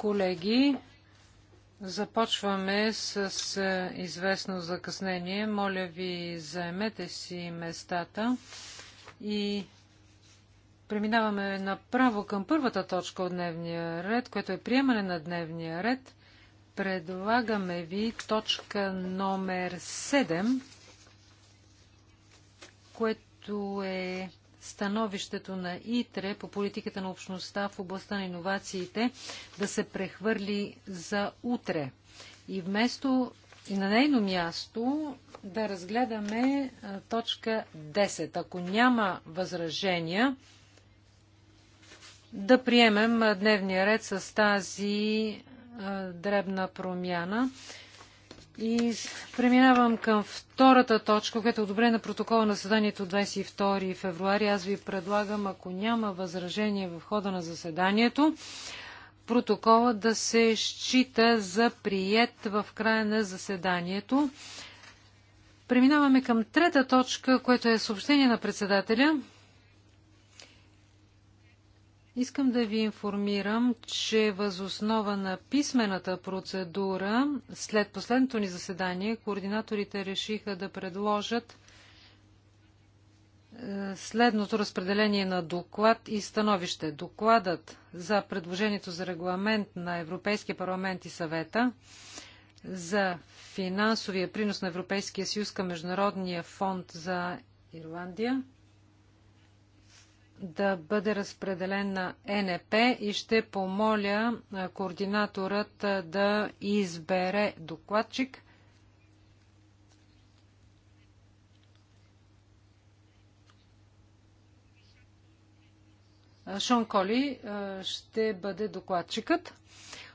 Колеги, започваме с е, известно закъснение. Моля ви, заемете си местата и преминаваме направо към първата точка от дневния ред, което е приемане на дневния ред. Предлагаме ви точка номер 7, което е становището на ИТРЕ по политиката на общността в областта на иновациите да се прехвърли за утре. И вместо и на нейно място да разгледаме точка 10. Ако няма възражения, да приемем дневния ред с тази дребна промяна. И преминавам към втората точка, която е одобрена протокола на заседанието 22 февруари. Аз ви предлагам, ако няма възражение в хода на заседанието, протокола да се счита за прият в края на заседанието. Преминаваме към трета точка, което е съобщение на председателя. Искам да ви информирам, че възоснова на писмената процедура, след последното ни заседание, координаторите решиха да предложат е, следното разпределение на доклад и становище. Докладът за предложението за регламент на Европейския парламент и съвета за финансовия принос на Европейския съюз към Международния фонд за Ирландия да бъде разпределен на НП и ще помоля координаторът да избере докладчик. Шон Коли ще бъде докладчикът.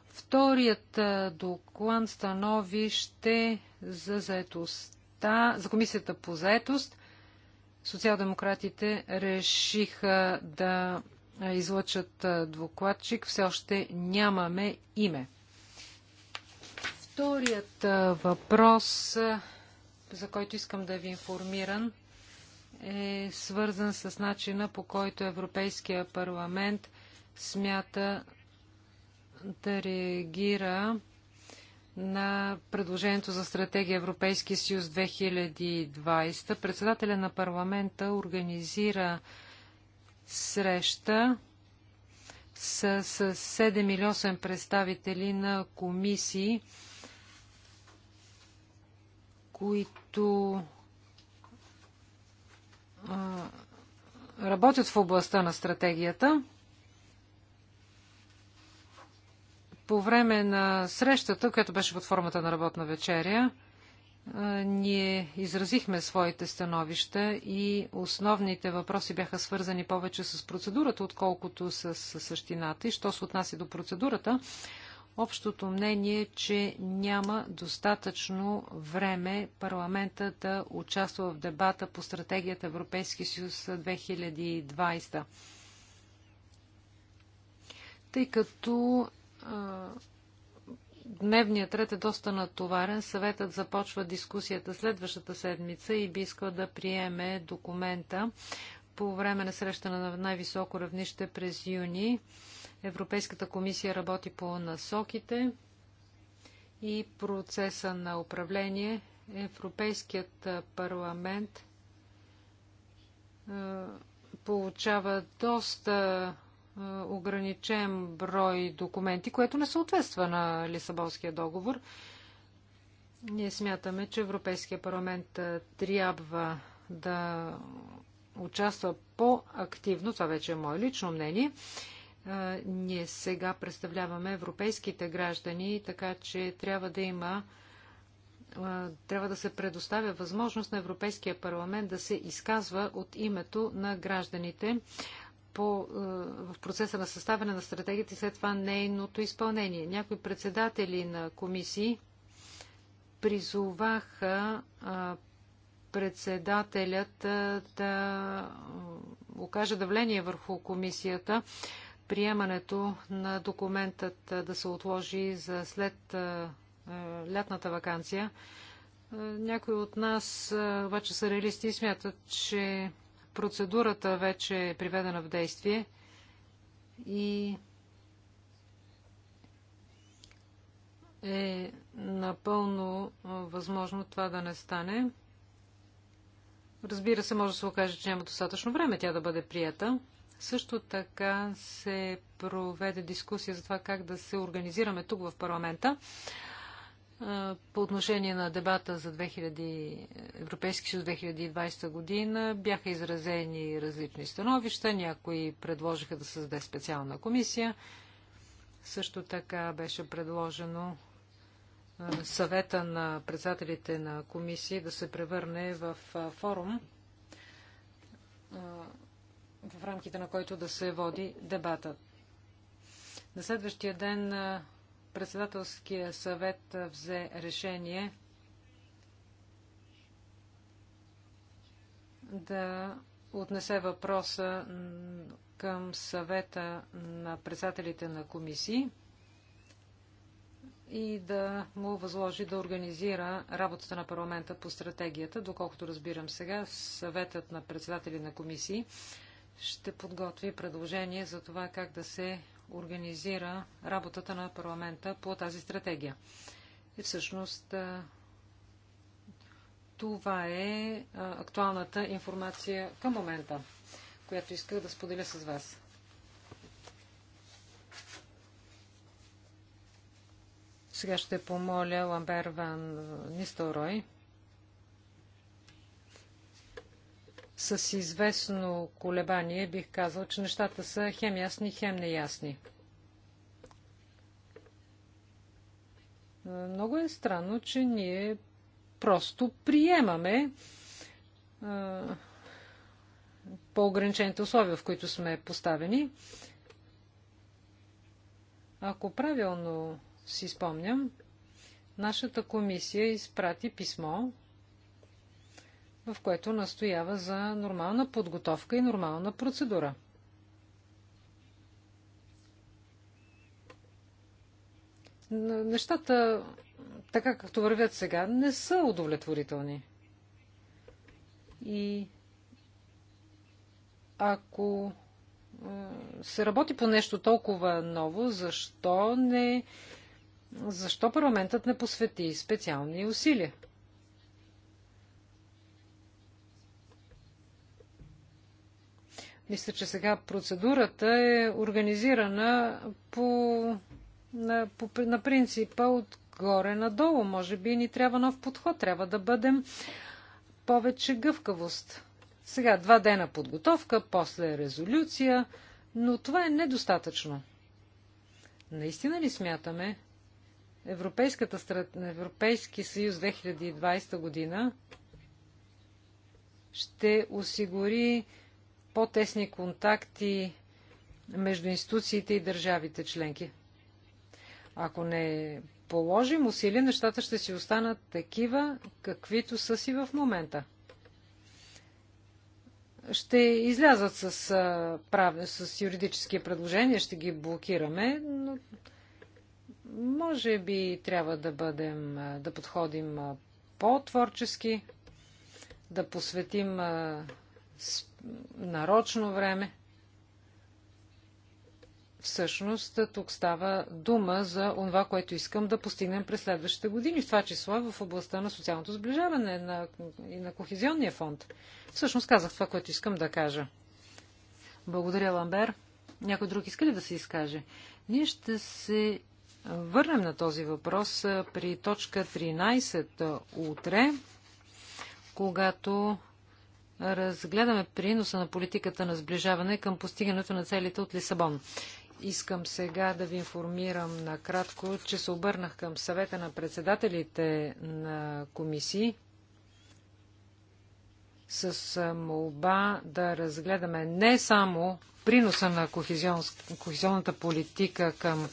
Вторият доклад становище за заетостта, за комисията по заетост – Социал-демократите решиха да излъчат двукладчик. Все още нямаме име. Вторият въпрос, за който искам да ви информирам, е свързан с начина по който Европейския парламент смята да реагира на предложението за стратегия Европейски съюз 2020. Председателя на парламента организира среща с, с 7 или 8 представители на комисии, които а, работят в областта на стратегията. По време на срещата, която беше под формата на работна вечеря, ние изразихме своите становища и основните въпроси бяха свързани повече с процедурата, отколкото с същината. И що се отнася до процедурата, общото мнение е, че няма достатъчно време парламента да участва в дебата по стратегията Европейски съюз 2020 тъй като дневният ред е доста натоварен. Съветът започва дискусията следващата седмица и би искал да приеме документа по време на среща на най-високо равнище през юни. Европейската комисия работи по насоките и процеса на управление. Европейският парламент получава доста е, ограничен брой документи, което не съответства на Лисабонския договор. Ние смятаме, че Европейския парламент е, трябва да участва по-активно, това вече е мое лично мнение. Е, ние сега представляваме европейските граждани, така че трябва да има трябва да се предоставя възможност на Европейския парламент да се изказва от името на гражданите по, е, в процеса на съставяне на стратегията и след това нейното изпълнение. Някои председатели на комисии призоваха е, председателят е, да окаже давление върху комисията приемането на документът да се отложи за след лятната вакансия. Някои от нас обаче са реалисти и смятат, че Процедурата вече е приведена в действие и е напълно възможно това да не стане. Разбира се, може да се окаже, че няма достатъчно време тя да бъде прията. Също така се проведе дискусия за това как да се организираме тук в парламента по отношение на дебата за 2000, Европейски съюз 2020 година бяха изразени различни становища. Някои предложиха да създаде специална комисия. Също така беше предложено съвета на председателите на комисии да се превърне в форум, в рамките на който да се води дебата. На следващия ден председателския съвет взе решение да отнесе въпроса към съвета на председателите на комисии и да му възложи да организира работата на парламента по стратегията. Доколкото разбирам сега, съветът на председатели на комисии ще подготви предложение за това как да се организира работата на парламента по тази стратегия. И всъщност това е актуалната информация към момента, която исках да споделя с вас. Сега ще помоля Ламбер Ван Нисторой с известно колебание бих казал, че нещата са хем ясни, хем неясни. Много е странно, че ние просто приемаме по-ограничените условия, в които сме поставени. Ако правилно си спомням, нашата комисия изпрати писмо в което настоява за нормална подготовка и нормална процедура. Нещата, така както вървят сега, не са удовлетворителни. И ако се работи по нещо толкова ново, защо не защо парламентът не посвети специални усилия? Мисля, че сега процедурата е организирана по, на, по, на принципа отгоре надолу. Може би ни трябва нов подход. Трябва да бъдем повече гъвкавост. Сега два дена подготовка, после резолюция, но това е недостатъчно. Наистина ли смятаме, Европейската страт... Европейски съюз 2020 година ще осигури по-тесни контакти между институциите и държавите членки. Ако не положим усилия, нещата ще си останат такива, каквито са си в момента. Ще излязат с, прав... с юридически предложения, ще ги блокираме, но може би трябва да бъдем, да подходим по-творчески, да посветим нарочно време. Всъщност, тук става дума за това, което искам да постигнем през следващите години, в това число в областта на социалното сближаване на, и на Кохезионния фонд. Всъщност казах това, което искам да кажа. Благодаря, Ламбер. Някой друг иска ли да се изкаже? Ние ще се върнем на този въпрос при точка 13 утре, когато разгледаме приноса на политиката на сближаване към постигането на целите от Лисабон. Искам сега да ви информирам накратко, че се обърнах към съвета на председателите на комисии с молба да разгледаме не само приноса на кохезионната политика към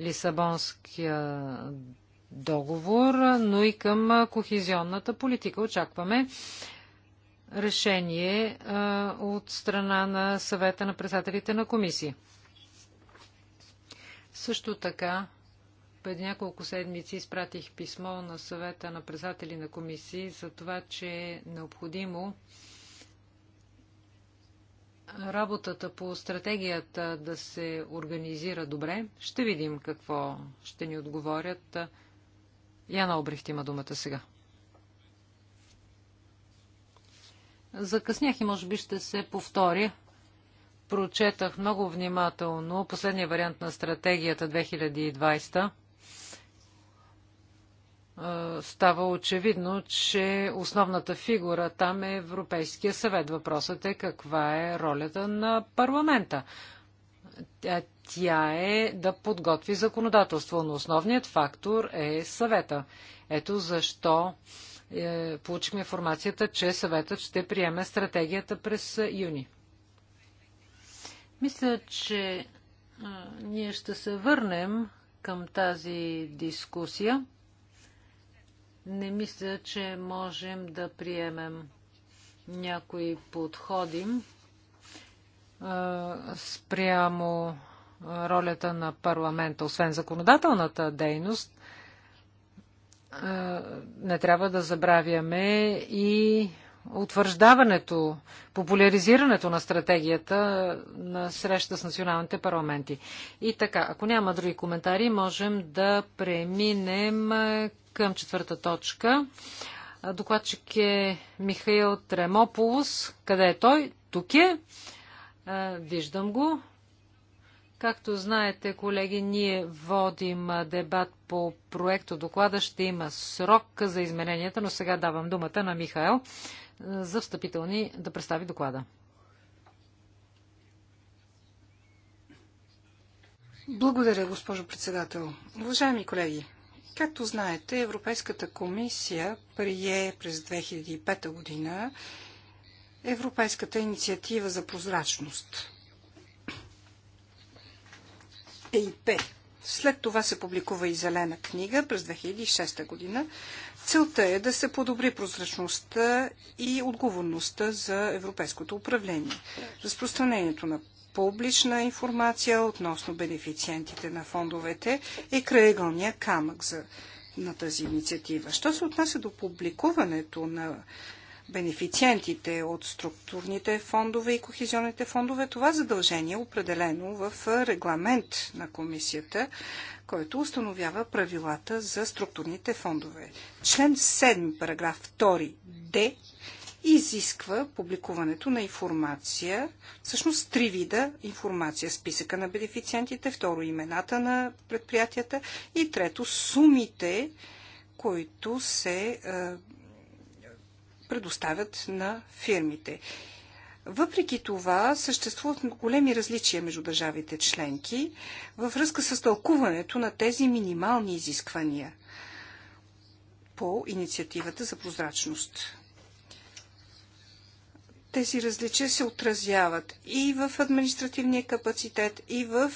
Лисабонския договор, но и към кохезионната политика. Очакваме решение от страна на съвета на председателите на комисии. Също така, преди няколко седмици изпратих писмо на съвета на председатели на комисии за това, че е необходимо работата по стратегията да се организира добре. Ще видим какво ще ни отговорят. Яна Обрехт има думата сега. Закъснях и може би ще се повторя. Прочетах много внимателно последния вариант на стратегията 2020 е, става очевидно, че основната фигура там е Европейския съвет. Въпросът е каква е ролята на парламента. Тя е да подготви законодателство, но основният фактор е съвета. Ето защо е, получихме информацията, че съветът ще приеме стратегията през е, юни. Мисля, че а, е, ние ще се върнем към тази дискусия. Не мисля, че можем да приемем някои подходи спрямо ролята на парламента, освен законодателната дейност, не трябва да забравяме и утвърждаването, популяризирането на стратегията на среща с националните парламенти. И така, ако няма други коментари, можем да преминем към четвърта точка. Докладчик е Михаил Тремополус. Къде е той? Тук е. Виждам го. Както знаете, колеги, ние водим дебат по проекто доклада. Ще има срок за измененията, но сега давам думата на Михаел за встъпителни да представи доклада. Благодаря, госпожо председател. Уважаеми колеги, както знаете, Европейската комисия прие през 2005 година Европейската инициатива за прозрачност – ЕИП. След това се публикува и зелена книга през 2006 година. Целта е да се подобри прозрачността и отговорността за европейското управление. Разпространението на публична информация относно бенефициентите на фондовете е краегълния камък за, на тази инициатива. Що се отнася до публикуването на бенефициентите от структурните фондове и кохезионните фондове. Това задължение е определено в регламент на комисията, който установява правилата за структурните фондове. Член 7, параграф 2 Д изисква публикуването на информация, всъщност три вида информация. Списъка на бенефициентите, второ имената на предприятията и трето сумите, които се е, предоставят на фирмите. Въпреки това, съществуват големи различия между държавите членки във връзка с тълкуването на тези минимални изисквания по инициативата за прозрачност. Тези различия се отразяват и в административния капацитет, и в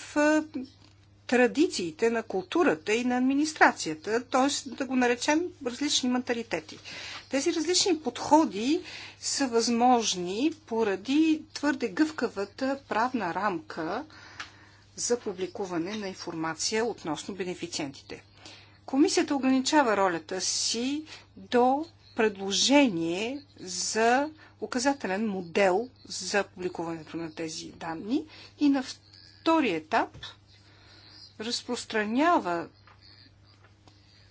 традициите на културата и на администрацията, т.е. да го наречем различни менталитети. Тези различни подходи са възможни поради твърде гъвкавата правна рамка за публикуване на информация относно бенефициентите. Комисията ограничава ролята си до предложение за указателен модел за публикуването на тези данни и на втори етап разпространява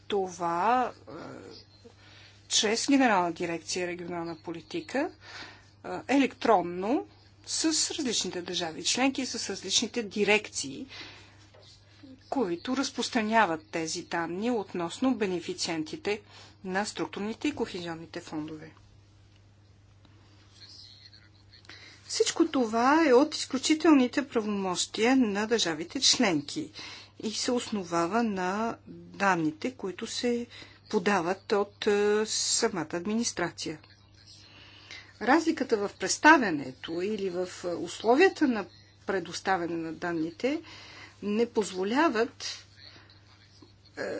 това е, чрез Генерална дирекция регионална политика електронно с различните държави членки, с различните дирекции, които разпространяват тези данни относно бенефициентите на структурните и кохезионните фондове. Всичко това е от изключителните правомощия на държавите членки и се основава на данните, които се подават от е, самата администрация. Разликата в представянето или в е, условията на предоставяне на данните не позволяват е,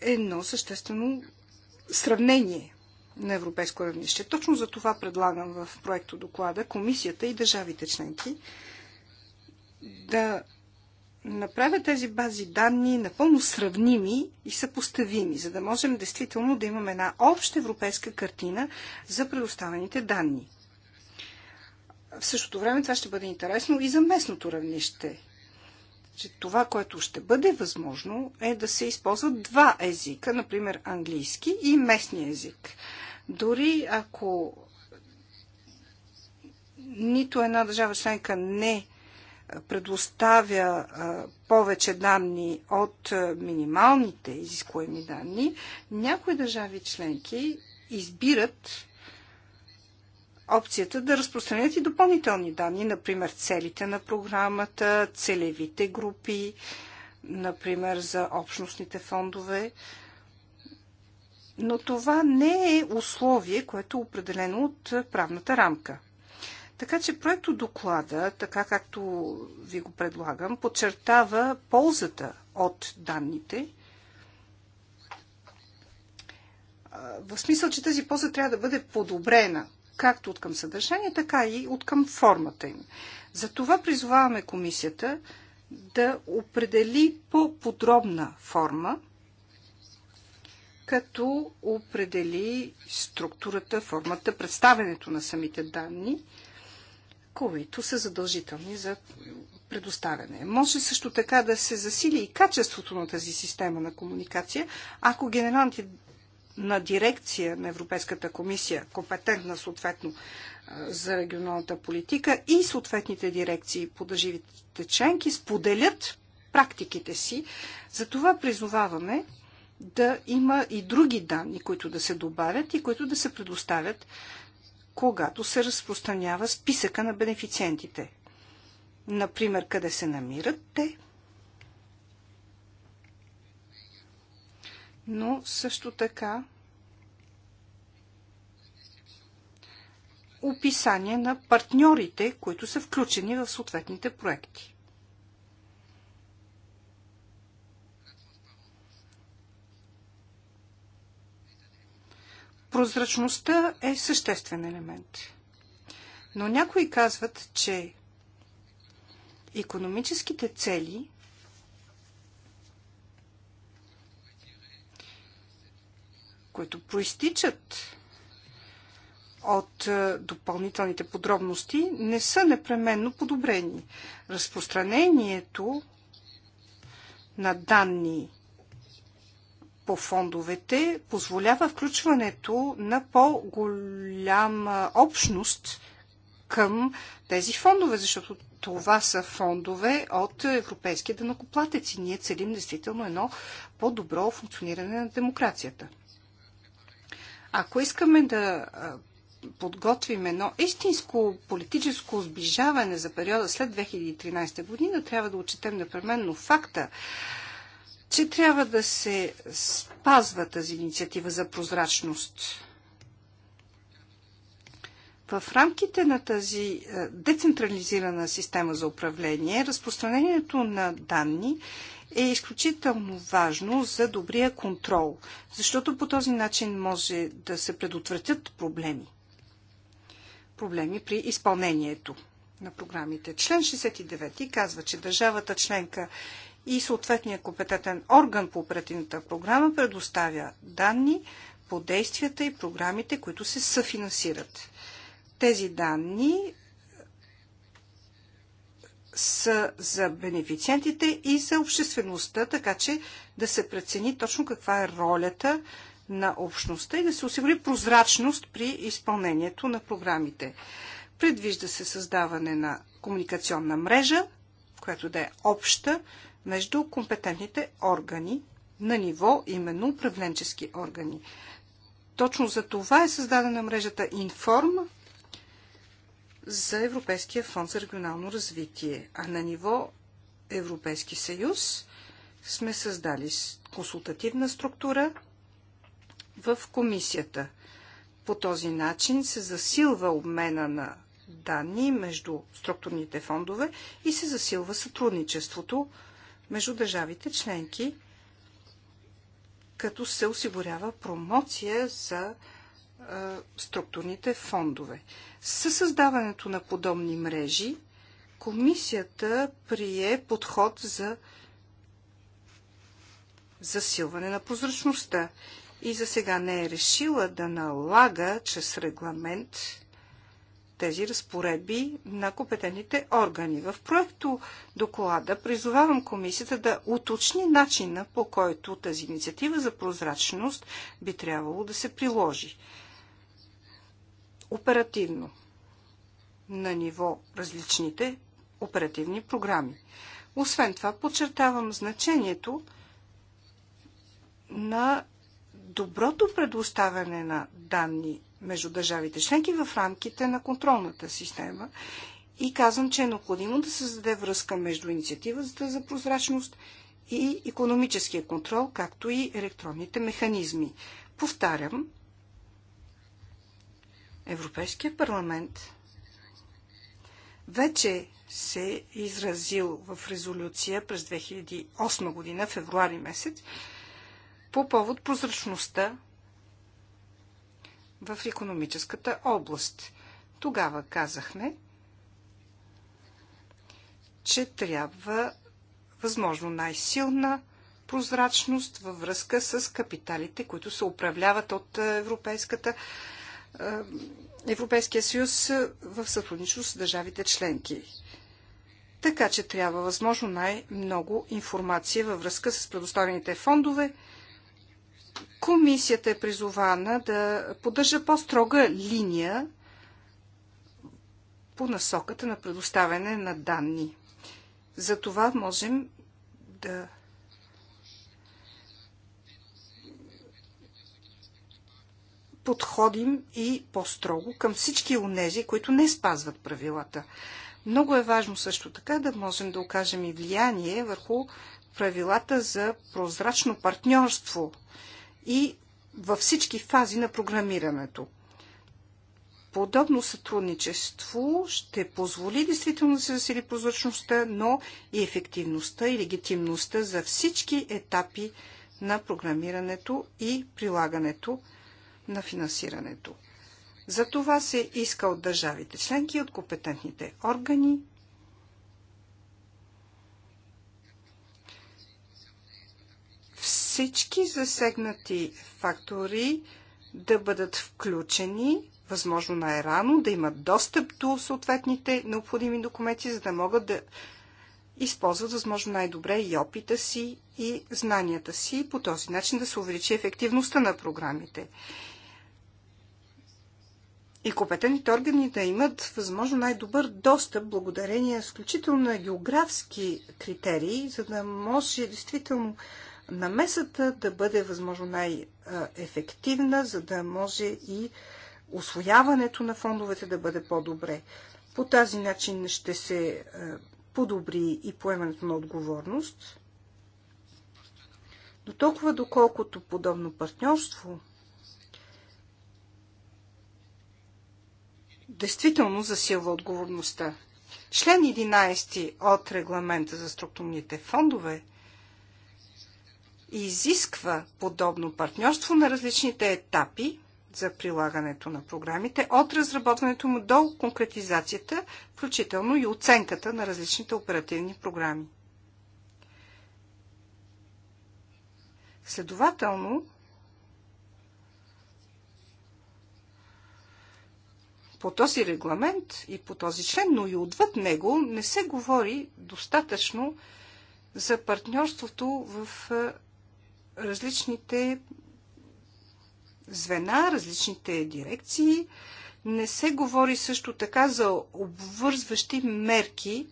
едно съществено сравнение на европейско равнище. Точно за това предлагам в проекто доклада комисията и държавите членки да Направя тези бази данни напълно сравними и съпоставими, за да можем действително да имаме една обща европейска картина за предоставените данни. В същото време това ще бъде интересно и за местното равнище. Че това, което ще бъде възможно, е да се използват два езика, например английски и местния език. Дори ако нито една държава членка не предоставя повече данни от минималните изискуеми данни, някои държави членки избират опцията да разпространят и допълнителни данни, например целите на програмата, целевите групи, например за общностните фондове. Но това не е условие, което е определено от правната рамка. Така че проекто доклада, така както ви го предлагам, подчертава ползата от данните. В смисъл, че тази полза трябва да бъде подобрена, както от към съдържание, така и от към формата им. Затова призоваваме комисията да определи по-подробна форма, като определи структурата, формата, представенето на самите данни които са задължителни за предоставяне. Може също така да се засили и качеството на тази система на комуникация, ако генералните на дирекция на Европейската комисия, компетентна съответно за регионалната политика и съответните дирекции по държавите членки споделят практиките си. Затова призоваваме да има и други данни, които да се добавят и които да се предоставят когато се разпространява списъка на бенефициентите. Например, къде се намират те. Но също така описание на партньорите, които са включени в съответните проекти. прозрачността е съществен елемент. Но някои казват, че економическите цели които проистичат от е, допълнителните подробности, не са непременно подобрени. Разпространението на данни по фондовете позволява включването на по-голяма общност към тези фондове, защото това са фондове от европейския данокоплатец и ние целим действително едно по-добро функциониране на демокрацията. Ако искаме да подготвим едно истинско политическо сближаване за периода след 2013 година, трябва да отчетем непременно факта, че трябва да се спазва тази инициатива за прозрачност. В рамките на тази е, децентрализирана система за управление, разпространението на данни е изключително важно за добрия контрол, защото по този начин може да се предотвратят проблеми. Проблеми при изпълнението на програмите. Член 69 казва, че държавата членка и съответният компетентен орган по оперативната програма предоставя данни по действията и програмите, които се съфинансират. Тези данни са за бенефициентите и за обществеността, така че да се прецени точно каква е ролята на общността и да се осигури прозрачност при изпълнението на програмите. Предвижда се създаване на комуникационна мрежа, която да е обща между компетентните органи на ниво именно управленчески органи. Точно за това е създадена мрежата Информ за Европейския фонд за регионално развитие. А на ниво Европейски съюз сме създали консултативна структура в комисията. По този начин се засилва обмена на данни между структурните фондове и се засилва сътрудничеството между държавите членки, като се осигурява промоция за структурните фондове. Със създаването на подобни мрежи, комисията прие подход за засилване на прозрачността и за сега не е решила да налага чрез регламент тези разпоредби на компетентните органи. В проекто доклада призовавам комисията да уточни начина по който тази инициатива за прозрачност би трябвало да се приложи. Оперативно на ниво различните оперативни програми. Освен това, подчертавам значението на доброто предоставяне на данни между държавите членки в рамките на контролната система. И казвам, че е необходимо да се създаде връзка между инициативата за прозрачност и економическия контрол, както и електронните механизми. Повтарям, Европейския парламент вече се е изразил в резолюция през 2008 година, февруари месец, по повод прозрачността в економическата област. Тогава казахме, че трябва възможно най-силна прозрачност във връзка с капиталите, които се управляват от е, Европейската, е, Европейския съюз е, в сътрудничество с държавите членки. Така че трябва възможно най-много информация във връзка с предоставените фондове Комисията е призована да поддържа по-строга линия по насоката на предоставяне на данни. За това можем да подходим и по-строго към всички онези, които не спазват правилата. Много е важно също така да можем да окажем и влияние върху правилата за прозрачно партньорство и във всички фази на програмирането. Подобно сътрудничество ще позволи действително да се засили прозрачността, но и ефективността и легитимността за всички етапи на програмирането и прилагането на финансирането. За това се иска от държавите членки и от компетентните органи всички засегнати фактори да бъдат включени, възможно най-рано, да имат достъп до съответните необходими документи, за да могат да използват възможно най-добре и опита си, и знанията си, и по този начин да се увеличи ефективността на програмите. И компетентните органи да имат възможно най-добър достъп, благодарение изключително на географски критерии, за да може действително намесата да бъде възможно най-ефективна, за да може и освояването на фондовете да бъде по-добре. По тази начин ще се е, подобри и поемането на отговорност. До толкова доколкото подобно партньорство действително засилва отговорността. Член 11 от регламента за структурните фондове – изисква подобно партньорство на различните етапи за прилагането на програмите, от разработването му до конкретизацията, включително и оценката на различните оперативни програми. Следователно, по този регламент и по този член, но и отвъд него не се говори достатъчно за партньорството в е, различните звена, различните дирекции. Не се говори също така за обвързващи мерки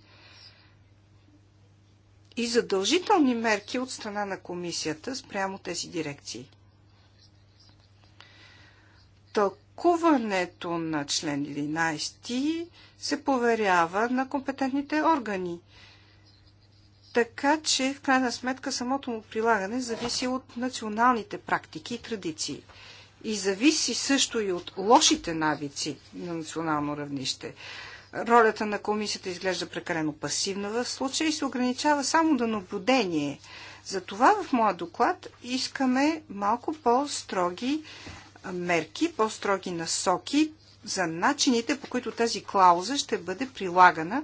и задължителни мерки от страна на комисията спрямо тези дирекции. Тълкуването на член 11 се поверява на компетентните органи. Така че, в крайна сметка, самото му прилагане зависи от националните практики и традиции. И зависи също и от лошите навици на национално равнище. Ролята на комисията изглежда прекалено пасивна в случая и се ограничава само до наблюдение. Затова в моя доклад искаме малко по-строги мерки, по-строги насоки за начините, по които тази клауза ще бъде прилагана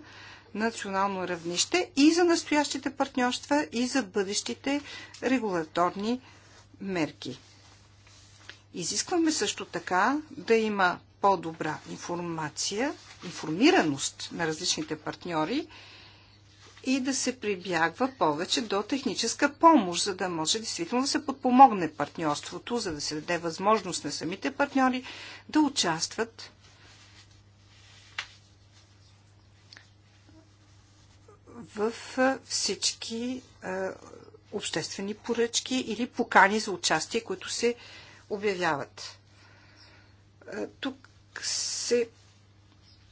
национално равнище и за настоящите партньорства и за бъдещите регулаторни мерки. Изискваме също така да има по-добра информация, информираност на различните партньори и да се прибягва повече до техническа помощ, за да може действително да се подпомогне партньорството, за да се даде възможност на самите партньори да участват в всички обществени поръчки или покани за участие, които се обявяват. Тук се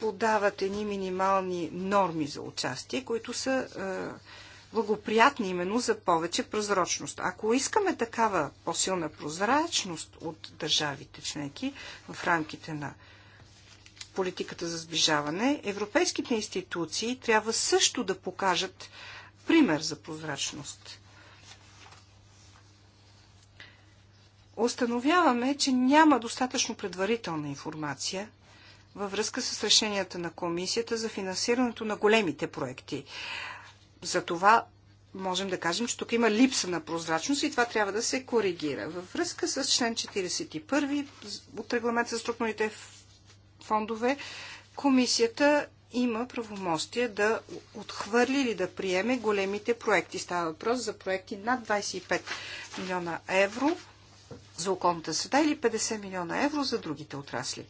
подават едни минимални норми за участие, които са благоприятни именно за повече прозрачност. Ако искаме такава по-силна прозрачност от държавите членки в рамките на политиката за сближаване, европейските институции трябва също да покажат пример за прозрачност. Установяваме, че няма достатъчно предварителна информация във връзка с решенията на комисията за финансирането на големите проекти. Затова можем да кажем, че тук има липса на прозрачност и това трябва да се коригира. Във връзка с член 41 от регламент за структурните фондове, комисията има правомощие да отхвърли или да приеме големите проекти. Става въпрос за проекти над 25 милиона евро за околната среда или 50 милиона евро за другите отрасли.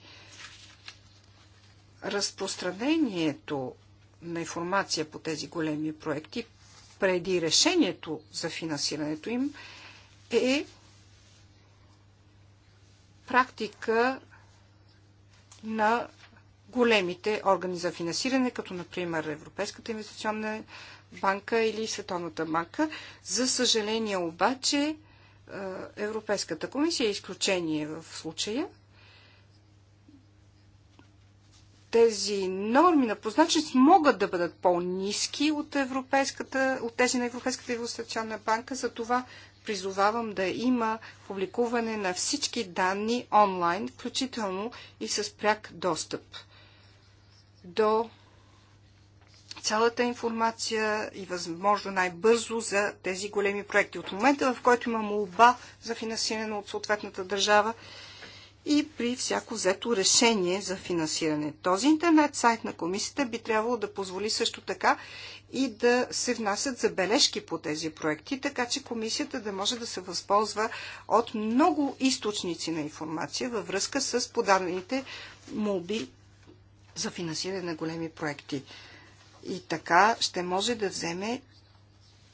Разпространението на информация по тези големи проекти преди решението за финансирането им е практика на големите органи за финансиране, като например Европейската инвестиционна банка или Световната банка. За съжаление обаче е, Европейската комисия е изключение в случая. Тези норми на позначност могат да бъдат по-низки от, от тези на Европейската инвестиционна банка, за това призовавам да има публикуване на всички данни онлайн, включително и с пряк достъп до цялата информация и възможно най-бързо за тези големи проекти. От момента, в който има молба за финансиране от съответната държава и при всяко взето решение за финансиране. Този интернет сайт на комисията би трябвало да позволи също така и да се внасят забележки по тези проекти, така че комисията да може да се възползва от много източници на информация във връзка с подадените молби за финансиране на големи проекти. И така ще може да вземе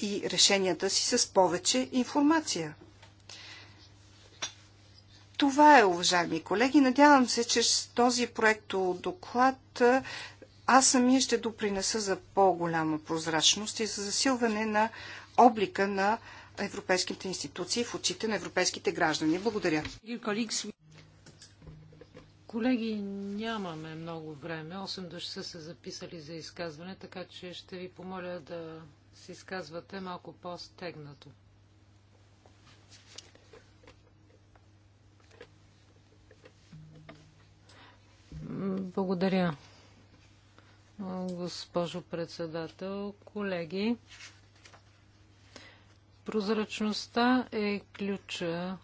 и решенията си с повече информация. Това е, уважаеми колеги. Надявам се, че с този проект доклад аз самия ще допринеса за по-голяма прозрачност и за засилване на облика на европейските институции в очите на европейските граждани. Благодаря. Колеги, нямаме много време. 8 души са се записали за изказване, така че ще ви помоля да се изказвате малко по-стегнато. Благодаря госпожо председател, колеги. Прозрачността е ключа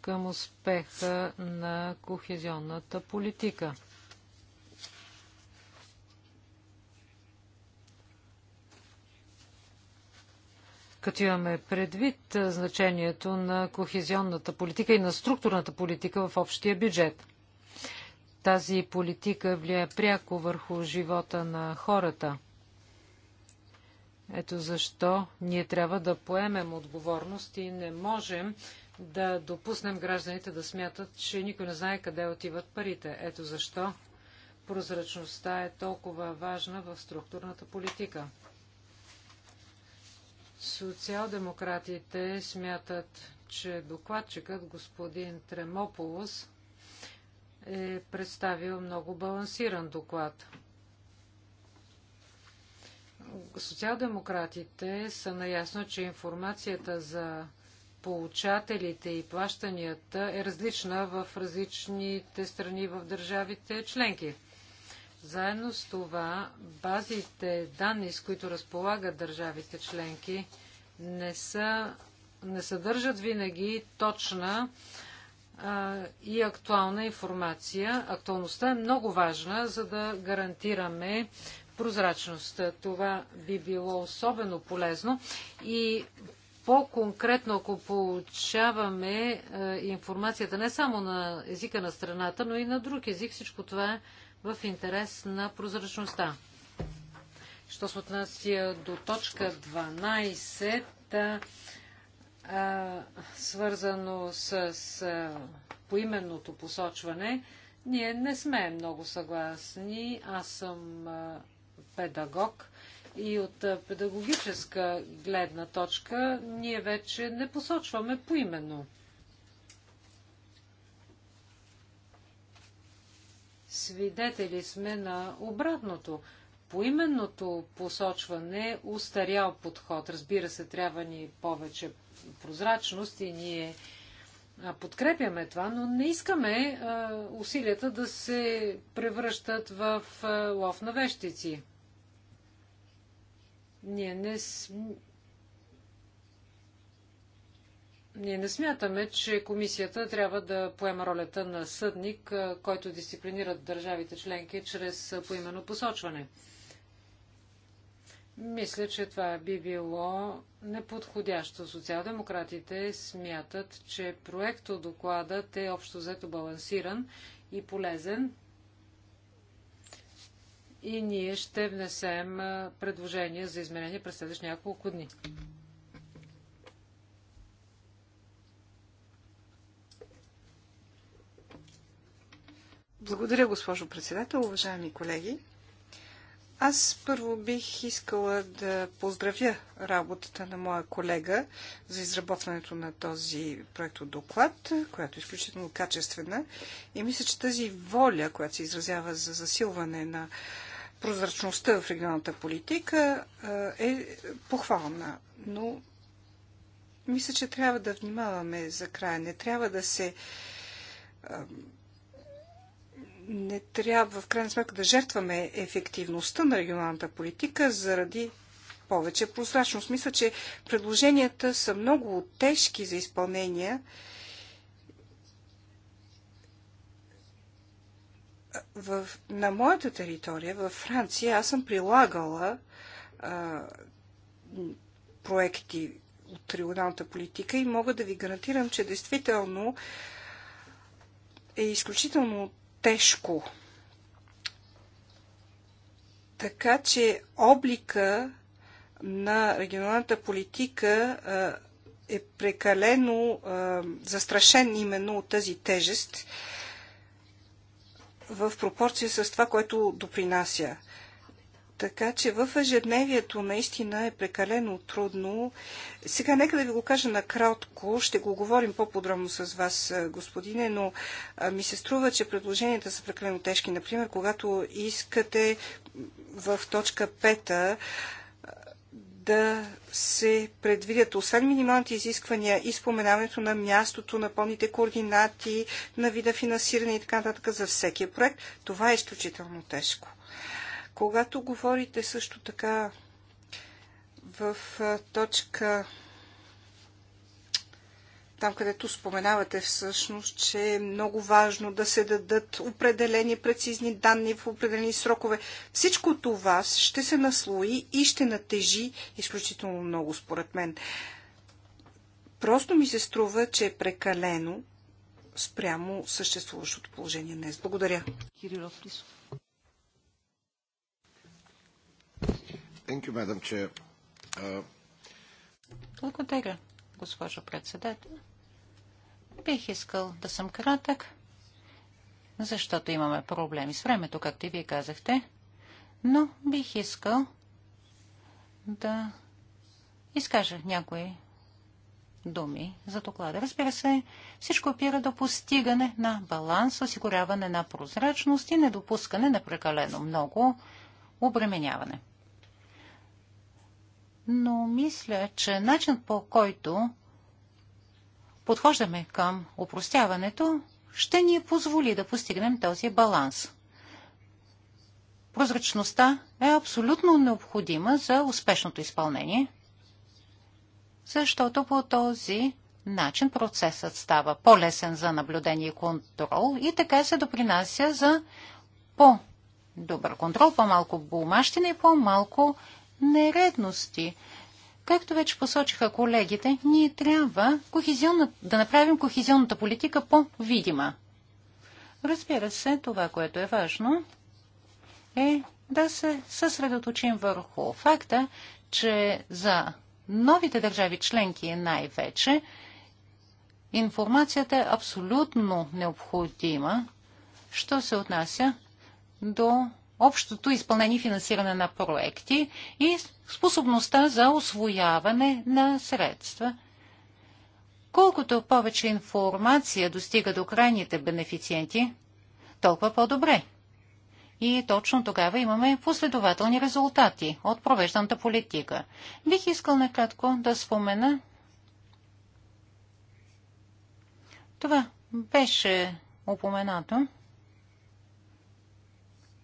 към успеха на кохезионната политика. Като имаме предвид значението на кохезионната политика и на структурната политика в общия бюджет – тази политика влияе пряко върху живота на хората. Ето защо ние трябва да поемем отговорност и не можем да допуснем гражданите да смятат, че никой не знае къде отиват парите. Ето защо прозрачността е толкова важна в структурната политика. Социал-демократите смятат, че докладчикът господин Тремополос е представил много балансиран доклад. Социалдемократите са наясно, че информацията за получателите и плащанията е различна в различните страни в държавите членки. Заедно с това, базите данни, с които разполагат държавите членки, не, са, не съдържат винаги точна и актуална информация. Актуалността е много важна, за да гарантираме прозрачност. Това би било особено полезно и по-конкретно, ако получаваме е, информацията не само на езика на страната, но и на друг език, всичко това е в интерес на прозрачността. Що се отнася до точка 12, а, свързано с а, поименното посочване, ние не сме много съгласни. Аз съм а, педагог и от а, педагогическа гледна точка ние вече не посочваме поименно. Свидетели сме на обратното поименното посочване устарял подход. Разбира се, трябва ни повече прозрачност и ние подкрепяме това, но не искаме усилията да се превръщат в лов на вещици. Ние не, ние не смятаме, че комисията трябва да поема ролята на съдник, който дисциплинира държавите членки чрез поименно посочване. Мисля, че това би било неподходящо. Социал-демократите смятат, че докладът е общо взето балансиран и полезен. И ние ще внесем предложение за изменение през следващи няколко дни. Благодаря, госпожо председател, уважаеми колеги. Аз първо бих искала да поздравя работата на моя колега за изработването на този проект от доклад, която е изключително качествена. И мисля, че тази воля, която се изразява за засилване на прозрачността в регионалната политика е, е похвална. Но мисля, че трябва да внимаваме за края. Не трябва да се не трябва в крайна сметка да жертваме ефективността на регионалната политика заради повече прозрачност. Мисля, че предложенията са много тежки за изпълнение. В, на моята територия, във Франция, аз съм прилагала а, проекти от регионалната политика и мога да ви гарантирам, че действително е изключително тежко. Така че облика на регионалната политика е прекалено застрашен именно от тази тежест в пропорция с това, което допринася. Така че в ежедневието наистина е прекалено трудно. Сега нека да ви го кажа накратко. Ще го говорим по-подробно с вас, господине, но ми се струва, че предложенията са прекалено тежки. Например, когато искате в точка 5 да се предвидят, освен минималните изисквания, и споменаването на мястото, на пълните координати, на вида финансиране и така нататък за всеки проект, това е изключително тежко. Когато говорите също така в точка там, където споменавате всъщност, че е много важно да се дадат определени прецизни данни в определени срокове. Всичко това ще се наслои и ще натежи изключително много, според мен. Просто ми се струва, че е прекалено спрямо съществуващото положение днес. Благодаря. Кирилов Лисов. Thank you, Madam Chair. Благодаря, госпожо председател. Бих искал да съм кратък, защото имаме проблеми с времето, както и вие казахте, но бих искал да изкажа някои думи за доклада. Разбира се, всичко опира до постигане на баланс, осигуряване на прозрачност и недопускане на прекалено много обременяване но мисля, че начин по който подхождаме към упростяването, ще ни позволи да постигнем този баланс. Прозрачността е абсолютно необходима за успешното изпълнение, защото по този начин процесът става по-лесен за наблюдение и контрол и така се допринася за по-добър контрол, по-малко бумащина и по-малко нередности. Както вече посочиха колегите, ние трябва да направим кохезионната политика по-видима. Разбира се, това, което е важно, е да се съсредоточим върху факта, че за новите държави членки най-вече информацията е абсолютно необходима, що се отнася до общото изпълнение и финансиране на проекти и способността за освояване на средства. Колкото повече информация достига до крайните бенефициенти, толкова по-добре. И точно тогава имаме последователни резултати от провежданата политика. Бих искал накратко да спомена. Това беше упоменато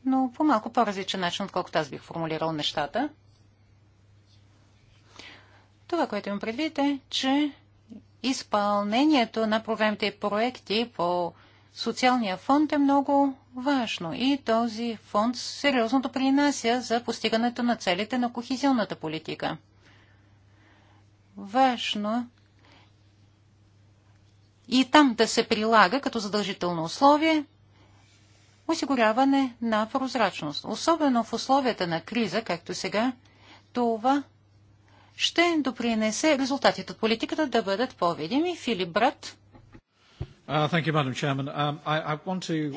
но по малко по-различен начин, отколкото аз бих формулирал нещата. Това, което им предвид е, че изпълнението на програмите и проекти по социалния фонд е много важно и този фонд сериозно допринася за постигането на целите на кохизионната политика. Важно и там да се прилага като задължително условие осигуряване на прозрачност. Особено в условията на криза, както сега, това ще допринесе резултатите от политиката да бъдат по-видими. Филип Брат. Uh, um,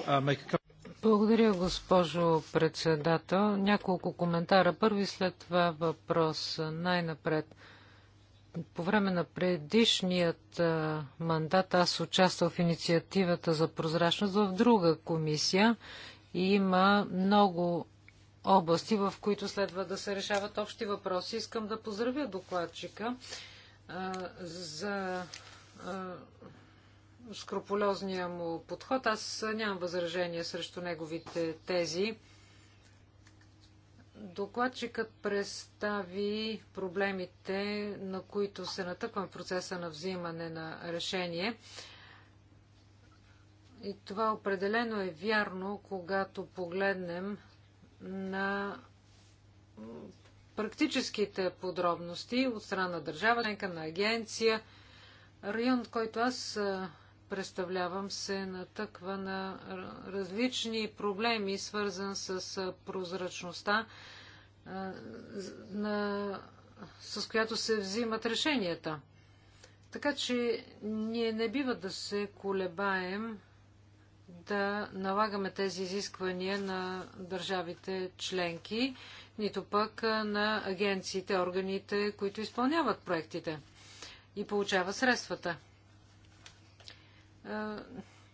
uh, Благодаря, госпожо председател. Няколко коментара. Първи след това въпрос най-напред. По време на предишният мандат аз участвах в инициативата за прозрачност в друга комисия и има много области, в които следва да се решават общи въпроси. Искам да поздравя докладчика а, за а, скрупулезния му подход. Аз нямам възражение срещу неговите тези. Докладчикът представи проблемите, на които се натъквам в процеса на взимане на решение. И това определено е вярно, когато погледнем на практическите подробности от страна на държава, членка на агенция. Район, който аз представлявам, се натъква на различни проблеми, свързан с прозрачността на, с която се взимат решенията. Така че ние не бива да се колебаем да налагаме тези изисквания на държавите членки, нито пък на агенциите, органите, които изпълняват проектите и получават средствата.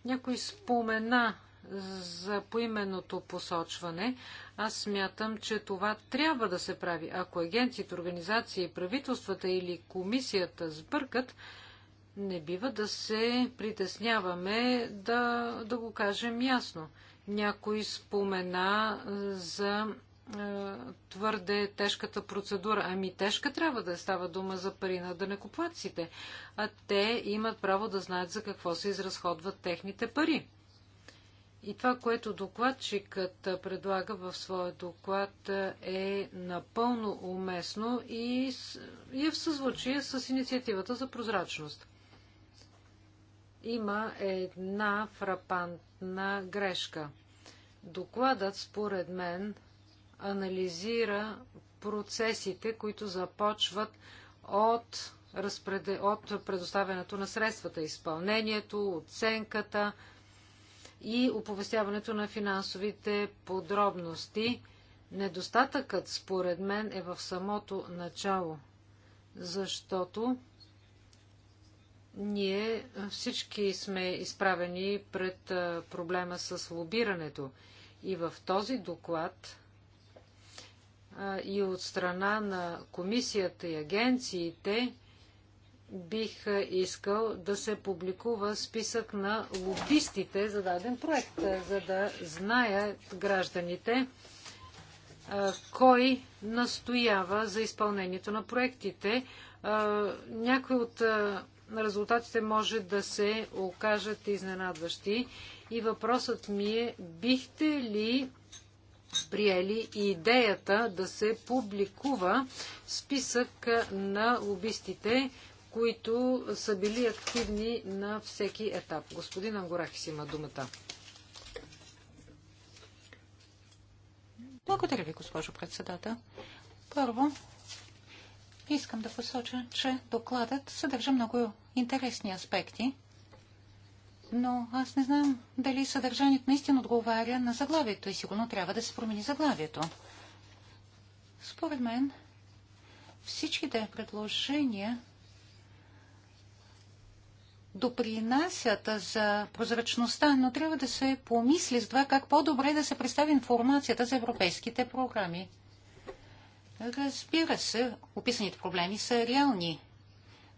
Някой спомена за поименното посочване, аз смятам, че това трябва да се прави. Ако агенциите, организации, правителствата или комисията сбъркат, не бива да се притесняваме да, да го кажем ясно. Някой спомена за е, твърде тежката процедура. Ами тежка трябва да е. става дума за пари на дънекоплаците. а те имат право да знаят за какво се изразходват техните пари. И това, което докладчикът предлага в своя доклад е напълно уместно и е в съзвучие с инициативата за прозрачност. Има една фрапантна грешка. Докладът, според мен, анализира процесите, които започват от, разпред... от предоставянето на средствата, изпълнението, оценката, и оповестяването на финансовите подробности. Недостатъкът, според мен, е в самото начало, защото ние всички сме изправени пред проблема с лобирането. И в този доклад и от страна на комисията и агенциите, бих искал да се публикува списък на лобистите за даден проект, за да знаят гражданите кой настоява за изпълнението на проектите. Някои от резултатите може да се окажат изненадващи и въпросът ми е, бихте ли приели идеята да се публикува списък на лобистите, които са били активни на всеки етап. Господин Ангорахис има думата. Благодаря ви, госпожо председател. Първо, искам да посоча, че докладът съдържа много интересни аспекти, но аз не знам дали съдържанието наистина отговаря на заглавието и сигурно трябва да се промени заглавието. Според мен, всичките предложения допринасят за прозрачността, но трябва да се помисли с това как по-добре да се представи информацията за европейските програми. Разбира се, описаните проблеми са реални,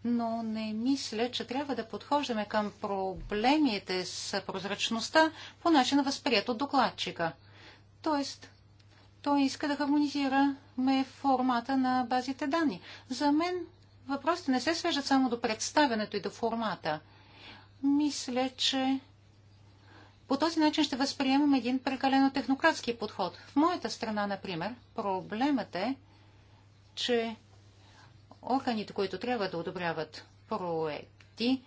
но не мисля, че трябва да подхождаме към проблемите с прозрачността по начин възприят от докладчика. Тоест, той иска да хармонизираме формата на базите данни. За мен въпросите не се свежат само до представенето и до формата. Мисля, че по този начин ще възприемем един прекалено технократски подход. В моята страна, например, проблемът е, че органите, които трябва да одобряват проекти,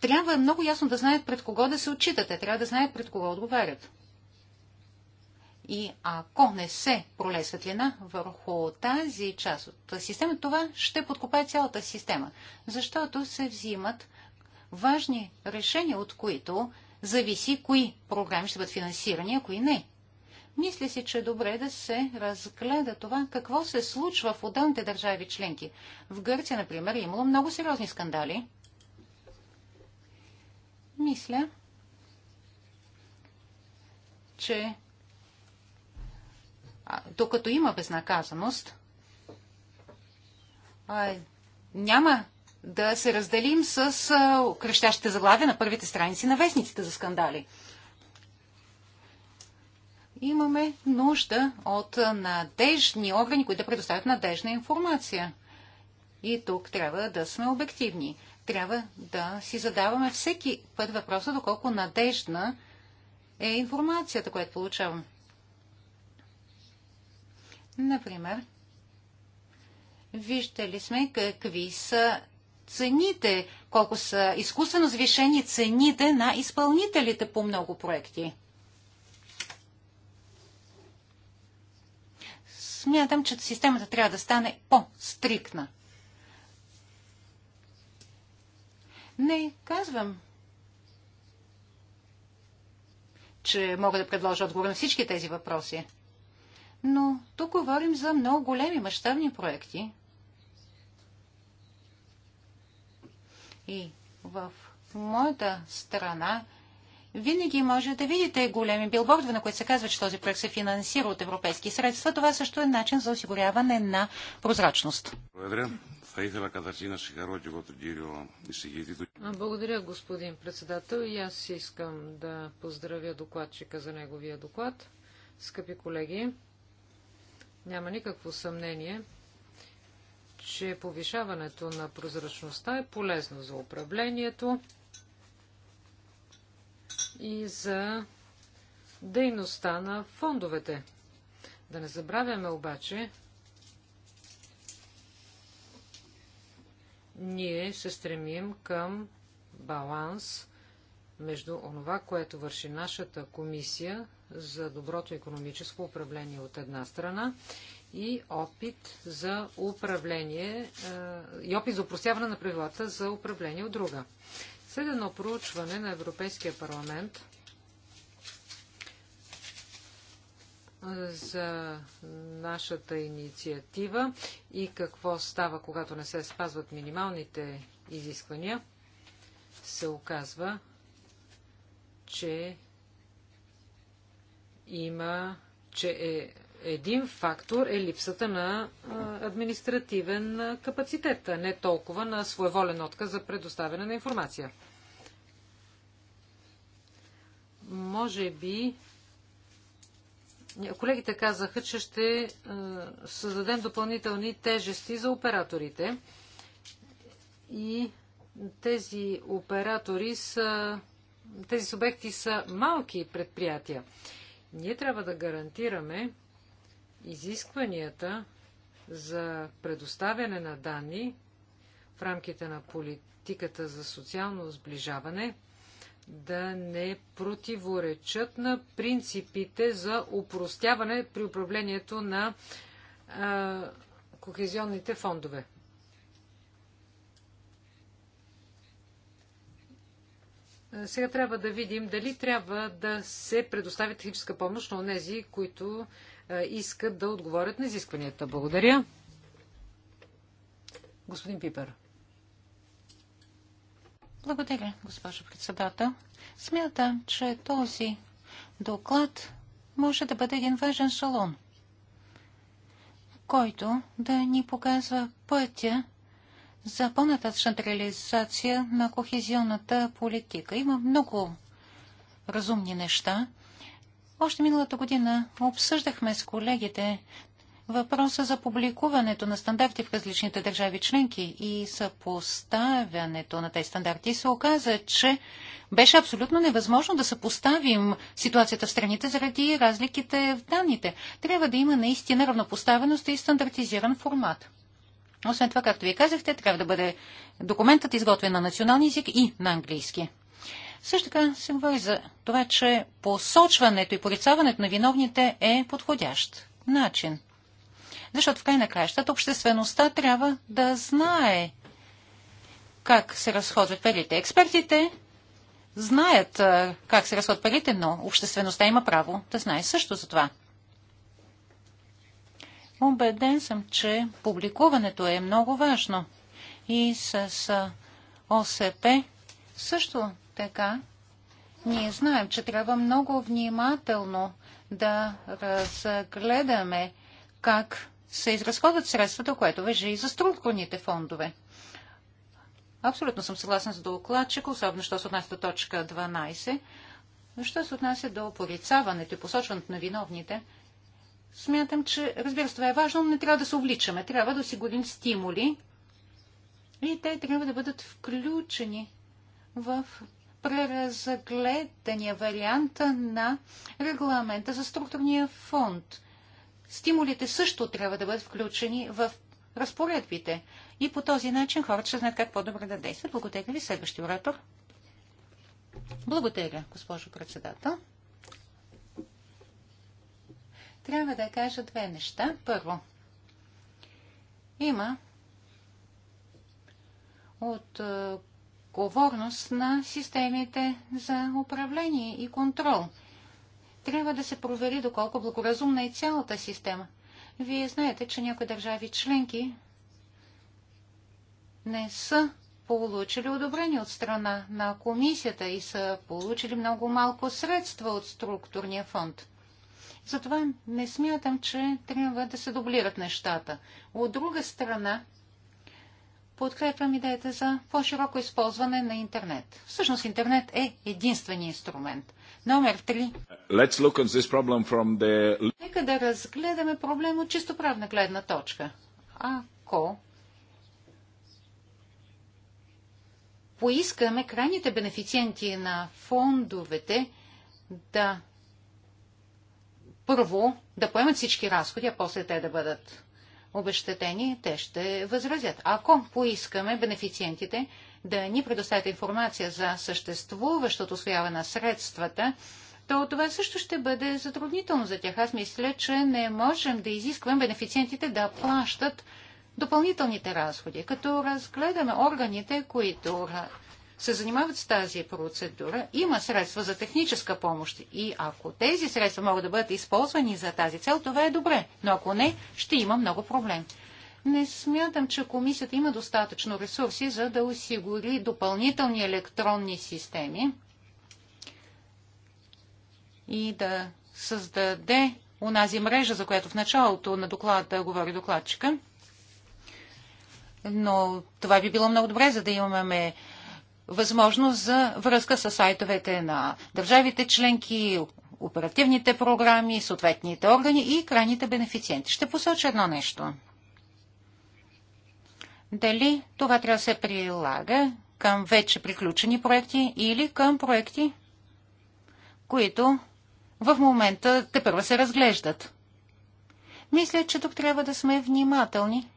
трябва много ясно да знаят пред кого да се отчитате, трябва да знаят пред кого отговарят. И ако не се проле светлина върху тази част от система, това ще подкопае цялата система, защото се взимат важни решения, от които зависи кои програми ще бъдат финансирани, а кои не. Мисля си, че е добре да се разгледа това какво се случва в отделните държави членки. В Гърция, например, е имало много сериозни скандали. Мисля, че докато има безнаказаност, няма да се разделим с крещящите заглавия на първите страници на вестниците за скандали. Имаме нужда от надежни органи, които да предоставят надежна информация. И тук трябва да сме обективни. Трябва да си задаваме всеки път въпроса, доколко надежна е информацията, която получавам. Например, виждали сме какви са цените, колко са изкуствено завишени цените на изпълнителите по много проекти. Смятам, че системата трябва да стане по-стрикна. Не, казвам, че мога да предложа отговор на всички тези въпроси. Но тук говорим за много големи мащабни проекти. И в моята страна винаги може да видите големи билбордове, на които се казва, че този проект се финансира от европейски средства. Това също е начин за осигуряване на прозрачност. Благодаря. Благодаря, господин председател. И аз искам да поздравя докладчика за неговия доклад. Скъпи колеги, няма никакво съмнение, че повишаването на прозрачността е полезно за управлението и за дейността на фондовете. Да не забравяме обаче, ние се стремим към баланс между онова, което върши нашата комисия за доброто економическо управление от една страна и опит за управление е, и опит за упростяване на правилата за управление от друга. След едно проучване на Европейския парламент за нашата инициатива и какво става, когато не се спазват минималните изисквания, се оказва, че има, че е, един фактор е липсата на административен капацитет, а не толкова на своеволен отказ за предоставяне на информация. Може би Колегите казаха, че ще създадем допълнителни тежести за операторите. И тези оператори са, тези субекти са малки предприятия. Ние трябва да гарантираме изискванията за предоставяне на данни в рамките на политиката за социално сближаване да не противоречат на принципите за упростяване при управлението на а, кохезионните фондове. Е, сега трябва да видим дали трябва да се предостави техническа помощ на тези, които е, искат да отговорят на изискванията. Благодаря. Господин Пипер. Благодаря, госпожо председател. Смятам, че този доклад може да бъде един важен шалон, който да ни показва пътя за по-нататъчната реализация на кохезионната политика. Има много разумни неща. Още миналата година обсъждахме с колегите въпроса за публикуването на стандарти в различните държави членки и съпоставянето на тези стандарти се оказа, че беше абсолютно невъзможно да съпоставим ситуацията в страните заради разликите в данните. Трябва да има наистина равнопоставеност и стандартизиран формат. Освен това, както вие казахте, трябва да бъде документът изготвен на национални език и на английски. Също така се говори за това, че посочването и порицаването на виновните е подходящ начин. Защото в край на краищата обществеността трябва да знае как се разходват парите. Експертите знаят как се разходват парите, но обществеността има право да знае също за това. Убеден съм, че публикуването е много важно. И с ОСП също така ние знаем, че трябва много внимателно да разгледаме как се изразходват средствата, което вежи и за структурните фондове. Абсолютно съм съгласен с докладчика, особено що се отнася до точка 12. Що се отнася до порицаването и посочването на виновните, смятам, че, разбира се, това е важно, но не трябва да се увличаме. Трябва да осигурим стимули и те трябва да бъдат включени в преразгледания вариант на регламента за структурния фонд. Стимулите също трябва да бъдат включени в разпоредбите. И по този начин хората ще знаят как по-добре да действат. Благодаря ви, следващи оратор. Благодаря, госпожо председател трябва да кажа две неща. Първо, има от говорност на системите за управление и контрол. Трябва да се провери доколко благоразумна е цялата система. Вие знаете, че някои държави членки не са получили одобрение от страна на комисията и са получили много малко средства от структурния фонд. Затова не смятам, че трябва да се дублират нещата. От друга страна, подкрепям идеята за по-широко използване на интернет. Всъщност интернет е единствения инструмент. Номер 3. Let's look at this problem from the... Нека да разгледаме проблем от чисто правна гледна точка. Ако поискаме крайните бенефициенти на фондовете да първо да поемат всички разходи, а после те да бъдат обещетени, те ще възразят. Ако поискаме бенефициентите да ни предоставят информация за съществуващото освояване на средствата, то това също ще бъде затруднително за тях. Аз мисля, че не можем да изискваме бенефициентите да плащат допълнителните разходи. Като разгледаме органите, които се занимават с тази процедура, има средства за техническа помощ. И ако тези средства могат да бъдат използвани за тази цел, това е добре. Но ако не, ще има много проблем. Не смятам, че комисията има достатъчно ресурси, за да осигури допълнителни електронни системи и да създаде унази мрежа, за която в началото на доклада говори докладчика. Но това би било много добре, за да имаме възможност за връзка с сайтовете на държавите членки, оперативните програми, съответните органи и крайните бенефициенти. Ще посоча едно нещо. Дали това трябва да се прилага към вече приключени проекти или към проекти, които в момента те първо се разглеждат. Мисля, че тук трябва да сме внимателни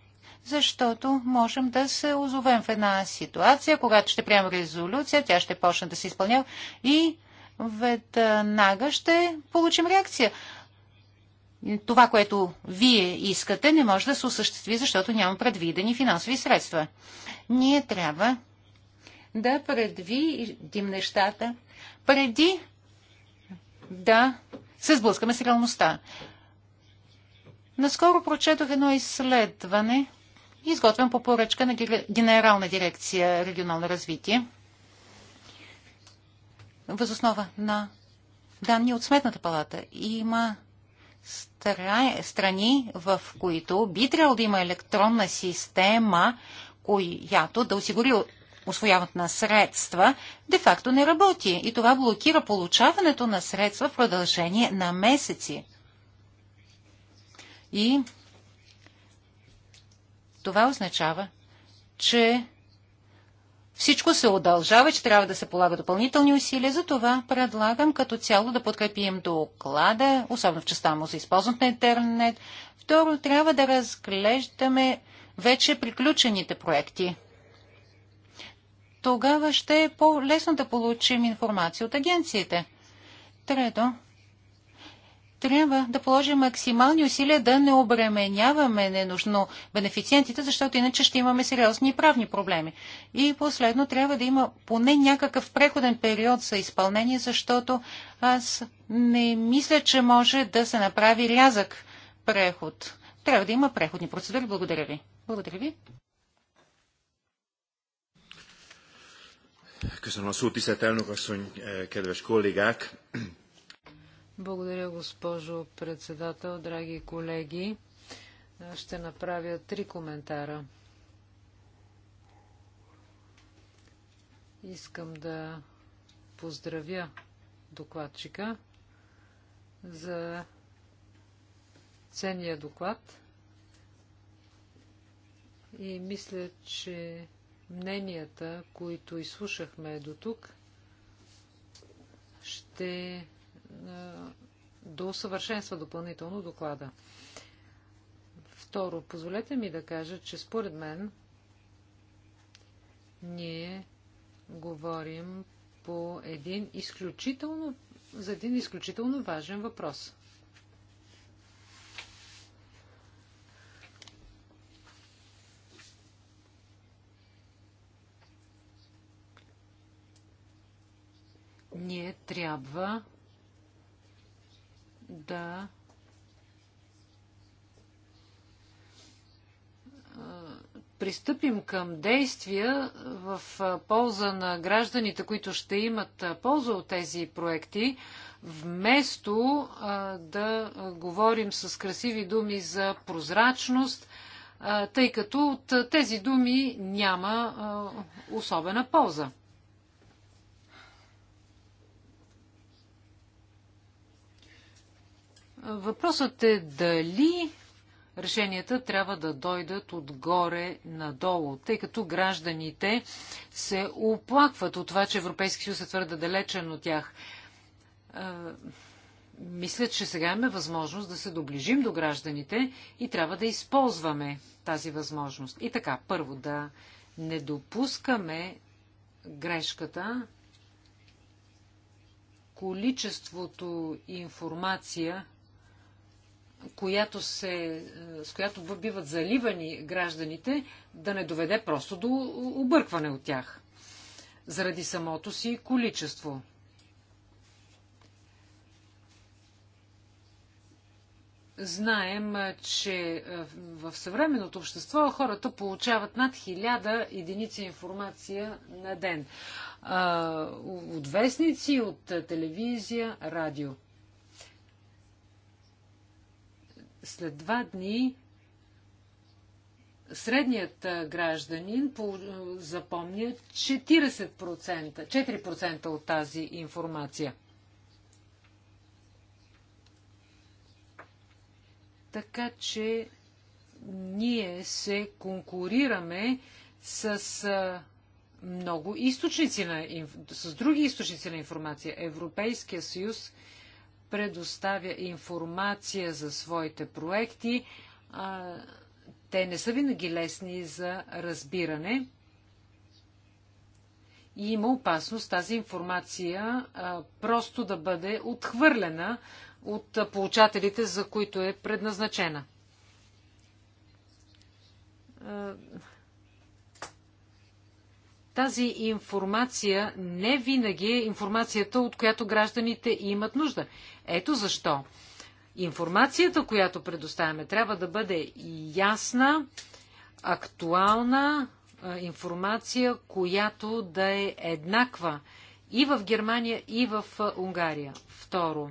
защото можем да се озовем в една ситуация, когато ще приемем резолюция, тя ще почне да се изпълнява и веднага ще получим реакция. Това, което вие искате, не може да се осъществи, защото няма предвидени финансови средства. Ние трябва да предвидим нещата преди да се сблъскаме с реалността. Наскоро прочетох едно изследване – изготвен по поръчка на Генерална дирекция регионално развитие. Възоснова на данни от Сметната палата има страни, в които би трябвало да има електронна система, която да осигури освояването на средства, де-факто не работи. И това блокира получаването на средства в продължение на месеци. И това означава, че всичко се удължава, че трябва да се полага допълнителни усилия. Затова предлагам като цяло да подкрепим доклада, особено в частта му за използването на интернет. Второ, трябва да разглеждаме вече приключените проекти. Тогава ще е по-лесно да получим информация от агенциите. Трето, трябва да положим максимални усилия да не обременяваме ненужно бенефициентите, защото иначе ще имаме сериозни правни проблеми. И последно, трябва да има поне някакъв преходен период за изпълнение, защото аз не мисля, че може да се направи рязък преход. Трябва да има преходни процедури. Благодаря ви. Благодаря ви. Köszönöm a szót, tisztelt elnök asszony, kedves kollégák! Благодаря, госпожо председател, драги колеги. Ще направя три коментара. Искам да поздравя докладчика за ценния доклад и мисля, че мненията, които изслушахме до тук, ще е, до съвършенства допълнително доклада. Второ, позволете ми да кажа, че според мен ние говорим по един изключително, за един изключително важен въпрос. Ние трябва да пристъпим към действия в полза на гражданите, които ще имат полза от тези проекти, вместо да говорим с красиви думи за прозрачност, тъй като от тези думи няма особена полза. Въпросът е дали решенията трябва да дойдат отгоре надолу, тъй като гражданите се оплакват от това, че Европейски съюз е твърде далечен от тях. Е, мисля, че сега имаме възможност да се доближим до гражданите и трябва да използваме тази възможност. И така, първо да не допускаме грешката, количеството информация, която се, е, с която биват заливани гражданите, да не доведе просто до объркване от тях, заради самото си количество. Знаем, е, че е, в съвременното общество хората получават над хиляда единици информация на ден. От вестници, от телевизия, радио. След два дни средният гражданин запомня 40%, 4% от тази информация. Така че ние се конкурираме с много източници на, с други източници на информация. Европейския съюз предоставя информация за своите проекти. А, те не са винаги лесни за разбиране. И има опасност тази информация а, просто да бъде отхвърлена от получателите, за които е предназначена. Тази информация не винаги е информацията, от която гражданите имат нужда. Ето защо. Информацията, която предоставяме, трябва да бъде ясна, актуална информация, която да е еднаква и в Германия, и в Унгария. Второ,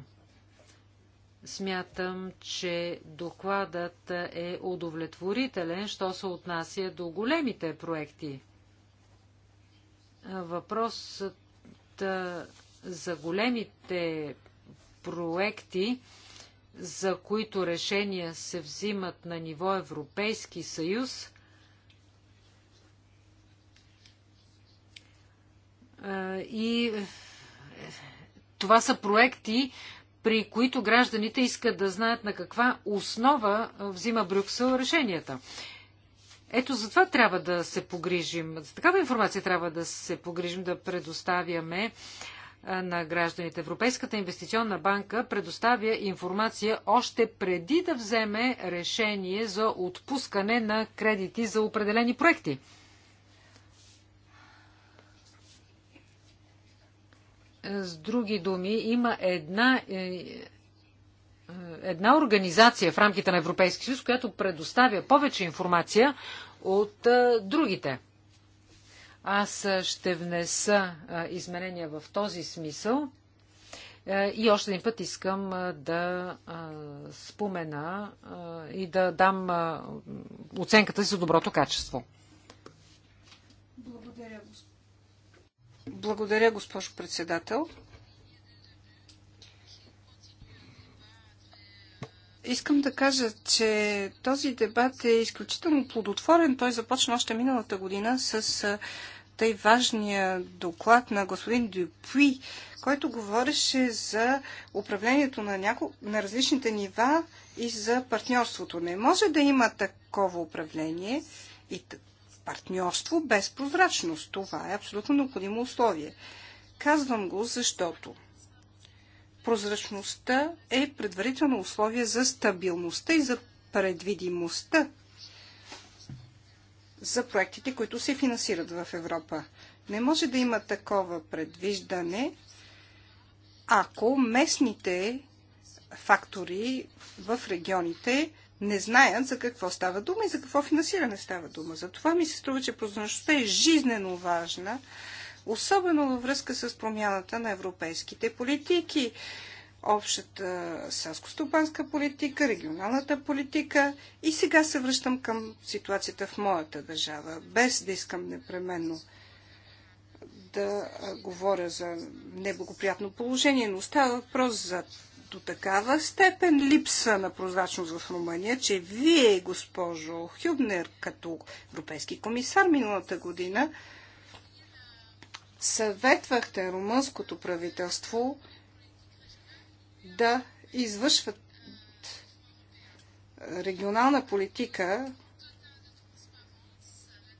смятам, че докладът е удовлетворителен, що се отнася до големите проекти. Въпросът за големите проекти, за които решения се взимат на ниво Европейски съюз, и това са проекти, при които гражданите искат да знаят на каква основа взима Брюксел решенията. Ето за това трябва да се погрижим. За такава информация трябва да се погрижим, да предоставяме на гражданите. Европейската инвестиционна банка предоставя информация още преди да вземе решение за отпускане на кредити за определени проекти. С други думи, има една е, една организация в рамките на Европейския съюз, която предоставя повече информация от другите. Аз ще внеса изменения в този смисъл. И още един път искам да спомена и да дам оценката си за доброто качество. Благодаря, Благодаря, госпожо председател. Искам да кажа, че този дебат е изключително плодотворен. Той започна още миналата година с тъй важния доклад на господин Дюпуи, който говореше за управлението на, няко... на различните нива и за партньорството. Не може да има такова управление и партньорство без прозрачност. Това е абсолютно необходимо условие. Казвам го, защото прозрачността е предварително условие за стабилността и за предвидимостта за проектите, които се финансират в Европа. Не може да има такова предвиждане, ако местните фактори в регионите не знаят за какво става дума и за какво финансиране става дума. Затова ми се струва, че прозрачността е жизнено важна особено във връзка с промяната на европейските политики, общата селско-стопанска политика, регионалната политика. И сега се връщам към ситуацията в моята държава, без да искам непременно да говоря за неблагоприятно положение, но става въпрос за до такава степен липса на прозрачност в Румъния, че вие, госпожо Хюбнер, като европейски комисар миналата година, съветвахте румънското правителство да извършват регионална политика,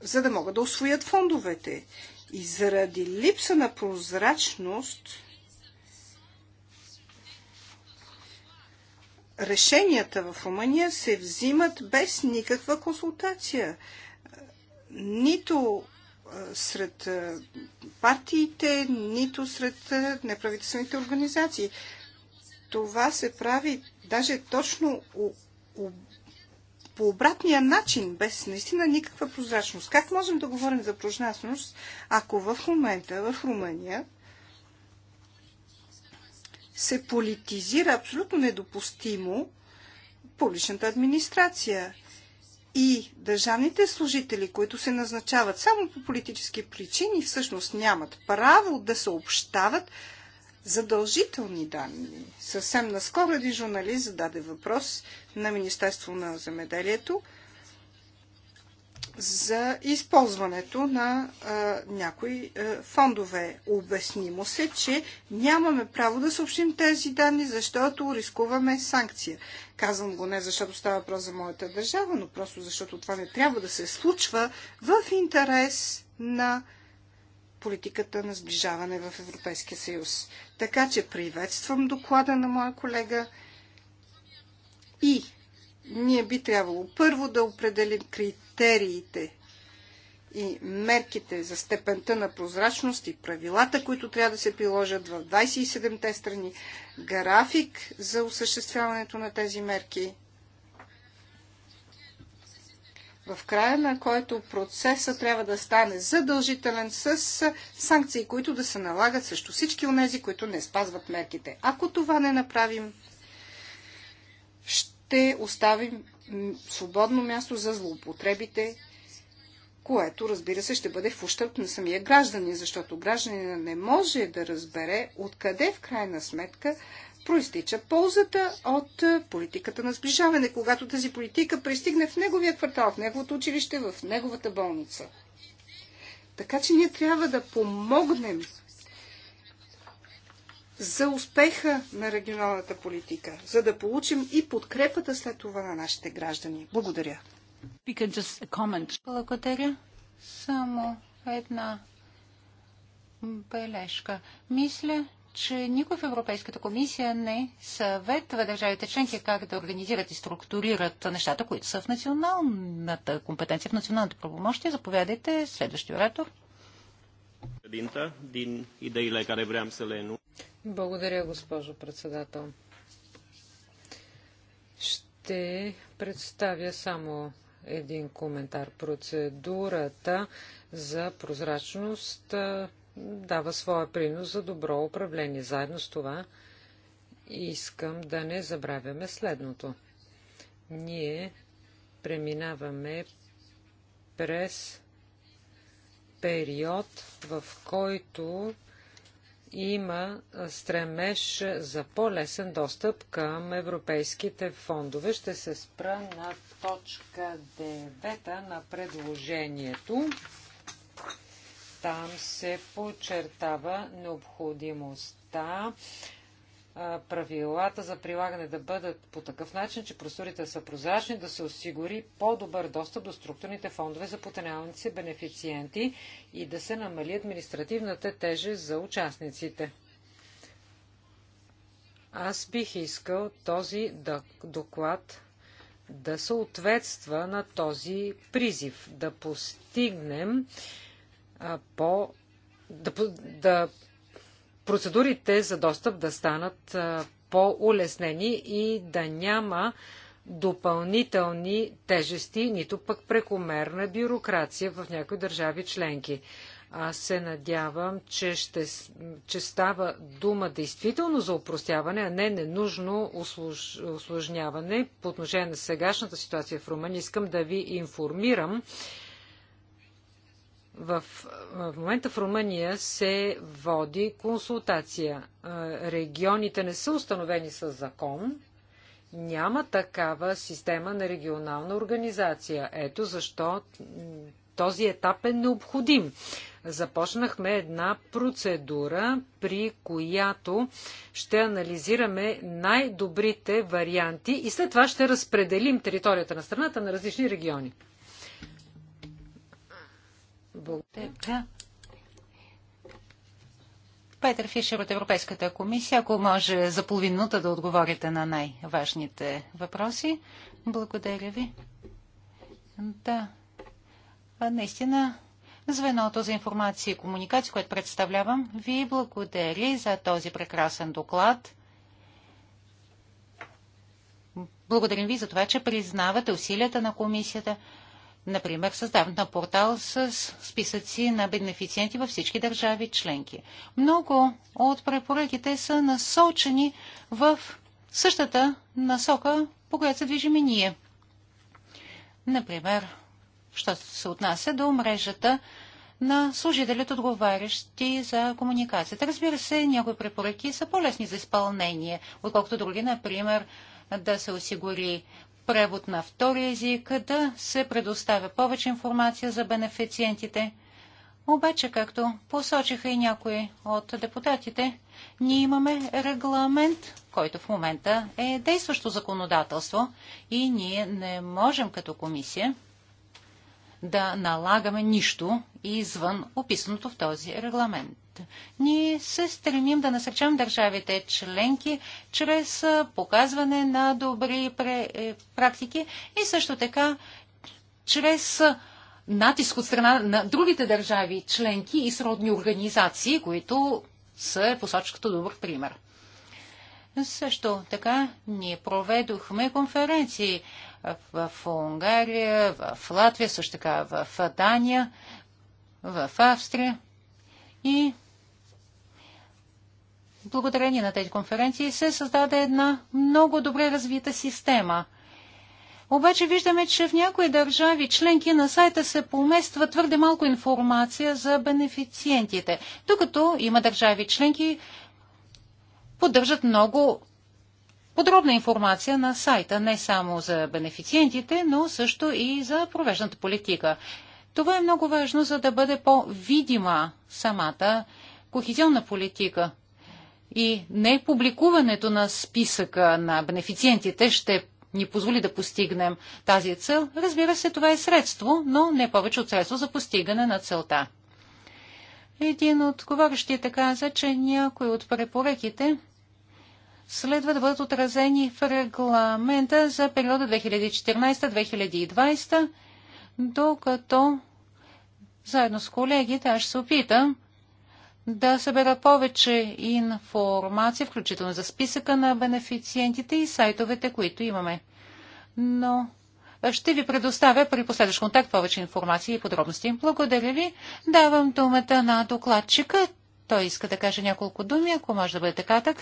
за да могат да освоят фондовете. И заради липса на прозрачност, решенията в Румъния се взимат без никаква консултация. Нито сред партиите, нито сред неправителствените организации. Това се прави даже точно по обратния начин, без наистина никаква прозрачност. Как можем да говорим за прозрачност, ако в момента в Румъния се политизира абсолютно недопустимо публичната администрация? и държавните служители, които се назначават само по политически причини, всъщност нямат право да съобщават задължителни данни. Съвсем наскоро един журналист зададе въпрос на Министерство на земеделието за използването на а, някои а, фондове. Обяснимо се, че нямаме право да съобщим тези данни, защото рискуваме санкция. Казвам го не защото става въпрос за моята държава, но просто защото това не трябва да се случва в интерес на политиката на сближаване в Европейския съюз. Така че приветствам доклада на моя колега и ние би трябвало първо да определим критериите и мерките за степента на прозрачност и правилата, които трябва да се приложат в 27-те страни, график за осъществяването на тези мерки, в края на който процеса трябва да стане задължителен с санкции, които да се налагат срещу всички от тези, които не спазват мерките. Ако това не направим, ще ще оставим свободно място за злоупотребите, което, разбира се, ще бъде в ущърп на самия гражданин, защото гражданин не може да разбере откъде в крайна сметка проистича ползата от е, политиката на сближаване, когато тази политика пристигне в неговия квартал, в неговото училище, в неговата болница. Така че ние трябва да помогнем за успеха на регионалната политика, за да получим и подкрепата след това на нашите граждани. Благодаря. Благодаря. Само една бележка. Мисля, че никой в Европейската комисия не съветва държавите членки как да организират и структурират нещата, които са в националната компетенция, в националните правомощия. Заповядайте, следващия оратор președintă, din ideile care vreau să le Благодаря, госпожо председател. Ще представя само един коментар. Процедурата за прозрачност дава своя принос за добро управление. Заедно с това искам да не забравяме следното. Ние преминаваме през период, в който има стремеж за по-лесен достъп към европейските фондове. Ще се спра на точка 9 на предложението. Там се подчертава необходимостта правилата за прилагане да бъдат по такъв начин, че просторите са прозрачни, да се осигури по-добър достъп до структурните фондове за си бенефициенти и да се намали административната тежест за участниците. Аз бих искал този доклад да съответства на този призив, да постигнем по да, да процедурите за достъп да станат по-улеснени и да няма допълнителни тежести, нито пък прекомерна бюрокрация в някои държави членки. Аз се надявам, че, ще, че става дума действително за упростяване, а не ненужно услуж, усложняване. По отношение на сегашната ситуация в Румъния искам да ви информирам, в, в момента в Румъния се води консултация. Регионите не са установени с закон. Няма такава система на регионална организация. Ето защо този етап е необходим. Започнахме една процедура, при която ще анализираме най-добрите варианти и след това ще разпределим територията на страната на различни региони. Благодаря. Петър Фишер от Европейската комисия, ако може за половин минута да отговорите на най-важните въпроси. Благодаря ви. Да. А, наистина, звеното за информация и комуникация, което представлявам, ви благодаря за този прекрасен доклад. Благодарим ви за това, че признавате усилията на комисията. Например, създаването на портал с списъци на бенефициенти във всички държави членки. Много от препоръките са насочени в същата насока, по която се движим и ние. Например, що се отнася до мрежата на служителите, отговарящи за комуникацията. Разбира се, някои препоръки са по-лесни за изпълнение, отколкото други, например, да се осигури превод на втори език, да се предоставя повече информация за бенефициентите. Обаче, както посочиха и някои от депутатите, ние имаме регламент, който в момента е действащо законодателство и ние не можем като комисия да налагаме нищо извън описаното в този регламент. Ние се стремим да насърчам държавите членки чрез показване на добри е, практики и също така чрез натиск от страна на другите държави членки и сродни организации, които са посочат като добър пример. Също така ние проведохме конференции в Унгария, в Латвия, също така в Дания, в Австрия. И благодарение на тези конференции се създаде една много добре развита система. Обаче виждаме, че в някои държави членки на сайта се помества твърде малко информация за бенефициентите, докато има държави членки, поддържат много подробна информация на сайта, не само за бенефициентите, но също и за провежната политика. Това е много важно, за да бъде по-видима самата кохезионна политика и не публикуването на списъка на бенефициентите ще ни позволи да постигнем тази цел. Разбира се, това е средство, но не повече от средство за постигане на целта. Един от говорещите каза, че някои от препоръките следва да бъдат отразени в регламента за периода 2014-2020, докато заедно с колегите аз ще се опитам да събера повече информация, включително за списъка на бенефициентите и сайтовете, които имаме. Но ще ви предоставя при последващ контакт повече информация и подробности. Благодаря ви. Давам думата на докладчика. Той иска да каже няколко думи, ако може да бъде так.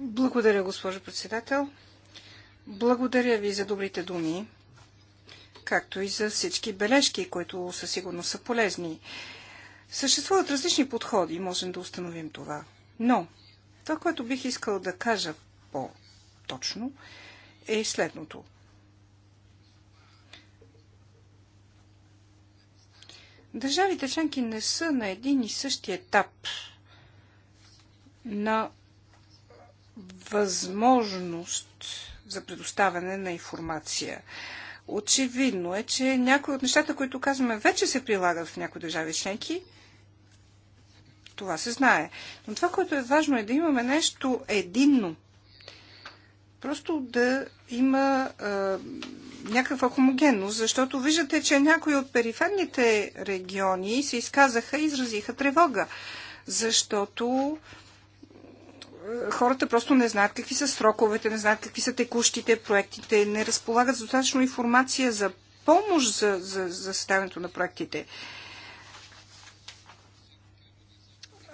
Благодаря, госпожо председател. Благодаря ви за добрите думи, както и за всички бележки, които със сигурност са полезни. Съществуват различни подходи, можем да установим това. Но това, което бих искал да кажа по-точно, е следното. Държавите членки не са на един и същи етап на възможност за предоставяне на информация. Очевидно е, че някои от нещата, които казваме, вече се прилагат в някои държави членки, това се знае. Но това, което е важно е да имаме нещо единно. Просто да има а, някаква хомогенност, защото виждате, че някои от периферните региони се изказаха и изразиха тревога, защото хората просто не знаят какви са сроковете, не знаят какви са текущите проектите, не разполагат достатъчно информация за помощ за, за, за съставянето на проектите.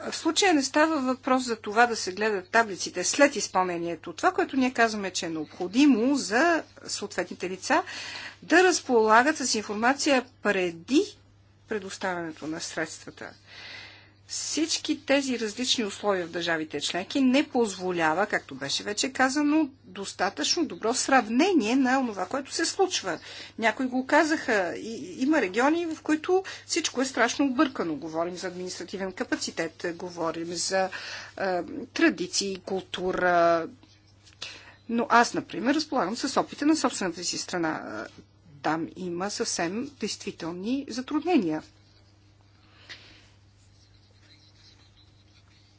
В случая не става въпрос за това да се гледат таблиците след изпълнението. Това, което ние казваме, че е необходимо за съответните лица да разполагат с информация преди предоставянето на средствата всички тези различни условия в държавите членки не позволява, както беше вече казано, достатъчно добро сравнение на това, което се случва. Някои го казаха. И, има региони, в които всичко е страшно объркано. Говорим за административен капацитет, говорим за е, традиции, култура. Но аз, например, разполагам с опита на собствената си страна. Там има съвсем действителни затруднения.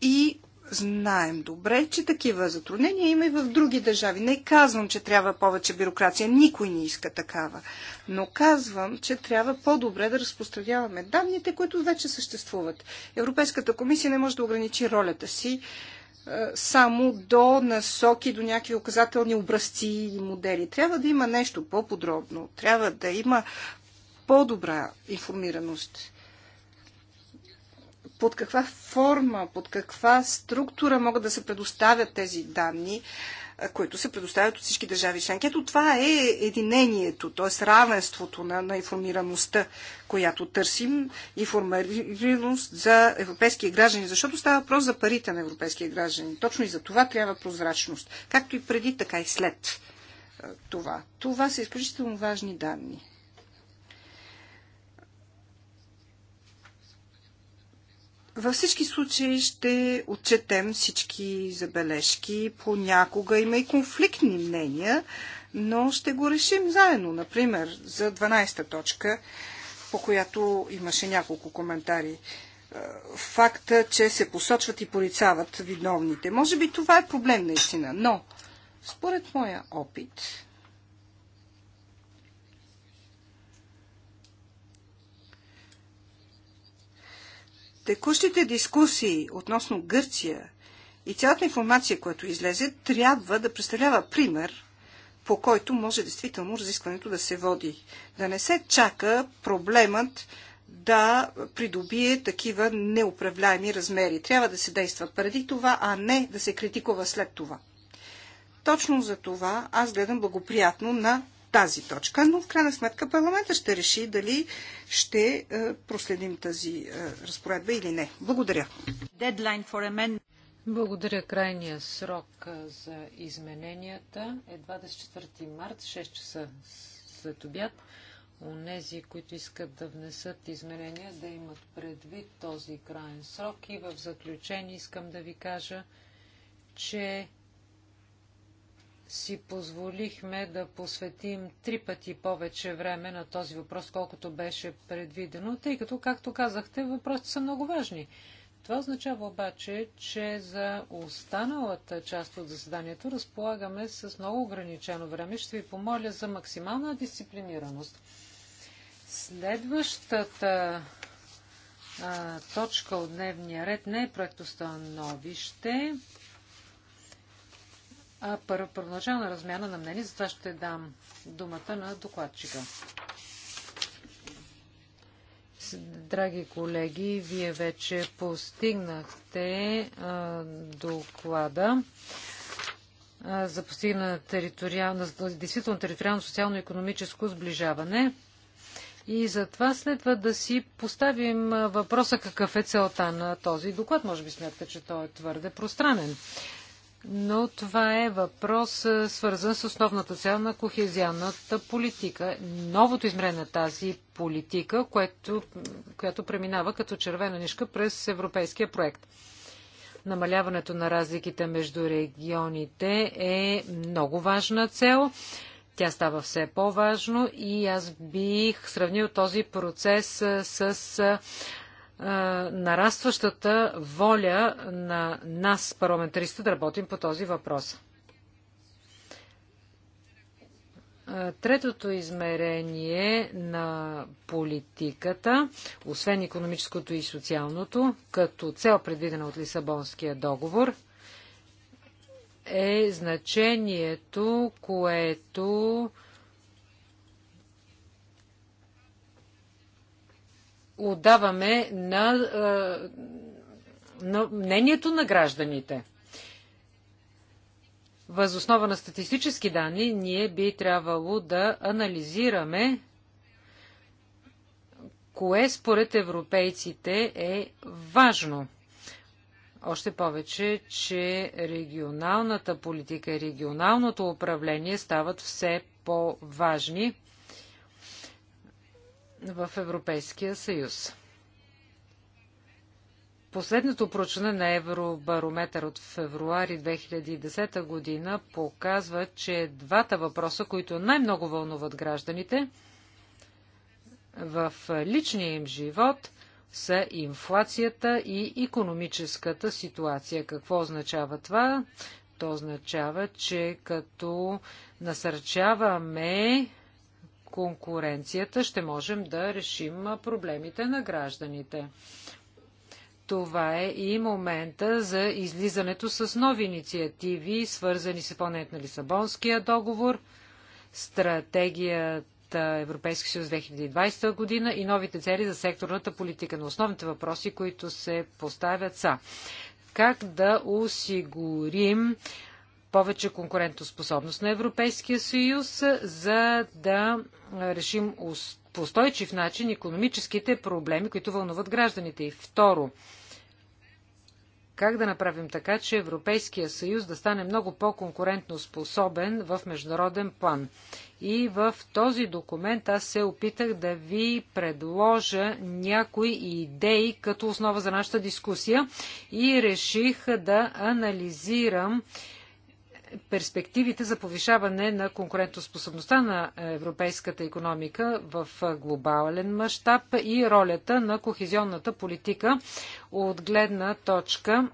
И знаем добре, че такива затруднения има и в други държави. Не казвам, че трябва повече бюрокрация. Никой не иска такава. Но казвам, че трябва по-добре да разпространяваме данните, които вече съществуват. Европейската комисия не може да ограничи ролята си е, само до насоки, до някакви указателни образци и модели. Трябва да има нещо по-подробно. Трябва да има по-добра информираност под каква форма, под каква структура могат да се предоставят тези данни, които се предоставят от всички държави членки. Ето това е единението, т.е. равенството на, на информираността, която търсим, информираност за европейския граждани, защото става въпрос за парите на европейския граждани. Точно и за това трябва прозрачност, както и преди, така и след това. Това са изключително важни данни. Във всички случаи ще отчетем всички забележки. Понякога има и конфликтни мнения, но ще го решим заедно. Например, за 12-та точка, по която имаше няколко коментари. Е, факта, че се посочват и порицават виновните. Може би това е проблем наистина, но според моя опит, Текущите дискусии относно Гърция и цялата информация, която излезе, трябва да представлява пример, по който може действително разискването да се води. Да не се чака проблемът да придобие такива неуправляеми размери. Трябва да се действа преди това, а не да се критикува след това. Точно за това аз гледам благоприятно на тази точка, но в крайна сметка парламента ще реши дали ще е, проследим тази е, разпоредба или не. Благодаря. Благодаря. Крайния срок е, за измененията е 24 март, 6 часа след обяд. Онези, които искат да внесат изменения, да имат предвид този крайен срок. И в заключение искам да ви кажа, че си позволихме да посветим три пъти повече време на този въпрос, колкото беше предвидено, тъй като, както казахте, въпросите са много важни. Това означава обаче, че за останалата част от заседанието разполагаме с много ограничено време. Ще ви помоля за максимална дисциплинираност. Следващата а, точка от дневния ред не е проектостановище, първа първоначална размяна на мнение. Затова ще дам думата на докладчика. Драги колеги, вие вече постигнахте а, доклада а, за постигане на териториално, действително териториално социално-економическо сближаване. И затова следва да си поставим въпроса какъв е целта на този доклад. Може би смятате, че той е твърде пространен но това е въпрос е, свързан с основната цел на кохезионната политика. Новото измерение на тази политика, което, която преминава като червена нишка през европейския проект. Намаляването на разликите между регионите е много важна цел. Тя става все по-важно и аз бих сравнил този процес е, с е, нарастващата воля на нас, парламентаристите, да работим по този въпрос. Третото измерение на политиката, освен економическото и социалното, като цел предвидена от Лисабонския договор, е значението, което отдаваме на, на мнението на гражданите. Възоснова на статистически данни ние би трябвало да анализираме кое според европейците е важно. Още повече, че регионалната политика и регионалното управление стават все по-важни в Европейския съюз. Последното проучване на Евробарометър от февруари 2010 година показва, че двата въпроса, които най-много вълнуват гражданите в личния им живот, са инфлацията и економическата ситуация. Какво означава това? То означава, че като насърчаваме конкуренцията ще можем да решим проблемите на гражданите. Това е и момента за излизането с нови инициативи, свързани с изпълнението на Лисабонския договор, стратегията Европейски съюз 2020 година и новите цели за секторната политика. Но основните въпроси, които се поставят са как да осигурим повече конкурентоспособност на Европейския съюз, за да решим по устойчив начин економическите проблеми, които вълнуват гражданите. И второ, как да направим така, че Европейския съюз да стане много по-конкурентно способен в международен план. И в този документ аз се опитах да ви предложа някои идеи като основа за нашата дискусия и реших да анализирам перспективите за повишаване на конкурентоспособността на европейската економика в глобален мащаб и ролята на кохезионната политика от гледна точка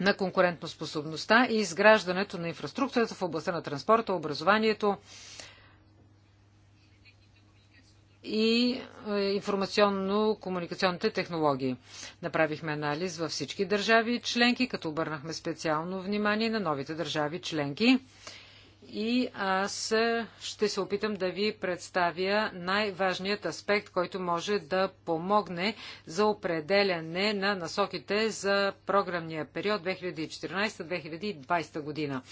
на конкурентоспособността и изграждането на инфраструктурата в областта на транспорта, образованието, и е, информационно-комуникационните технологии. Направихме анализ във всички държави членки, като обърнахме специално внимание на новите държави членки. И аз е, ще се опитам да ви представя най-важният аспект, който може да помогне за определяне на насоките за програмния период 2014-2020 година.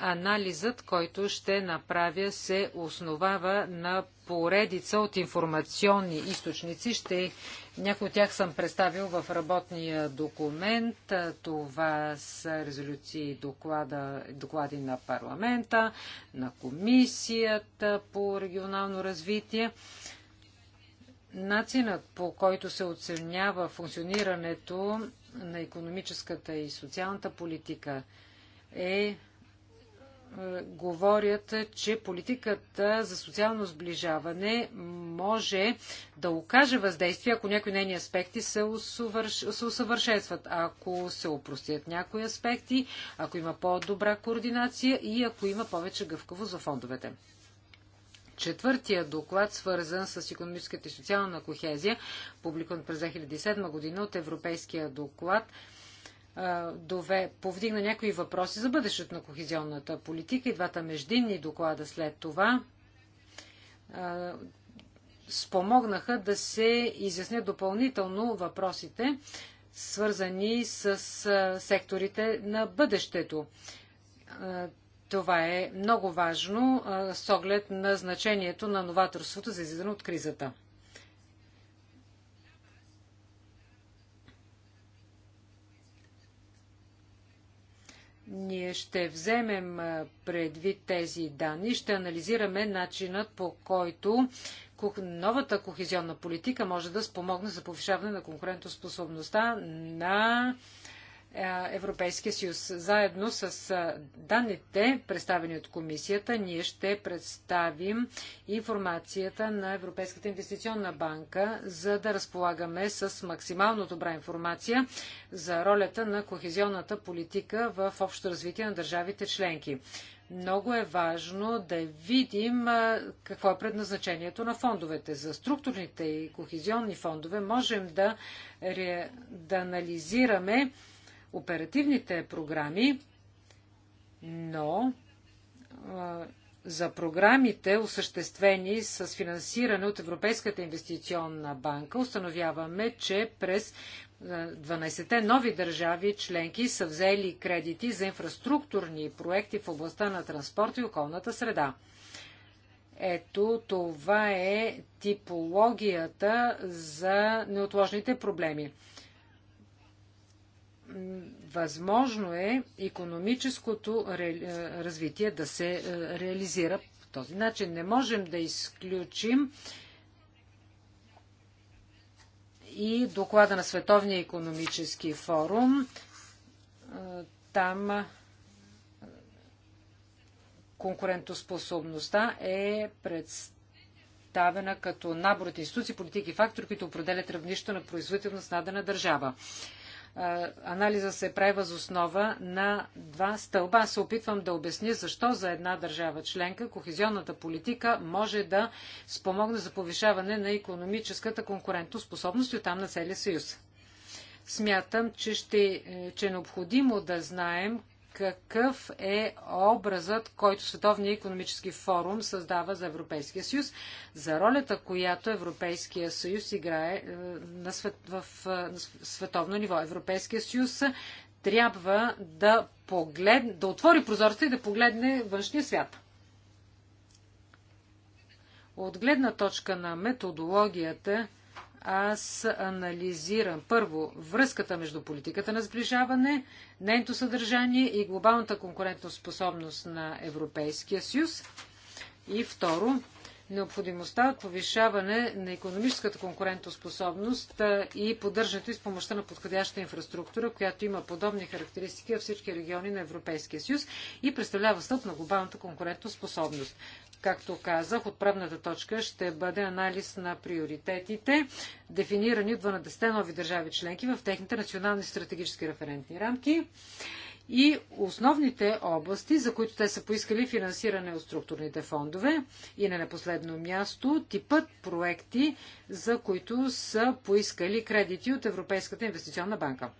Анализът, който ще направя, се основава на поредица от информационни източници. Ще... Някои от тях съм представил в работния документ. Това са резолюции доклада, доклади на парламента, на комисията по регионално развитие. Начинът по който се оценява функционирането на економическата и социалната политика е е, говорят, че политиката за социално сближаване може да окаже въздействие, ако някои нейни аспекти се, усъвърш... се усъвършенстват, ако се опростят някои аспекти, ако има по-добра координация и ако има повече гъвкаво за фондовете. Четвъртия доклад, свързан с економическата и социална кохезия, публикуван през 2007 година от Европейския доклад, дове, повдигна някои въпроси за бъдещето на кохезионната политика и двата междинни доклада след това спомогнаха да се изяснят допълнително въпросите, свързани с секторите на бъдещето. това е много важно с оглед на значението на новаторството за излизане от кризата. Ние ще вземем предвид тези данни, ще анализираме начинът по който новата кохезионна политика може да спомогне за повишаване на конкурентоспособността на е, Европейския съюз. Заедно с данните, представени от комисията, ние ще представим информацията на Европейската инвестиционна банка, за да разполагаме с максимално добра информация за ролята на кохезионната политика в общо развитие на държавите членки. Много е важно да видим какво е предназначението на фондовете. За структурните и кохезионни фондове можем да, да анализираме оперативните програми, но за програмите, осъществени с финансиране от Европейската инвестиционна банка, установяваме, че през 12-те нови държави членки са взели кредити за инфраструктурни проекти в областта на транспорта и околната среда. Ето това е типологията за неотложните проблеми възможно е економическото е, развитие да се е, реализира по този начин. Не можем да изключим и доклада на Световния економически форум. Е, там конкурентоспособността е представена като набор от институции, политики и фактори, които определят равнището на производителност на дадена държава анализа се прави въз основа на два стълба. Аз се опитвам да обясня защо за една държава членка кохезионната политика може да спомогне за повишаване на економическата конкурентоспособност и оттам на целия съюз. Смятам, че, ще, е, че е необходимо да знаем какъв е образът, който Световния економически форум създава за Европейския съюз, за ролята, която Европейския съюз играе е, на, свет, в, е, на световно ниво. Европейския съюз трябва да, поглед, да отвори прозорците и да погледне външния свят. От гледна точка на методологията, аз анализирам първо връзката между политиката на сближаване, нейното съдържание и глобалната конкурентоспособност на Европейския съюз. И второ, необходимостта от повишаване на економическата конкурентоспособност и поддържането с помощта на подходяща инфраструктура, която има подобни характеристики във всички региони на Европейския съюз и представлява стълб на глобалната конкурентоспособност. Както казах, отправната точка ще бъде анализ на приоритетите, дефинирани от 12 нови държави членки в техните национални стратегически референтни рамки и основните области, за които те са поискали финансиране от структурните фондове и не на последно място типът проекти, за които са поискали кредити от Европейската инвестиционна банка.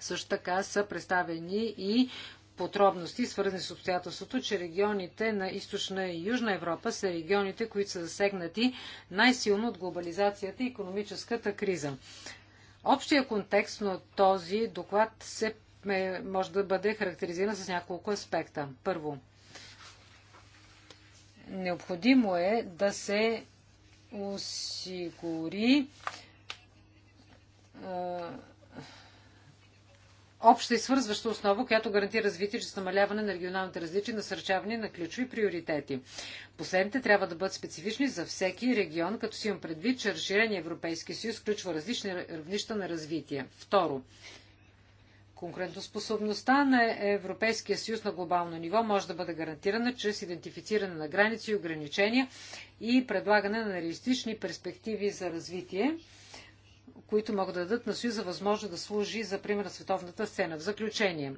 Също така са представени и подробности, свързани с обстоятелството, че регионите на източна и южна Европа са регионите, които са засегнати най-силно от глобализацията и економическата криза. Общия контекст на този доклад се може да бъде характеризирана с няколко аспекта. Първо, необходимо е да се осигури обща и свързваща основа, която гарантира развитие чрез намаляване на регионалните различия и насърчаване на ключови приоритети. Последните трябва да бъдат специфични за всеки регион, като си имам предвид, че разширение Европейския съюз включва различни равнища на развитие. Второ, Конкурентоспособността на Европейския съюз на глобално ниво може да бъде гарантирана чрез идентифициране на граници и ограничения и предлагане на реалистични перспективи за развитие, които могат да дадат на Съюза възможност да служи за пример на световната сцена. В заключение,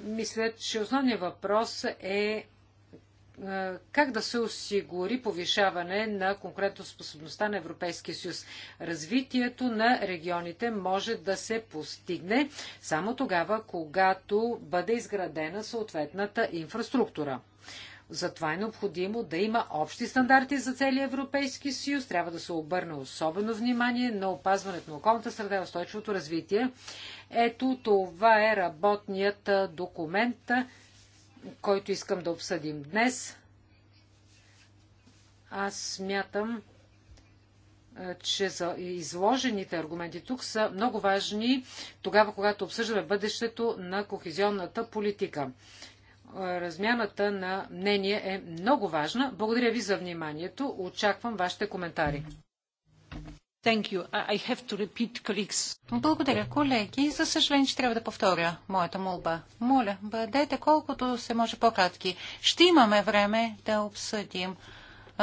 мисля, че основният въпрос е е, как да се осигури повишаване на конкурентоспособността на Европейския съюз. Развитието на регионите може да се постигне само тогава, когато бъде изградена съответната инфраструктура. Затова е необходимо да има общи стандарти за целия Европейски съюз. Трябва да се обърне особено внимание на опазването на околната среда и устойчивото развитие. Ето това е работният документ, който искам да обсъдим днес. Аз смятам, е, че за изложените аргументи тук са много важни тогава, когато обсъждаме бъдещето на кохезионната политика. Е, размяната на мнение е много важна. Благодаря ви за вниманието. Очаквам вашите коментари. Благодаря, колеги. За съжаление, ще трябва да повторя моята молба. Моля, бъдете колкото се може по-кратки. Ще имаме време да обсъдим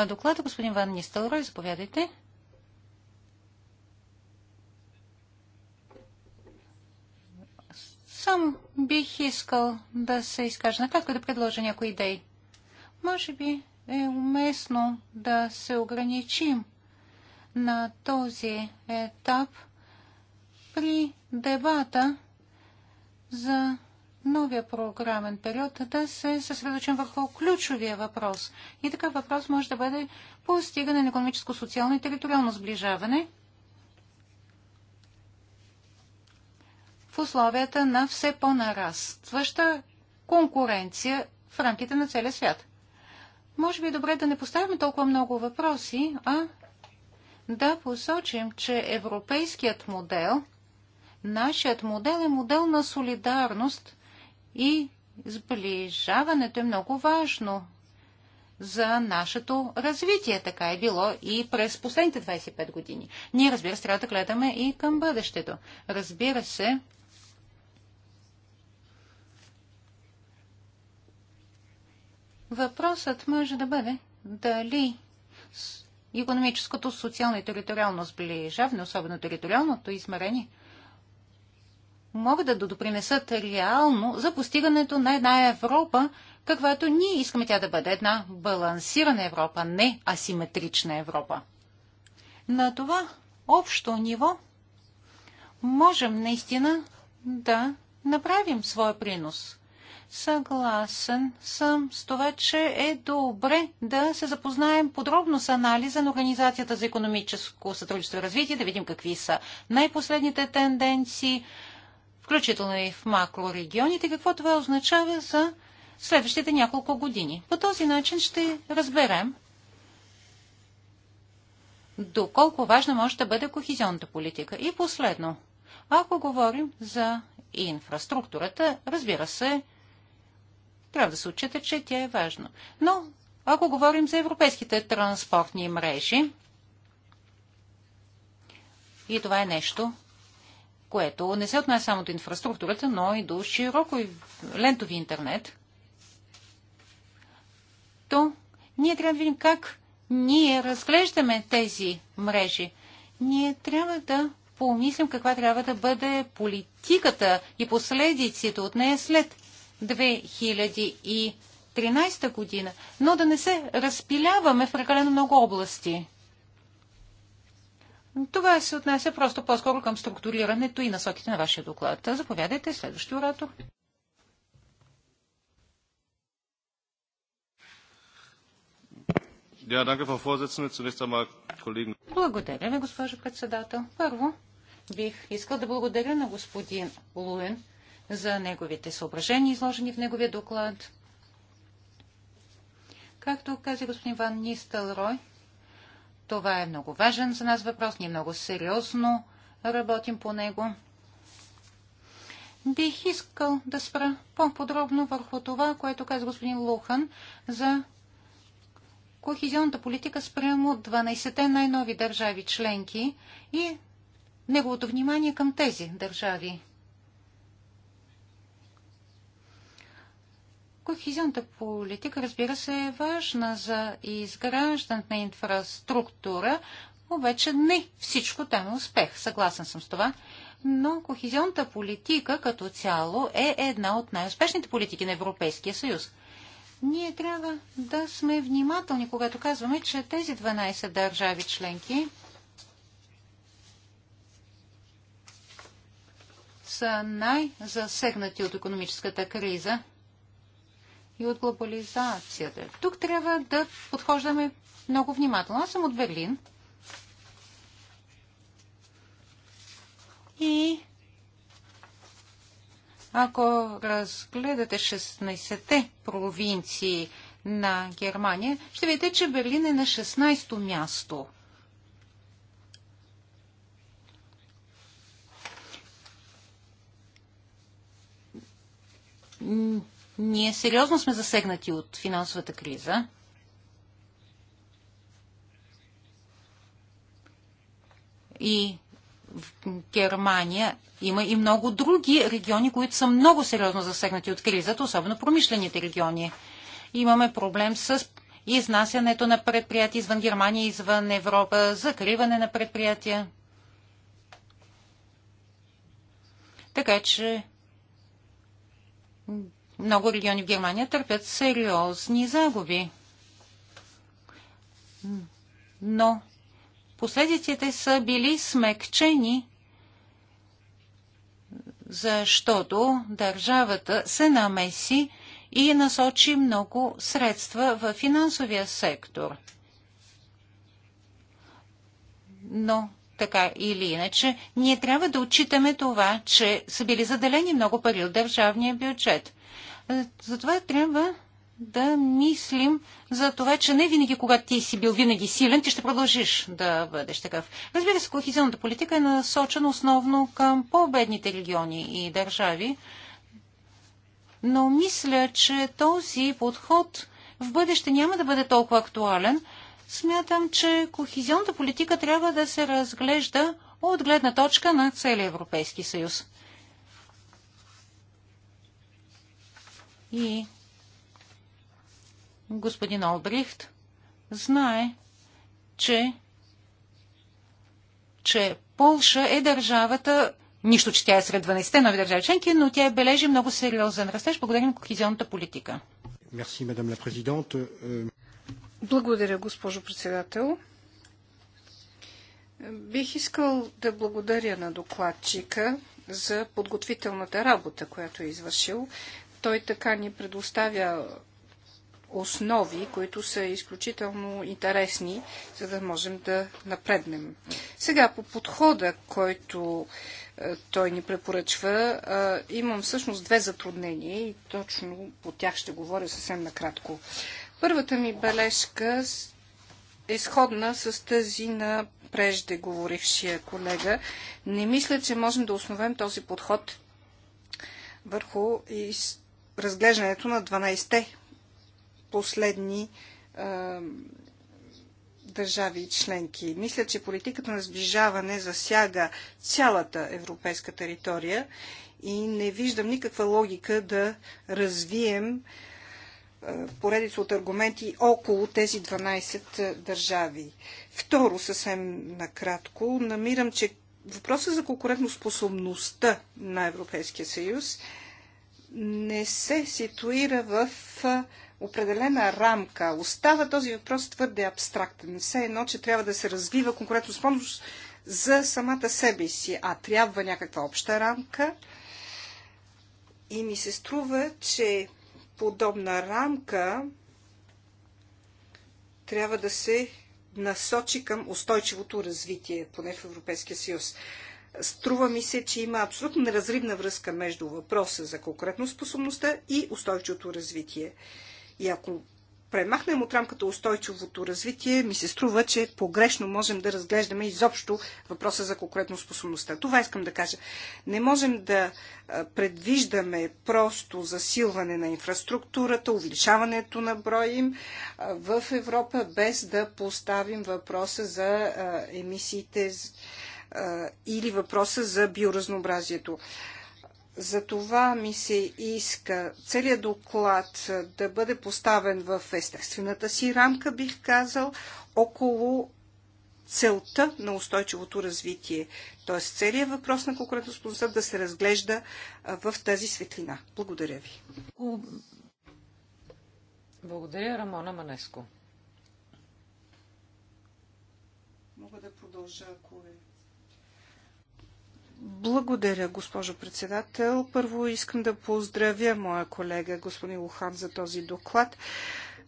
доклада. Господин Ван Нистелрой, заповядайте. Сам бих искал да се изкажа кратко да предложа някои идеи. Може би е уместно да се ограничим на този етап при дебата за новия програмен период да се съсредоточим върху ключовия въпрос. И така въпрос може да бъде постигане на економическо, социално и териториално сближаване в условията на все по-нарастваща конкуренция в рамките на целия свят. Може би е добре да не поставяме толкова много въпроси, а да посочим, че европейският модел, нашият модел е модел на солидарност и сближаването е много важно за нашето развитие. Така е било и през последните 25 години. Ние, разбира се, трябва да гледаме и към бъдещето. Разбира се, въпросът може да бъде дали економическото, социално и териториално сближаване, особено териториалното измерение, могат да допринесат реално за постигането на една Европа, каквато ние искаме тя да бъде. Една балансирана Европа, не асиметрична Европа. На това общо ниво можем наистина да направим своя принос – Съгласен съм с това, че е добре да се запознаем подробно с анализа на Организацията за економическо сътрудничество и развитие, да видим какви са най-последните тенденции, включително и в макрорегионите, какво това означава за следващите няколко години. По този начин ще разберем доколко важна може да бъде кохизионната политика. И последно, ако говорим за инфраструктурата, разбира се, трябва да се отчита, че тя е важна. Но, ако говорим за европейските транспортни мрежи, и това е нещо, което не се отнася само до инфраструктурата, но и до широко и лентови интернет, то ние трябва да видим как ние разглеждаме тези мрежи. Ние трябва да помислим каква трябва да бъде политиката и последиците от нея след 2013 година, но да не се разпиляваме в прекалено много области. Това се отнася просто по-скоро към структурирането и насоките на вашия доклад. Заповядайте, следващия оратор. Благодаря ви, госпожо председател. Първо, бих искал да благодаря на господин Луен за неговите съображения, изложени в неговия доклад. Както каза господин Ван Нистелрой, това е много важен за нас въпрос. Ние много сериозно работим по него. Бих искал да спра по-подробно върху това, което каза господин Лухан за кохезионната политика спрямо 12-те най-нови държави членки и неговото внимание към тези държави. Кохизионната политика, разбира се, е важна за изграждането на инфраструктура, обаче не всичко там е успех. Съгласен съм с това. Но кохизионната политика като цяло е една от най-успешните политики на Европейския съюз. Ние трябва да сме внимателни, когато казваме, че тези 12 държави членки са най-засегнати от економическата криза и от глобализацията. Тук трябва да подхождаме много внимателно. Аз съм от Берлин. И ако разгледате 16-те провинции на Германия, ще видите, че Берлин е на 16-то място. Mm. Ние сериозно сме засегнати от финансовата криза. И в Германия има и много други региони, които са много сериозно засегнати от кризата, особено промишлените региони. Имаме проблем с изнасянето на предприятия извън Германия, извън Европа, закриване на предприятия. Така че много региони в Германия търпят сериозни загуби. Но последиците са били смекчени, защото държавата се намеси и насочи много средства в финансовия сектор. Но така или иначе, ние трябва да отчитаме това, че са били заделени много пари от държавния бюджет. Е, затова трябва да мислим за това, че не винаги, когато ти си бил винаги силен, ти ще продължиш да бъдеш такъв. Разбира се, кохизионната политика е насочена основно към по-бедните региони и държави, но мисля, че този подход в бъдеще няма да бъде толкова актуален. Смятам, че кохизионната политика трябва да се разглежда от гледна точка на целия Европейски съюз. И господин Олбрихт знае, че, че Полша е държавата, нищо, че тя е сред 12-те нови държави членки, но тя е бележи много сериозен растеж благодарение на кохизионната политика. Merci, е, Благодаря, госпожо председател. Бих искал да благодаря на докладчика за подготвителната работа, която е извършил. Той така ни предоставя основи, които са изключително интересни, за да можем да напреднем. Сега по подхода, който е, той ни препоръчва, е, имам всъщност две затруднения и точно по тях ще говоря съвсем накратко. Първата ми бележка е сходна с тази на преждеговорившия колега. Не мисля, че можем да основем този подход върху разглеждането на 12-те последни а, държави и членки. Мисля, че политиката на сближаване засяга цялата европейска територия и не виждам никаква логика да развием поредица от аргументи около тези 12 държави. Второ, съвсем накратко, намирам, че въпросът за конкурентоспособността на Европейския съюз – е не се ситуира в определена рамка. Остава този въпрос твърде абстрактен. Все едно, че трябва да се развива конкретно помощ за самата себе си, а трябва някаква обща рамка. И ми се струва, че подобна рамка трябва да се насочи към устойчивото развитие, поне в Европейския съюз. Струва ми се, че има абсолютно неразривна връзка между въпроса за конкретно способността и устойчивото развитие. И ако премахнем от рамката устойчивото развитие, ми се струва, че погрешно можем да разглеждаме изобщо въпроса за конкретно способността. Това искам да кажа. Не можем да предвиждаме просто засилване на инфраструктурата, увеличаването на броим им в Европа, без да поставим въпроса за емисиите или въпроса за биоразнообразието. За това ми се иска целият доклад да бъде поставен в естествената си рамка, бих казал, около целта на устойчивото развитие. Т.е. целият въпрос на конкурентоспособността да се разглежда в тази светлина. Благодаря ви. Благодаря, Рамона Манеско. Мога да продължа, ако е благодаря, госпожо председател. Първо искам да поздравя моя колега господин Лухан за този доклад.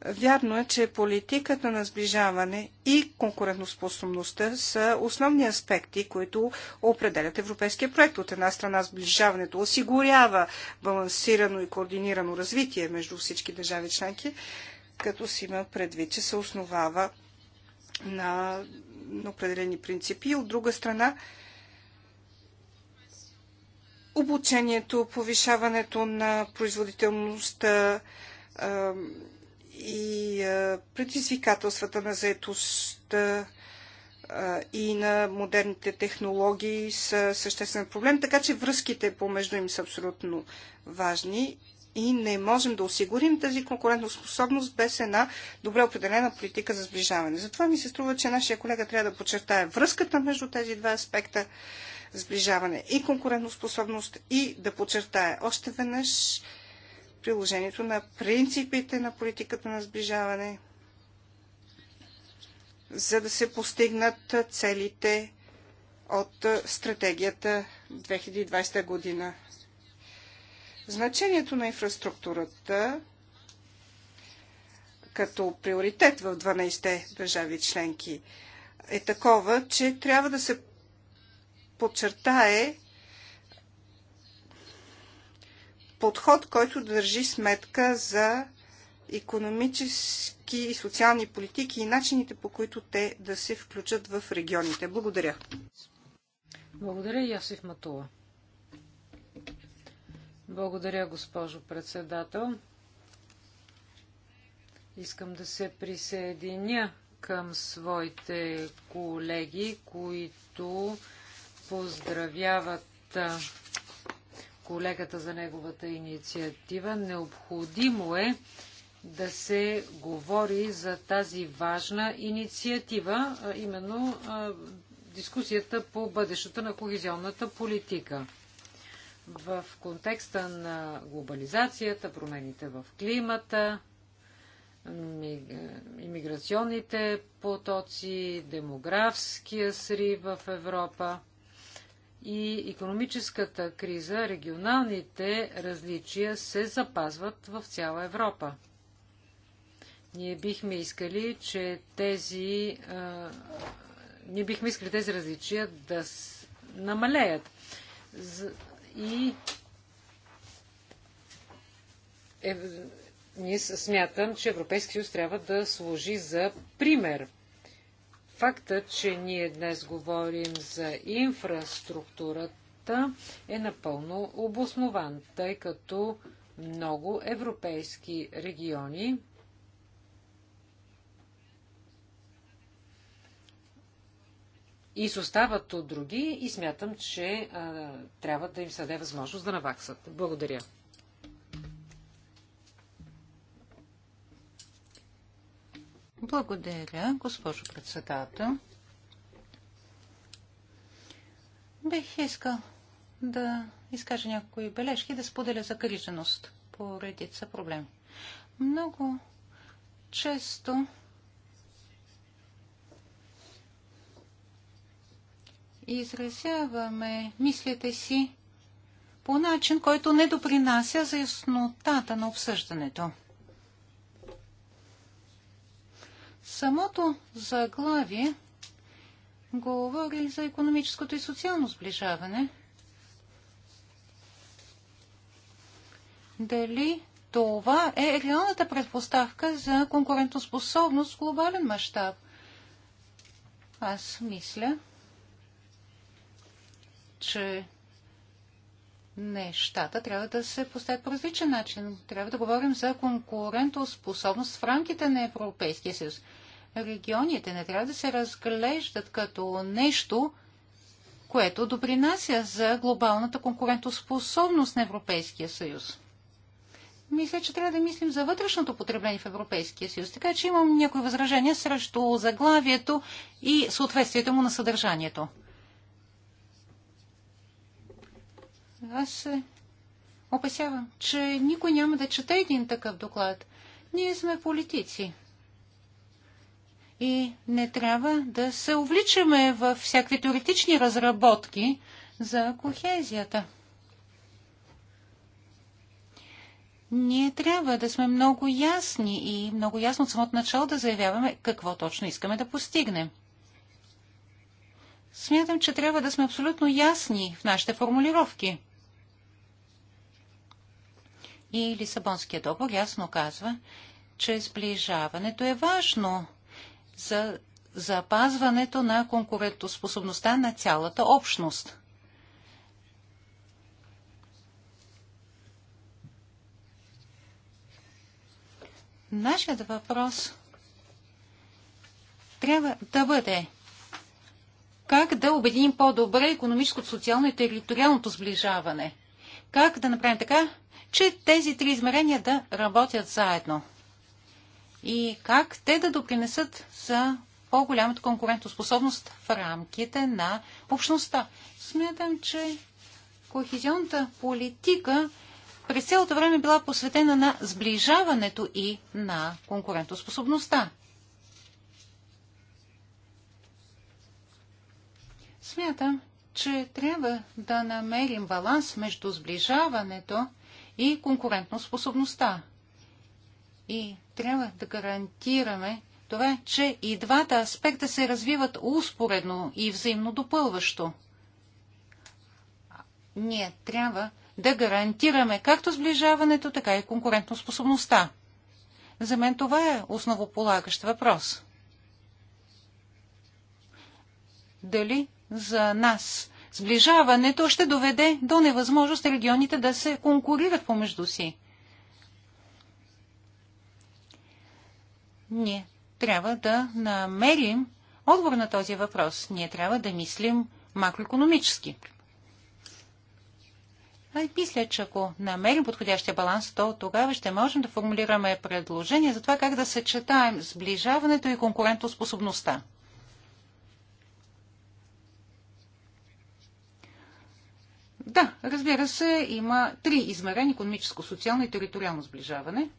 Вярно е, че политиката на сближаване и конкурентоспособността са основни аспекти, които определят европейския проект. От една страна сближаването осигурява балансирано и координирано развитие между всички държави членки, като си има предвид, че се основава на определени принципи. От друга страна, обучението, повишаването на производителността а, и а, предизвикателствата на заетостта и на модерните технологии са съществен проблем, така че връзките помежду им са абсолютно важни и не можем да осигурим тази конкурентоспособност без една добре определена политика за сближаване. Затова ми се струва, че нашия колега трябва да подчертая връзката между тези два аспекта сближаване и конкурентоспособност и да подчертая още веднъж приложението на принципите на политиката на сближаване, за да се постигнат целите от стратегията 2020 година. Значението на инфраструктурата като приоритет в 12-те държави членки е такова, че трябва да се подчертае подход, който държи сметка за економически и социални политики и начините по които те да се включат в регионите. Благодаря. Благодаря, Ясих Матула. Благодаря, госпожо председател. Искам да се присъединя към своите колеги, които поздравяват колегата за неговата инициатива. Необходимо е да се говори за тази важна инициатива, именно дискусията по бъдещето на кохезионната политика. В контекста на глобализацията, промените в климата, имиграционните потоци, демографския срив в Европа – и економическата криза, регионалните различия се запазват в цяла Европа. Ние бихме искали, че тези, а, ние бихме искали тези различия да с... намалеят. З... И е, ние смятам, че Европейски съюз трябва да служи за пример Факта, че ние днес говорим за инфраструктурата е напълно обоснован, тъй като много европейски региони изостават от други и смятам, че а, трябва да им се даде възможност да наваксат. Благодаря. Благодаря, госпожо председател. Бих искал да изкажа някои бележки, да споделя загриженост по редица проблеми. Много често изразяваме мислите си по начин, който не допринася за яснотата на обсъждането. Самото заглавие говори за економическото и социално сближаване. Дали това е реалната предпоставка за конкурентоспособност в глобален мащаб? Аз мисля, че нещата трябва да се поставят по различен начин. Трябва да говорим за конкурентоспособност в рамките на Европейския съюз регионите не трябва да се разглеждат като нещо, което допринася за глобалната конкурентоспособност на Европейския съюз. Мисля, че трябва да мислим за вътрешното потребление в Европейския съюз, така че имам някои възражения срещу заглавието и съответствието му на съдържанието. Аз се опасявам, че никой няма да чете един такъв доклад. Ние сме политици и не трябва да се увличаме в всякакви теоретични разработки за кохезията. Ние трябва да сме много ясни и много ясно от самото начало да заявяваме какво точно искаме да постигнем. Смятам, че трябва да сме абсолютно ясни в нашите формулировки. И Лисабонския договор ясно казва, че сближаването е важно – за запазването на конкурентоспособността на цялата общност. Нашият въпрос трябва да бъде как да обединим по-добре економическото, социално и териториалното сближаване. Как да направим така, че тези три измерения да работят заедно и как те да допринесат за по-голямата конкурентоспособност в рамките на общността. Смятам, че кохезионната политика през цялото време е била посветена на сближаването и на конкурентоспособността. Смятам, че трябва да намерим баланс между сближаването и конкурентоспособността. И трябва да гарантираме това, че и двата аспекта се развиват успоредно и взаимно допълващо. Ние трябва да гарантираме както сближаването, така и конкурентоспособността. За мен това е основополагащ въпрос. Дали за нас сближаването ще доведе до невъзможност регионите да се конкурират помежду си? Ние трябва да намерим отговор на този въпрос. Ние трябва да мислим макроекономически. А мисля, че ако намерим подходящия баланс, то тогава ще можем да формулираме предложение за това как да съчетаем сближаването и конкурентоспособността. Да, разбира се, има три измерения – економическо, социално и териториално сближаване –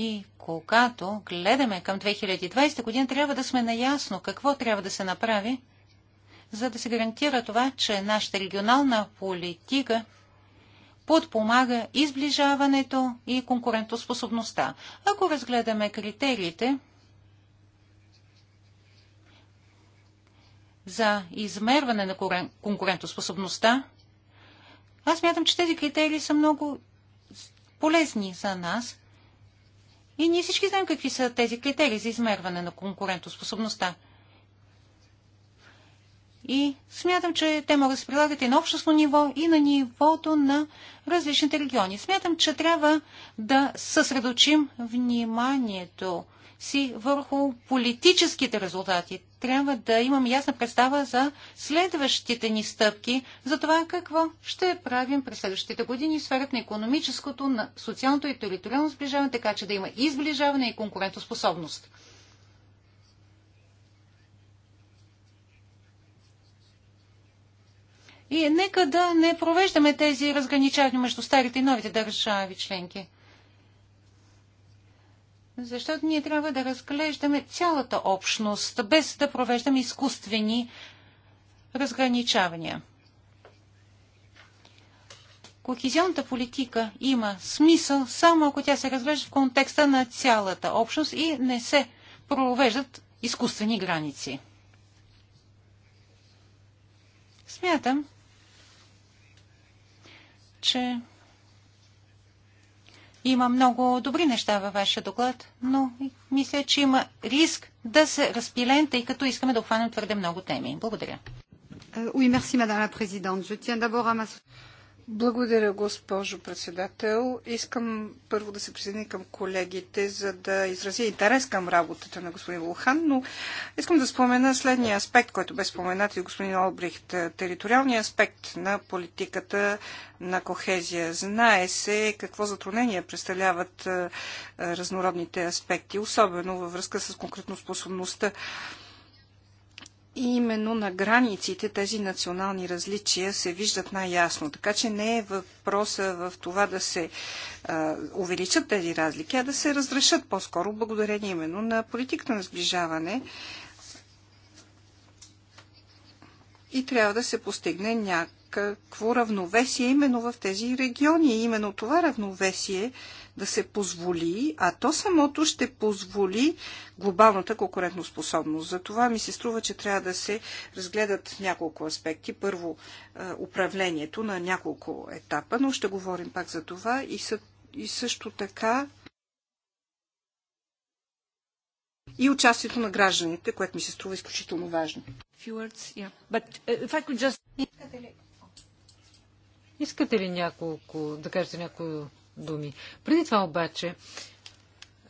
И когато гледаме към 2020 година, трябва да сме наясно какво трябва да се направи, за да се гарантира това, че нашата регионална политика подпомага изближаването и конкурентоспособността. Ако разгледаме критериите за измерване на конкурентоспособността, аз мятам, че тези критерии са много полезни за нас, и ние всички знаем какви са тези критерии за измерване на конкурентоспособността. И смятам, че те могат да се прилагат и на общностно ниво, и на нивото на различните региони. Смятам, че трябва да съсредочим вниманието си върху политическите резултати. Трябва да имам ясна представа за следващите ни стъпки, за това какво ще правим през следващите години в сферата на економическото, на социалното и териториално сближаване, така че да има и сближаване и конкурентоспособност. И нека да не провеждаме тези разграничавания между старите и новите държави членки. Защото ние трябва да разглеждаме цялата общност, без да провеждаме изкуствени разграничавания. Кохезионната политика има смисъл само ако тя се разглежда в контекста на цялата общност и не се провеждат изкуствени граници. Смятам, че има много добри неща във вашия доклад, но мисля, че има риск да се разпилен, тъй като искаме да обхванем твърде много теми. Благодаря. Oui, merci, madame la présidente. Je tiens d'abord à благодаря, госпожо председател. Искам първо да се присъединя към колегите, за да изразя интерес към работата на господин Лухан, но искам да спомена следния аспект, който бе споменат и господин Олбрихт. Териториалния аспект на политиката на кохезия. Знае се какво затруднение представляват разнородните аспекти, особено във връзка с конкретно способността и именно на границите тези национални различия се виждат най-ясно. Така че не е въпроса в това да се а, увеличат тези разлики, а да се разрешат по-скоро благодарение именно на политиката на сближаване. И трябва да се постигне някакво равновесие именно в тези региони. И именно това равновесие да се позволи, а то самото ще позволи глобалната конкурентоспособност. За това ми се струва, че трябва да се разгледат няколко аспекти. Първо, е, управлението на няколко етапа, но ще говорим пак за това и, съ... и също така и участието на гражданите, което ми се струва изключително важно. Uh, Искате ли няколко, да кажете няколко думи. Преди това обаче,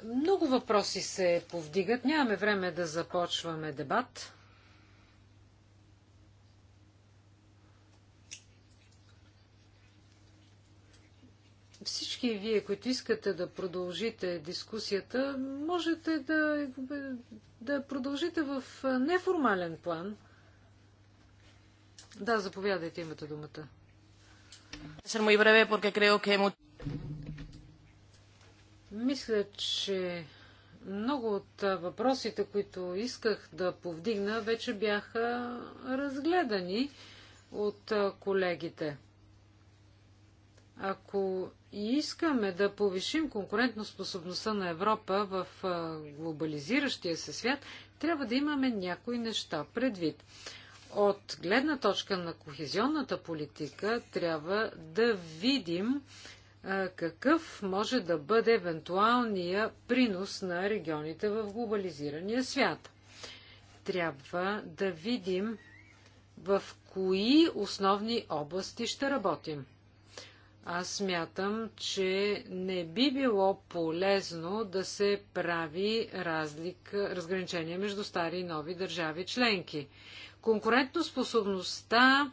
много въпроси се повдигат. Нямаме време да започваме дебат. Всички вие, които искате да продължите дискусията, можете да, да продължите в неформален план. Да, заповядайте, имате думата. Ser muy breve porque creo que мисля, че много от въпросите, които исках да повдигна, вече бяха разгледани от колегите. Ако искаме да повишим конкурентоспособността на Европа в глобализиращия се свят, трябва да имаме някои неща предвид. От гледна точка на кохезионната политика трябва да видим какъв може да бъде евентуалния принос на регионите в глобализирания свят. Трябва да видим в кои основни области ще работим. Аз смятам, че не би било полезно да се прави разлика, разграничение между стари и нови държави членки. Конкурентоспособността способността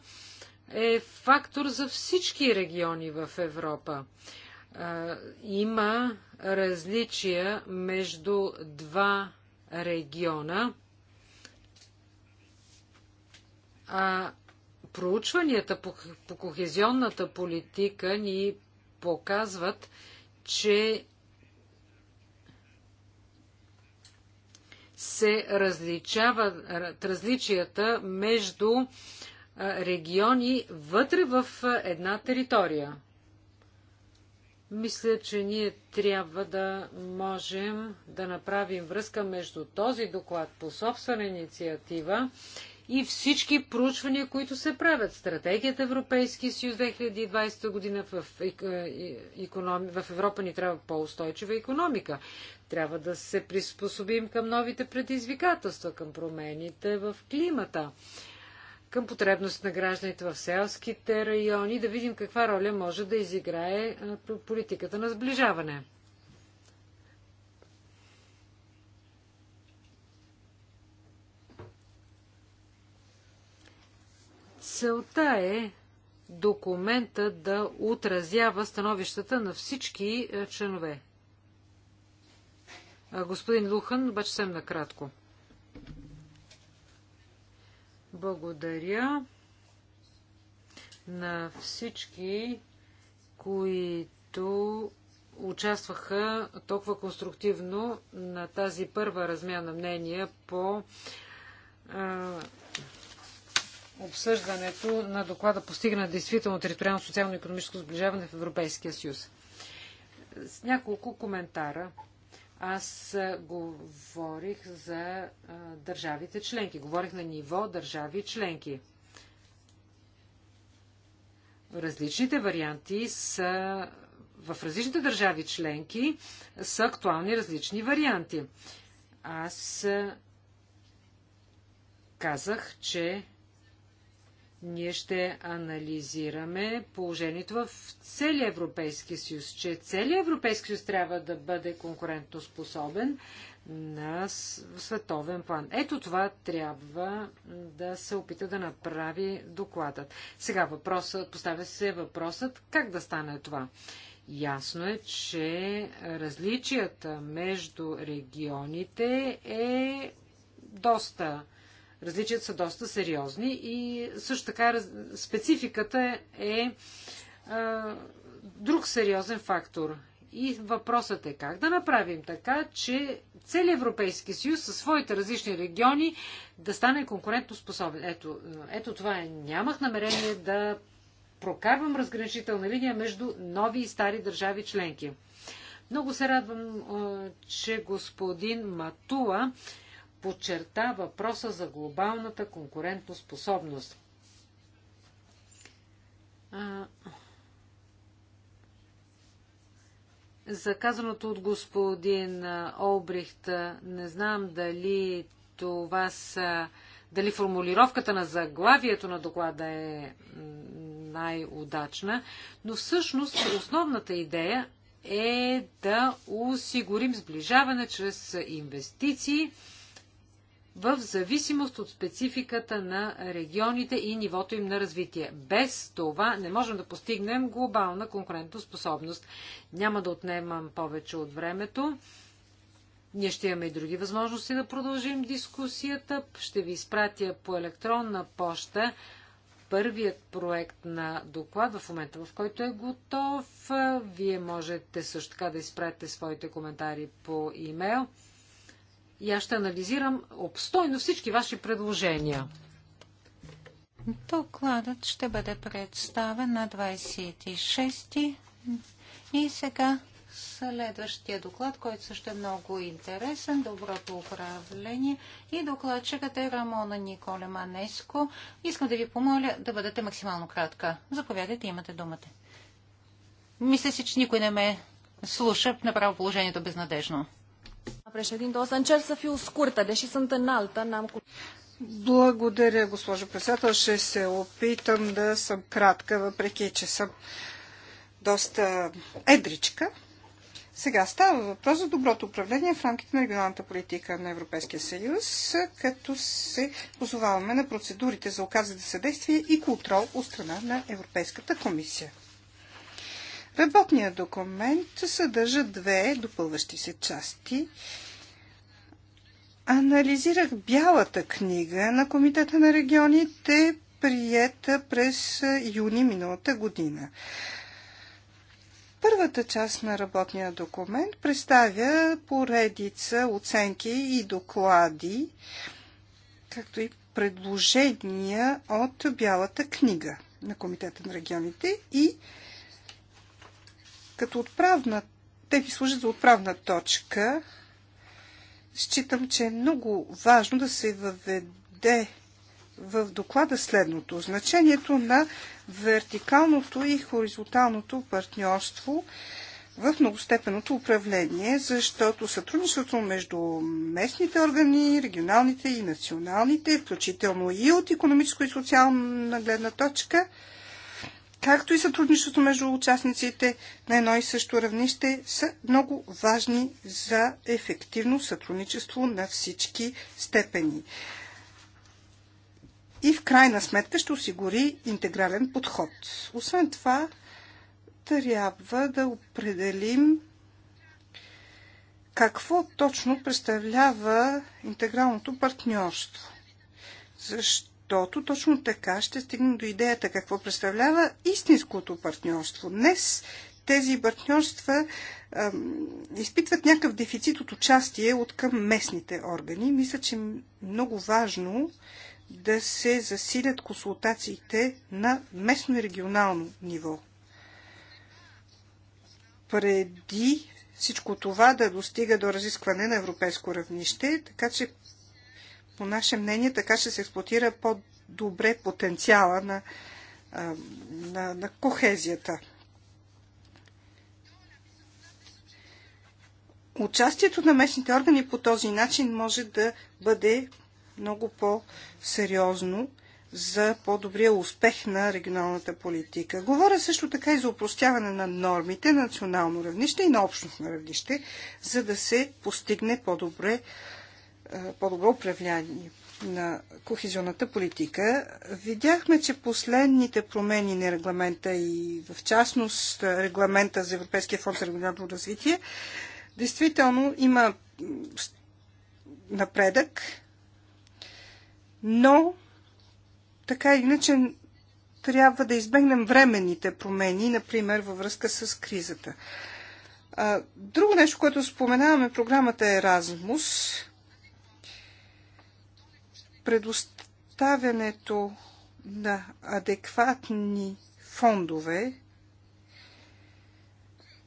е фактор за всички региони в Европа. Има различия между два региона. А проучванията по, кохезионната политика ни показват, че се различават различията между региони вътре в една територия. Мисля, че ние трябва да можем да направим връзка между този доклад по собствена инициатива и всички проучвания, които се правят. Стратегията Европейски съюз 2020 година в, економи... в Европа ни трябва по-устойчива економика. Трябва да се приспособим към новите предизвикателства, към промените в климата към потребност на гражданите в селските райони, да видим каква роля може да изиграе политиката на сближаване. Целта е документа да отразява становищата на всички е, членове. Господин Лухан, обаче съм накратко. Благодаря на всички, които участваха толкова конструктивно на тази първа размяна мнения по а, обсъждането на доклада постигна действително териториално социално-економическо сближаване в Европейския съюз. С няколко коментара. Аз говорих за а, държавите членки. Говорих на ниво държави членки. Различните варианти са в различните държави членки са актуални различни варианти. Аз казах, че ние ще анализираме положението в целия Европейски съюз, че целият Европейски съюз трябва да бъде конкурентоспособен на световен план. Ето това трябва да се опита да направи докладът. Сега въпросът, поставя се въпросът как да стане това. Ясно е, че различията между регионите е доста Различията са доста сериозни и също така спецификата е а, е, друг сериозен фактор. И въпросът е как да направим така, че целият Европейски съюз със своите различни региони да стане конкурентоспособен. Ето, ето това е. Нямах намерение да прокарвам разграничителна линия между нови и стари държави членки. Много се радвам, е, че господин Матула подчерта въпроса за глобалната конкурентоспособност. За казаното от господин Олбрихт, не знам дали това са, дали формулировката на заглавието на доклада е най-удачна, но всъщност основната идея е да осигурим сближаване чрез инвестиции, в зависимост от спецификата на регионите и нивото им на развитие. Без това не можем да постигнем глобална конкурентоспособност. Няма да отнемам повече от времето. Ние ще имаме и други възможности да продължим дискусията. Ще ви изпратя по електронна поща първият проект на доклад, в момента в който е готов. Вие можете също така да изпратите своите коментари по имейл и аз ще анализирам обстойно всички ваши предложения. Докладът ще бъде представен на 26 и сега следващия доклад, който също е много интересен, доброто управление и докладчикът е Рамона Николе Манеско. Искам да ви помоля да бъдете максимално кратка. Заповядайте, имате думата. Мисля си, че никой не ме слуша. Направо положението безнадежно. Președinte, o să încerc să fiu scurtă, deși sunt înaltă, n-am cu... Благодаря, госпожо председател. Ще се опитам да съм кратка, въпреки че съм доста едричка. Сега става въпрос за доброто управление в рамките на регионалната политика на Европейския съюз, като се позоваваме на процедурите за оказане съдействие и контрол от страна на Европейската комисия. Работният документ съдържа две допълващи се части. Анализирах бялата книга на Комитета на регионите, приета през юни миналата година. Първата част на работния документ представя поредица оценки и доклади, както и предложения от Бялата книга на Комитета на регионите и като отправна, те ви служат за отправна точка. Считам, че е много важно да се въведе в доклада следното. Значението на вертикалното и хоризонталното партньорство в многостепеното управление, защото сътрудничеството между местните органи, регионалните и националните, включително и от економическо и социална гледна точка, както и сътрудничеството между участниците на едно и също равнище, са много важни за ефективно сътрудничество на всички степени. И в крайна сметка ще осигури интегрален подход. Освен това, трябва да определим какво точно представлява интегралното партньорство. Защо? Защото точно така ще стигнем до идеята какво представлява истинското партньорство. Днес тези партньорства а, изпитват някакъв дефицит от участие от към местните органи. Мисля, че е много важно да се засилят консултациите на местно и регионално ниво. Преди всичко това да достига до разискване на европейско равнище, така че по наше мнение така ще се експлуатира по-добре потенциала на, на, на кохезията. Участието на местните органи по този начин може да бъде много по-сериозно за по-добрия успех на регионалната политика. Говоря също така и за упростяване на нормите на национално равнище и на общностно равнище, за да се постигне по-добре е, по-добро управление на кохезионната политика. Видяхме, че последните промени на регламента и в частност регламента за Европейския фонд за регионално развитие, действително има напредък, но така или иначе трябва да избегнем временните промени, например във връзка с кризата. Друго нещо, което споменаваме, програмата е Еразмус – предоставянето на адекватни фондове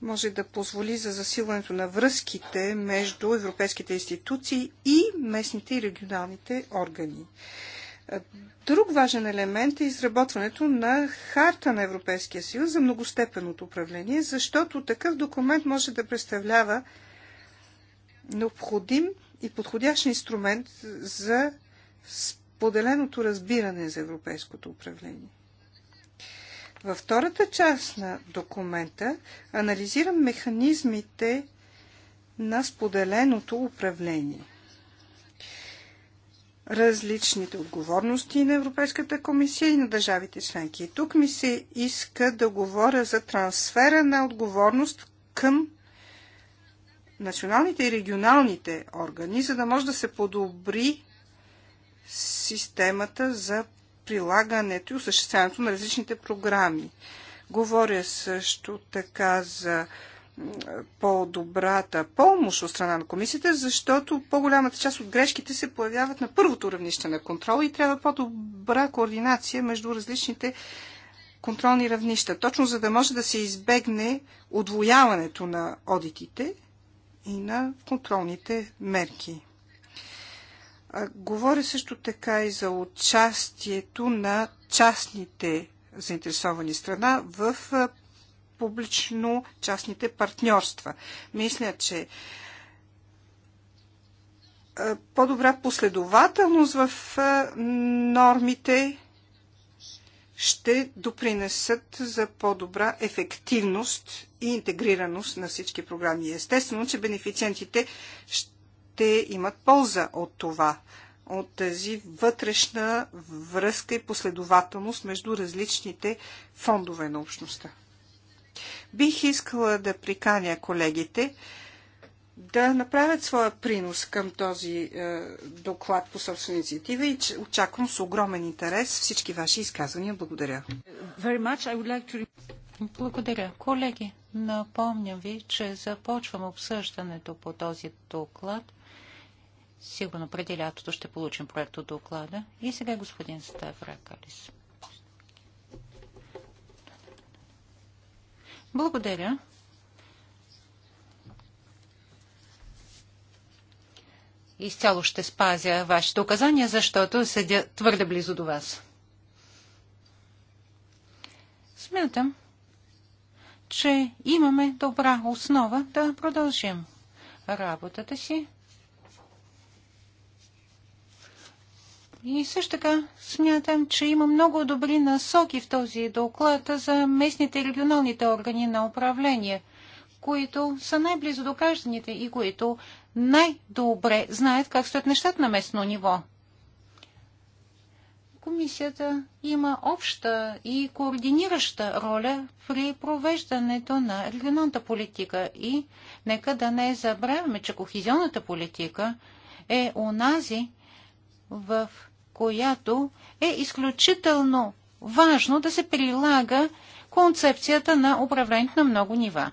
може да позволи за засилването на връзките между европейските институции и местните и регионалните органи. Друг важен елемент е изработването на харта на Европейския съюз за многостепенното управление, защото такъв документ може да представлява необходим и подходящ инструмент за споделеното разбиране за европейското управление. Във втората част на документа анализирам механизмите на споделеното управление. Различните отговорности на Европейската комисия и на държавите членки. И тук ми се иска да говоря за трансфера на отговорност към националните и регионалните органи, за да може да се подобри системата за прилагането и осъществяването на различните програми. Говоря също така за по-добрата помощ от страна на комисията, защото по-голямата част от грешките се появяват на първото равнище на контрол и трябва по-добра координация между различните контролни равнища, точно за да може да се избегне отвояването на одитите и на контролните мерки. Говоря също така и за участието на частните заинтересовани страна в публично-частните партньорства. Мисля, че по-добра последователност в нормите ще допринесат за по-добра ефективност и интегрираност на всички програми. Естествено, че бенефициентите ще те имат полза от това, от тази вътрешна връзка и последователност между различните фондове на общността. Бих искала да приканя колегите да направят своя принос към този е, доклад по собствена инициатива и очаквам с огромен интерес всички ваши изказвания. Благодаря. Благодаря. Колеги, напомням ви, че започвам обсъждането по този доклад Сигурно преди лятото ще получим проект от доклада. И сега господин Ставракалис. Благодаря. Изцяло ще спазя вашите указания, защото седя твърде близо до вас. Смятам, че имаме добра основа да продължим работата си И също така смятам, че има много добри насоки в този доклад за местните и регионалните органи на управление, които са най-близо до гражданите и които най-добре знаят как стоят нещата на местно ниво. Комисията има обща и координираща роля при провеждането на регионалната политика и нека да не забравяме, че кохизионната политика е онази, в която е изключително важно да се прилага концепцията на управлението на много нива.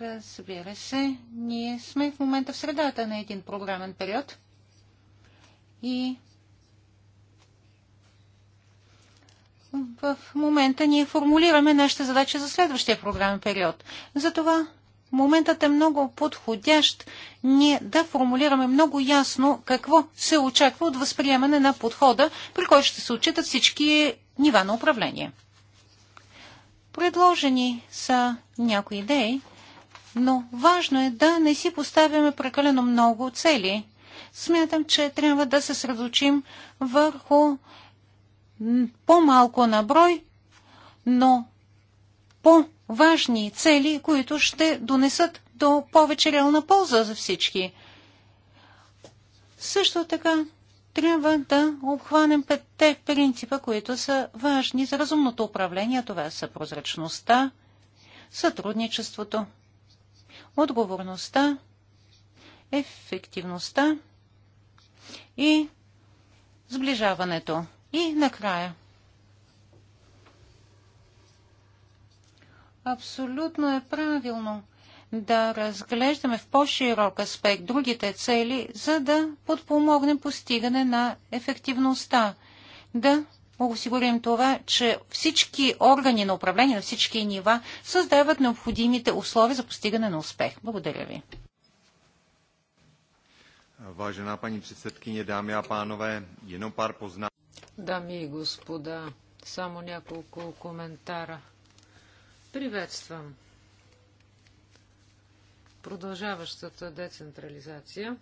Разбира се, ние сме в момента в средата на един програмен период и в момента ние формулираме нашата задача за следващия програмен период. Затова моментът е много подходящ ние да формулираме много ясно какво се очаква от възприемане на подхода, при който ще се отчитат всички нива на управление. Предложени са някои идеи, но важно е да не си поставяме прекалено много цели. Смятам, че трябва да се средочим върху по-малко на брой, но по важни цели, които ще донесат до повече реална полза за всички. Също така трябва да обхванем петте принципа, които са важни за разумното управление. Това са прозрачността, сътрудничеството, отговорността, ефективността и сближаването. И накрая – Абсолютно е правилно да разглеждаме в по-широк аспект другите цели, за да подпомогнем постигане на ефективността, да осигурим това, че всички органи на управление на всички нива създават необходимите условия за постигане на успех. Благодаря ви. Важена пани председкиня, дами и панове, едно пар poznámek. Дами и господа, само няколко коментара. Приветствам продължаващата децентрализация,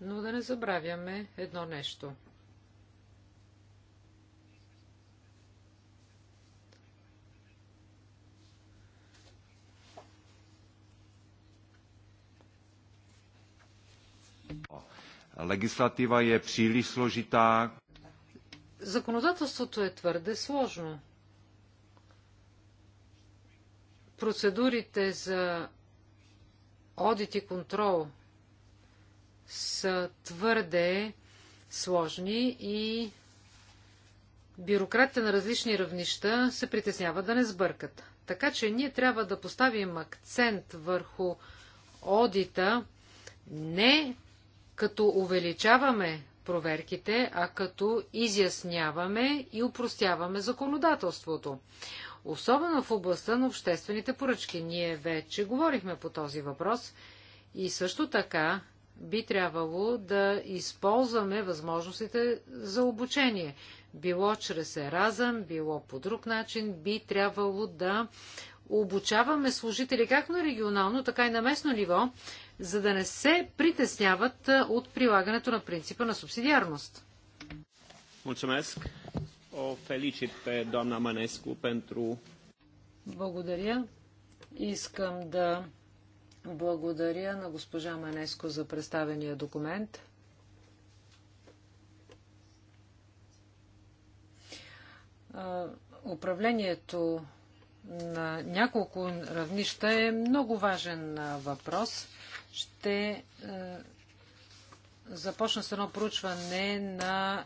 но да не забравяме едно нещо. Legislativa je příliš složitá, Законодателството е твърде сложно. Процедурите за одит и контрол са твърде сложни и бюрократите на различни равнища се притесняват да не сбъркат. Така че ние трябва да поставим акцент върху одита не като увеличаваме проверките, а като изясняваме и упростяваме законодателството. Особено в областта на обществените поръчки. Ние вече говорихме по този въпрос и също така би трябвало да използваме възможностите за обучение. Било чрез еразъм, било по друг начин, би трябвало да обучаваме служители както на регионално, така и на местно ниво, за да не се притесняват от прилагането на принципа на субсидиарност. Благодаря. Искам да благодаря на госпожа Манеско за представения документ. Управлението на няколко равнища е много важен въпрос. Ще е, започна с едно проучване на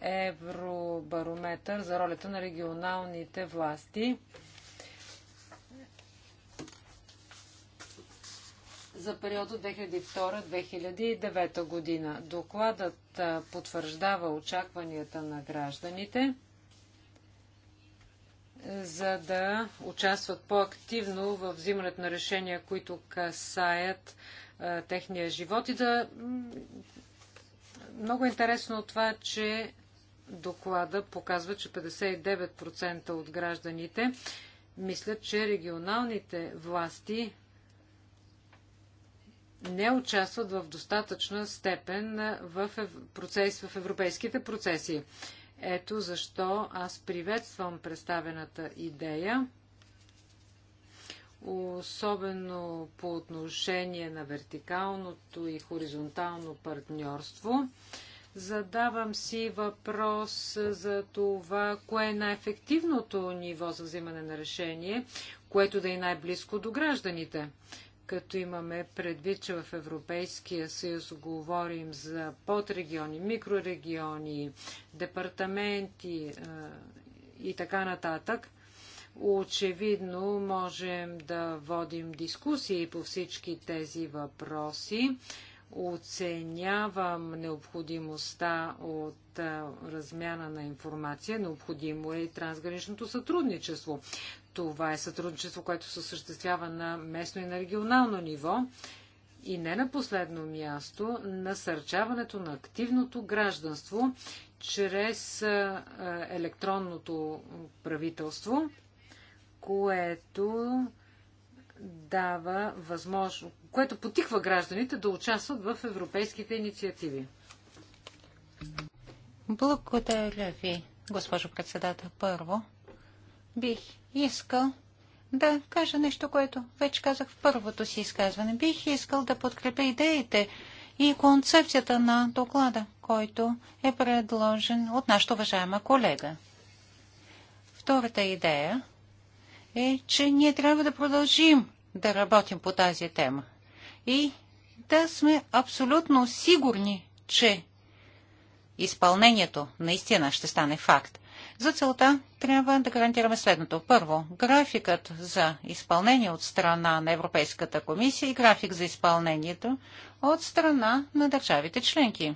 е, Евробарометър за ролята на регионалните власти. за периода 2002-2009 година. Докладът потвърждава очакванията на гражданите – за да участват по-активно в взимането на решения, които касаят а, техния живот. И да... Много е интересно това, че доклада показва, че 59% от гражданите мислят, че регионалните власти не участват в достатъчна степен в процес, в европейските процеси. Ето защо аз приветствам представената идея, особено по отношение на вертикалното и хоризонтално партньорство. Задавам си въпрос за това, кое е най-ефективното ниво за взимане на решение, което да е най-близко до гражданите като имаме предвид, че в Европейския съюз говорим за подрегиони, микрорегиони, департаменти е, и така нататък, очевидно можем да водим дискусии по всички тези въпроси. Оценявам необходимостта от е, размяна на информация. Необходимо е и трансграничното сътрудничество. Това е сътрудничество, което се осъществява на местно и на регионално ниво. И не на последно място, насърчаването на активното гражданство чрез електронното правителство, което дава възможност, което потихва гражданите да участват в европейските инициативи. Благодаря ви, госпожо председател. Първо, бих искал да кажа нещо, което вече казах в първото си изказване. Бих искал да подкрепя идеите и концепцията на доклада, който е предложен от нашата уважаема колега. Втората идея е, че ние трябва да продължим да работим по тази тема и да сме абсолютно сигурни, че изпълнението наистина ще стане факт. За целта трябва да гарантираме следното. Първо, графикът за изпълнение от страна на Европейската комисия и график за изпълнението от страна на държавите членки.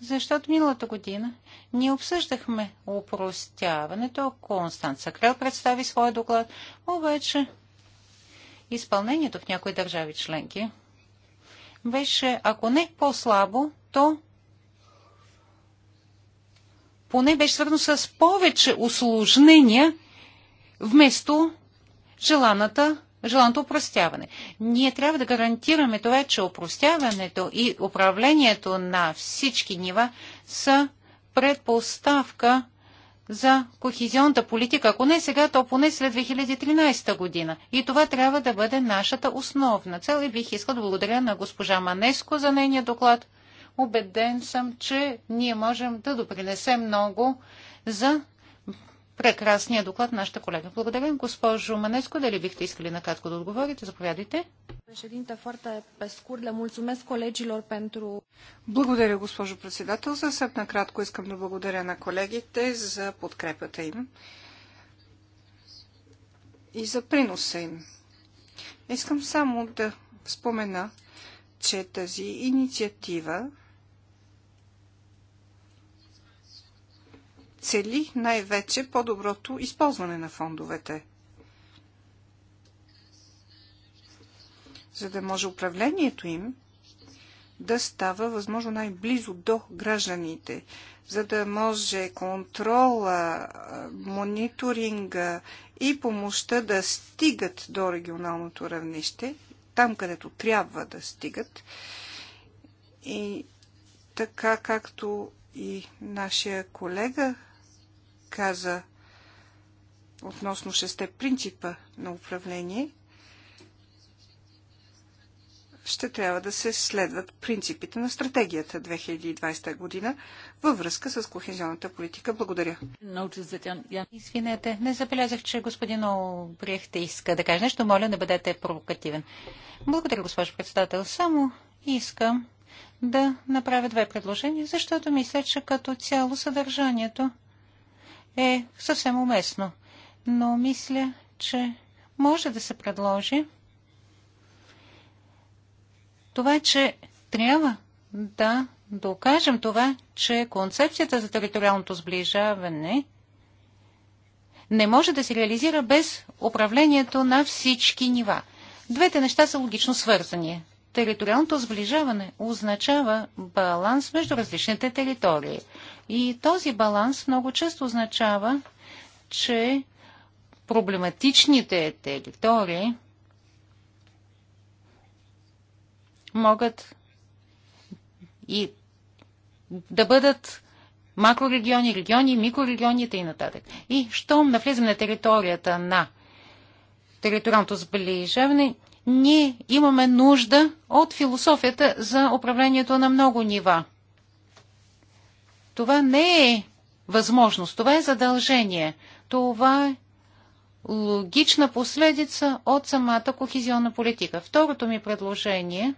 Защото миналата година ние обсъждахме упростяването. Констант Сакрел представи своя доклад, обаче изпълнението в някои държави членки беше, ако не по-слабо, то поне беше свързано с повече усложнения, вместо желаната, желаното упростяване. Ние трябва да гарантираме това, че упростяването и управлението на всички нива са предпоставка за кохезионната политика, ако не сега, то поне след 2013 година. И това трябва да бъде нашата основна цел. И бих искал да благодаря на госпожа Манеско за нейния доклад. Обеден съм, че ние можем да допринесем много за прекрасния доклад на нашата колега. Благодаря, госпожо Манеско. Дали бихте искали накратко да отговорите? Заповядайте. Благодаря, госпожо председател. Съвсем накратко искам да благодаря на колегите за подкрепата им и за приноса им. Искам само да спомена, че тази инициатива цели най-вече по-доброто използване на фондовете. За да може управлението им да става възможно най-близо до гражданите, за да може контрола, мониторинга и помощта да стигат до регионалното равнище, там където трябва да стигат. И така както и нашия колега каза относно шесте принципа на управление, ще трябва да се следват принципите на стратегията 2020 година във връзка с кохезионната политика. Благодаря. Извинете, не забелязах, че господин Обрехте иска да каже нещо. Моля, не бъдете провокативен. Благодаря, госпожо председател. Само искам да направя две предложения, защото мисля, че като цяло съдържанието е съвсем уместно. Но мисля, че може да се предложи това, че трябва да докажем това, че концепцията за териториалното сближаване не може да се реализира без управлението на всички нива. Двете неща са логично свързани. Териториалното сближаване означава баланс между различните територии. И този баланс много често означава, че проблематичните територии могат и да бъдат макрорегиони, региони, микрорегионите и нататък. И щом навлизаме на територията на териториалното сближаване, ние имаме нужда от философията за управлението на много нива. Това не е възможност, това е задължение. Това е логична последица от самата кохезионна политика. Второто ми предложение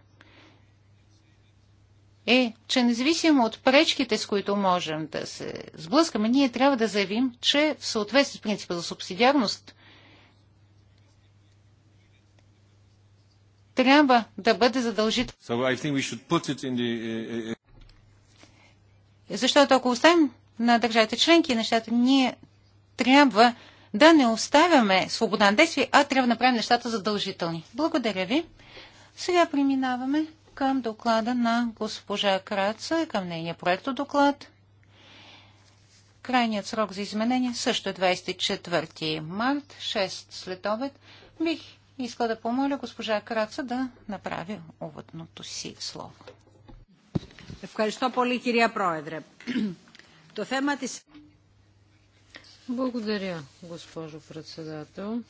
е, че независимо от пречките, с които можем да се сблъскаме, ние трябва да заявим, че в съответствие с принципа за субсидиарност – трябва да бъде задължително. So the... Uh, uh, uh, Защото ако оставим на държавите членки нещата, ние трябва да не оставяме свобода на действие, а трябва да направим нещата задължителни. Благодаря ви. Сега преминаваме към доклада на госпожа Краца, към нейния проекто доклад. Крайният срок за изменение също е 24 март, 6 след обед. Бих иска да помоля госпожа Краца да направи уводното си слово. Ευχαριστώ πολύ, κυρία Πρόεδρε. Το θέμα της... Благодаря, госпожо председател.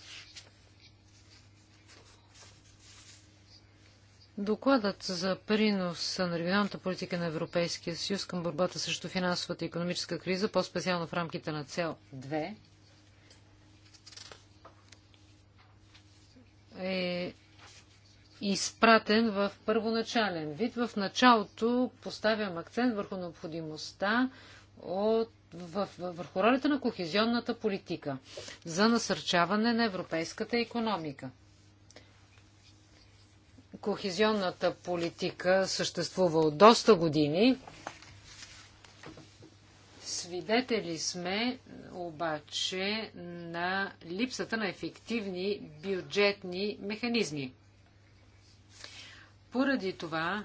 Докладът за принос на регионалната политика на Европейския съюз към борбата срещу финансовата и економическа криза, по-специално в рамките на цел е изпратен в първоначален вид. В началото поставям акцент върху необходимостта от, в, в, върху ролята на кохезионната политика за насърчаване на европейската економика. Кохезионната политика съществува от доста години Свидетели сме обаче на липсата на ефективни бюджетни механизми. Поради това,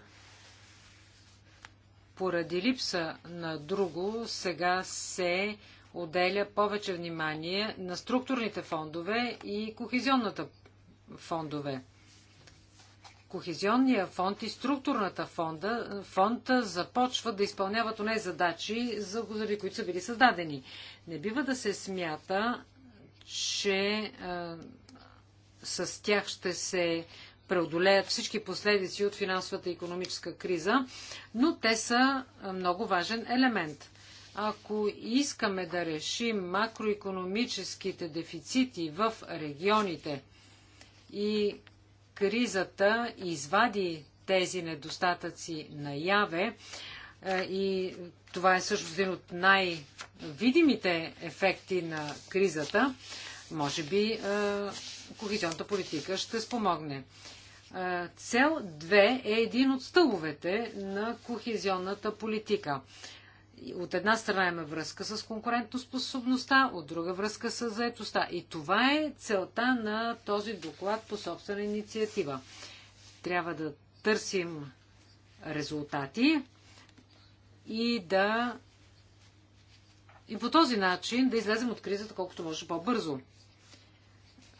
поради липса на друго, сега се отделя повече внимание на структурните фондове и кохезионната фондове. Кохезионния фонд и структурната фонда, фонд започват да изпълняват онези задачи, заради които са били създадени. Не бива да се смята, че а, с тях ще се преодолеят всички последици от финансовата и економическа криза, но те са много важен елемент. Ако искаме да решим макроекономическите дефицити в регионите и кризата извади тези недостатъци наяве е, и това е също един от най-видимите ефекти на кризата, може би е, кохезионната политика ще спомогне. Е, цел 2 е един от стълбовете на кохезионната политика от една страна има връзка с конкурентоспособността, от друга връзка с заетостта. И това е целта на този доклад по собствена инициатива. Трябва да търсим резултати и да и по този начин да излезем от кризата колкото може по-бързо.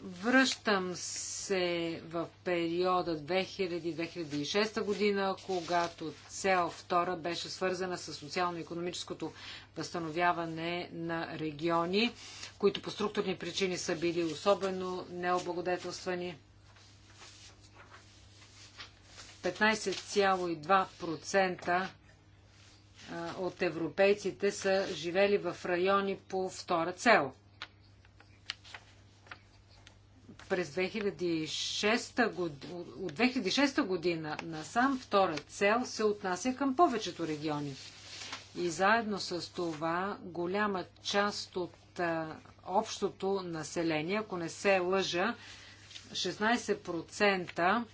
Връщам се в периода 2000-2006 година, когато цел втора беше свързана с социално-економическото възстановяване на региони, които по структурни причини са били особено необлагодетелствани. 15,2% от европейците са живели в райони по втора цел – през 2006 година, от 2006 година насам втора цел се отнася към повечето региони. И заедно с това голяма част от а, общото население, ако не се лъжа, 16%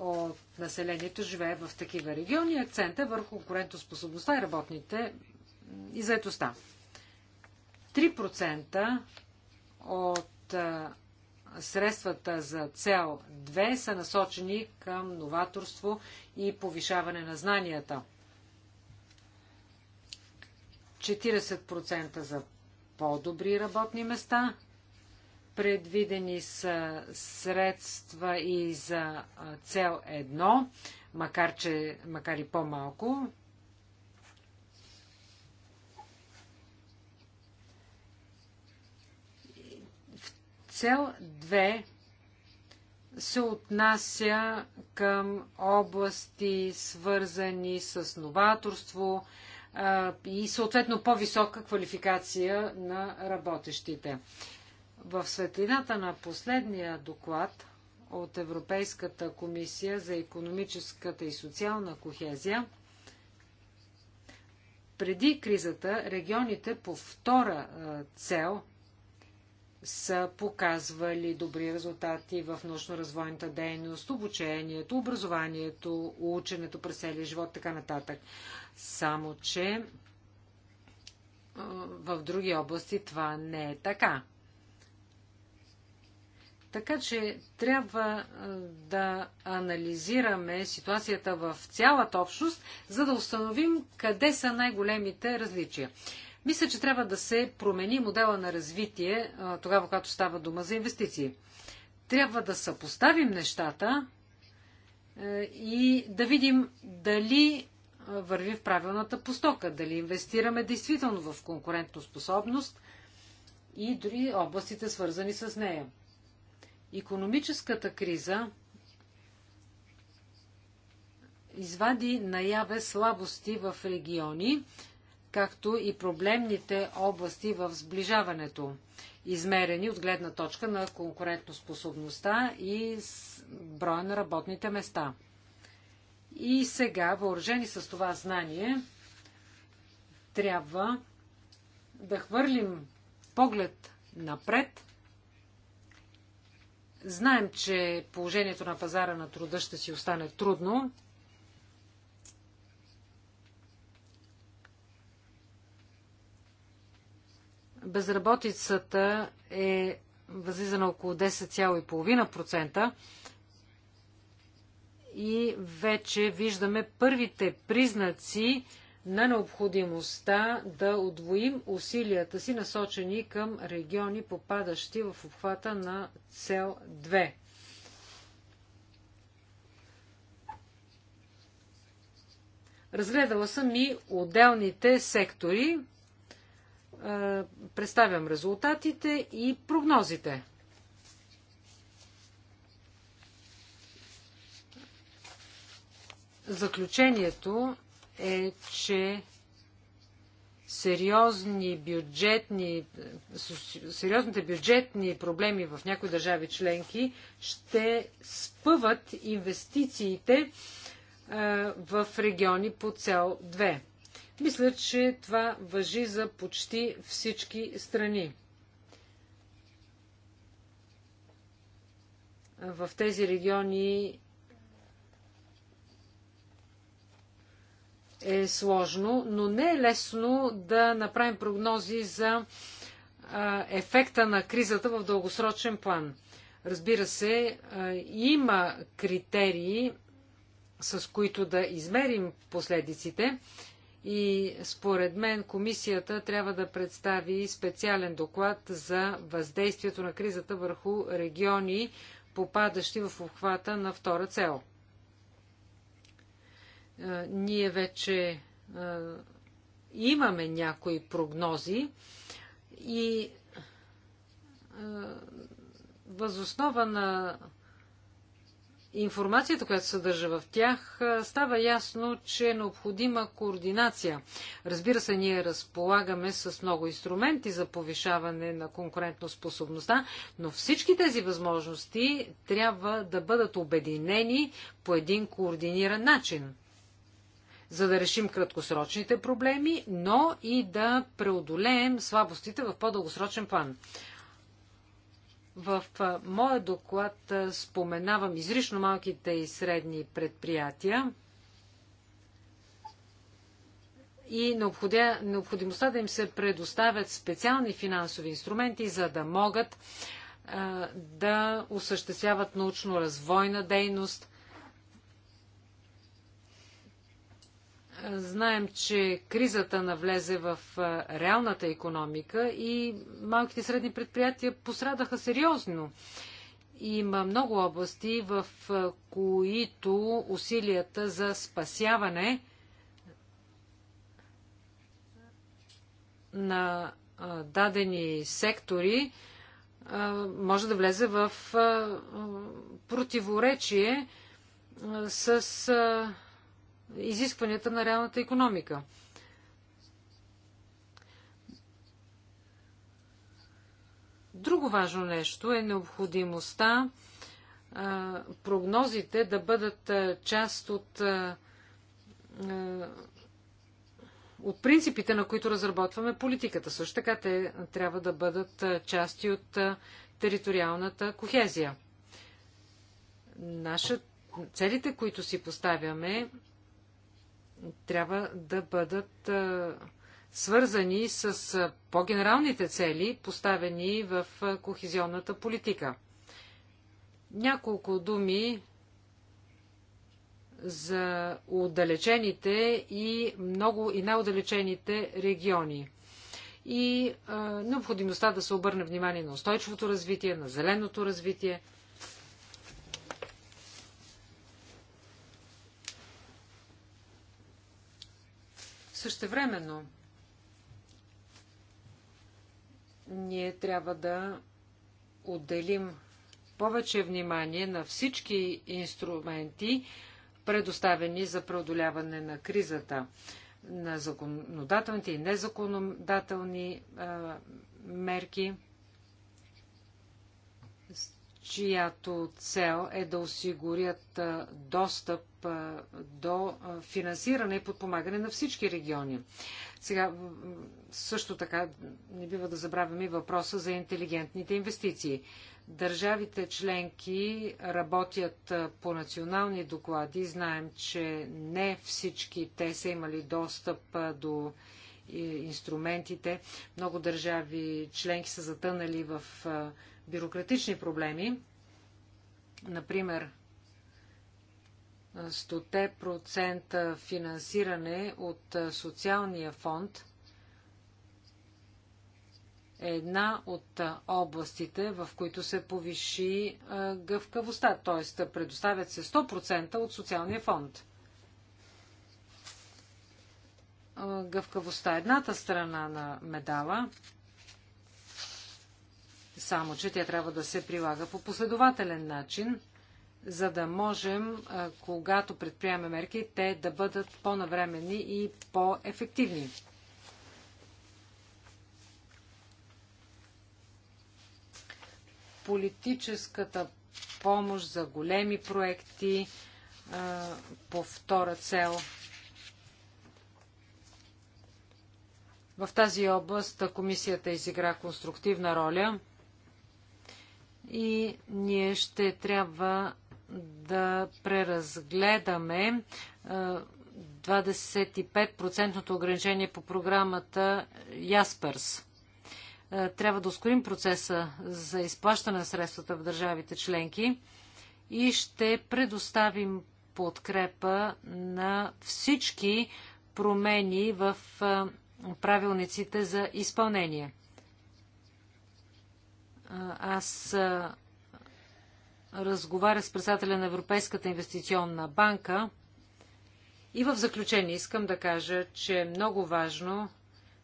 от населението живее в такива региони. Акцента е върху конкурентоспособността и работните и заедостта. 3% от средствата за цел 2 са насочени към новаторство и повишаване на знанията. 40% за по-добри работни места. Предвидени са средства и за цел 1, макар, че, макар и по-малко, Цел 2 се отнася към области, свързани с новаторство и съответно по-висока квалификация на работещите. В светлината на последния доклад от Европейската комисия за економическата и социална кохезия, преди кризата регионите по втора цел – са показвали добри резултати в научно-развойната дейност, обучението, образованието, ученето през целия живот, така нататък. Само, че в други области това не е така. Така че трябва да анализираме ситуацията в цялата общност, за да установим къде са най-големите различия. Мисля, че трябва да се промени модела на развитие тогава, когато става дума за инвестиции. Трябва да съпоставим нещата е, и да видим дали е, върви в правилната постока, дали инвестираме действително в конкурентоспособност и дори областите свързани с нея. Економическата криза извади наяве слабости в региони, както и проблемните области в сближаването, измерени от гледна точка на конкурентоспособността и броя на работните места. И сега, въоръжени с това знание, трябва да хвърлим поглед напред. Знаем, че положението на пазара на труда ще си остане трудно, Безработицата е възлиза на около 10,5% и вече виждаме първите признаци на необходимостта да отвоим усилията си, насочени към региони, попадащи в обхвата на цел 2. Разгледала съм и отделните сектори, е, представям резултатите и прогнозите. Заключението е, че сериозни бюджетни, е, сериозните бюджетни проблеми в някои държави членки ще спъват инвестициите е, в региони по цел мисля, че това въжи за почти всички страни. В тези региони е сложно, но не е лесно да направим прогнози за ефекта на кризата в дългосрочен план. Разбира се, има критерии, с които да измерим последиците и според мен комисията трябва да представи специален доклад за въздействието на кризата върху региони, попадащи в обхвата на втора цел. Е, ние вече е, имаме някои прогнози и е, възоснова на информацията, която съдържа в тях, става ясно, че е необходима координация. Разбира се, ние разполагаме с много инструменти за повишаване на способността, но всички тези възможности трябва да бъдат обединени по един координиран начин за да решим краткосрочните проблеми, но и да преодолеем слабостите в по-дългосрочен план. В моя доклад споменавам изрично малките и средни предприятия и необходимостта да им се предоставят специални финансови инструменти, за да могат да осъществяват научно-развойна дейност, Знаем, че кризата навлезе в реалната економика и малките и средни предприятия пострадаха сериозно. Има много области, в които усилията за спасяване на дадени сектори може да влезе в противоречие с изискванията на реалната економика. Друго важно нещо е необходимостта а, прогнозите да бъдат а, част от, а, от принципите, на които разработваме политиката. Също така те трябва да бъдат части от териториалната кохезия. Наша, целите, които си поставяме, трябва да бъдат свързани с по-генералните цели, поставени в кохезионната политика. Няколко думи за отдалечените и много и най-отдалечените региони. И а, необходимостта да се обърне внимание на устойчивото развитие, на зеленото развитие – Същевременно, ние трябва да отделим повече внимание на всички инструменти, предоставени за преодоляване на кризата, на законодателните и незаконодателни а, мерки – чиято цел е да осигурят достъп до финансиране и подпомагане на всички региони. Сега също така не бива да забравяме и въпроса за интелигентните инвестиции. Държавите членки работят по национални доклади. Знаем, че не всички те са имали достъп до инструментите. Много държави членки са затънали в бюрократични проблеми. Например, 100% финансиране от социалния фонд е една от областите, в които се повиши гъвкавостта, т.е. предоставят се 100% от социалния фонд гъвкавостта. Е едната страна на медала, само че тя трябва да се прилага по последователен начин, за да можем, когато предприемем мерки, те да бъдат по-навремени и по-ефективни. Политическата помощ за големи проекти по втора цел – В тази област комисията изигра конструктивна роля и ние ще трябва да преразгледаме 25 ограничение по програмата Яспърс. Трябва да ускорим процеса за изплащане на средствата в държавите членки и ще предоставим подкрепа на всички промени в правилниците за изпълнение. Аз разговаря с председателя на Европейската инвестиционна банка и в заключение искам да кажа, че е много важно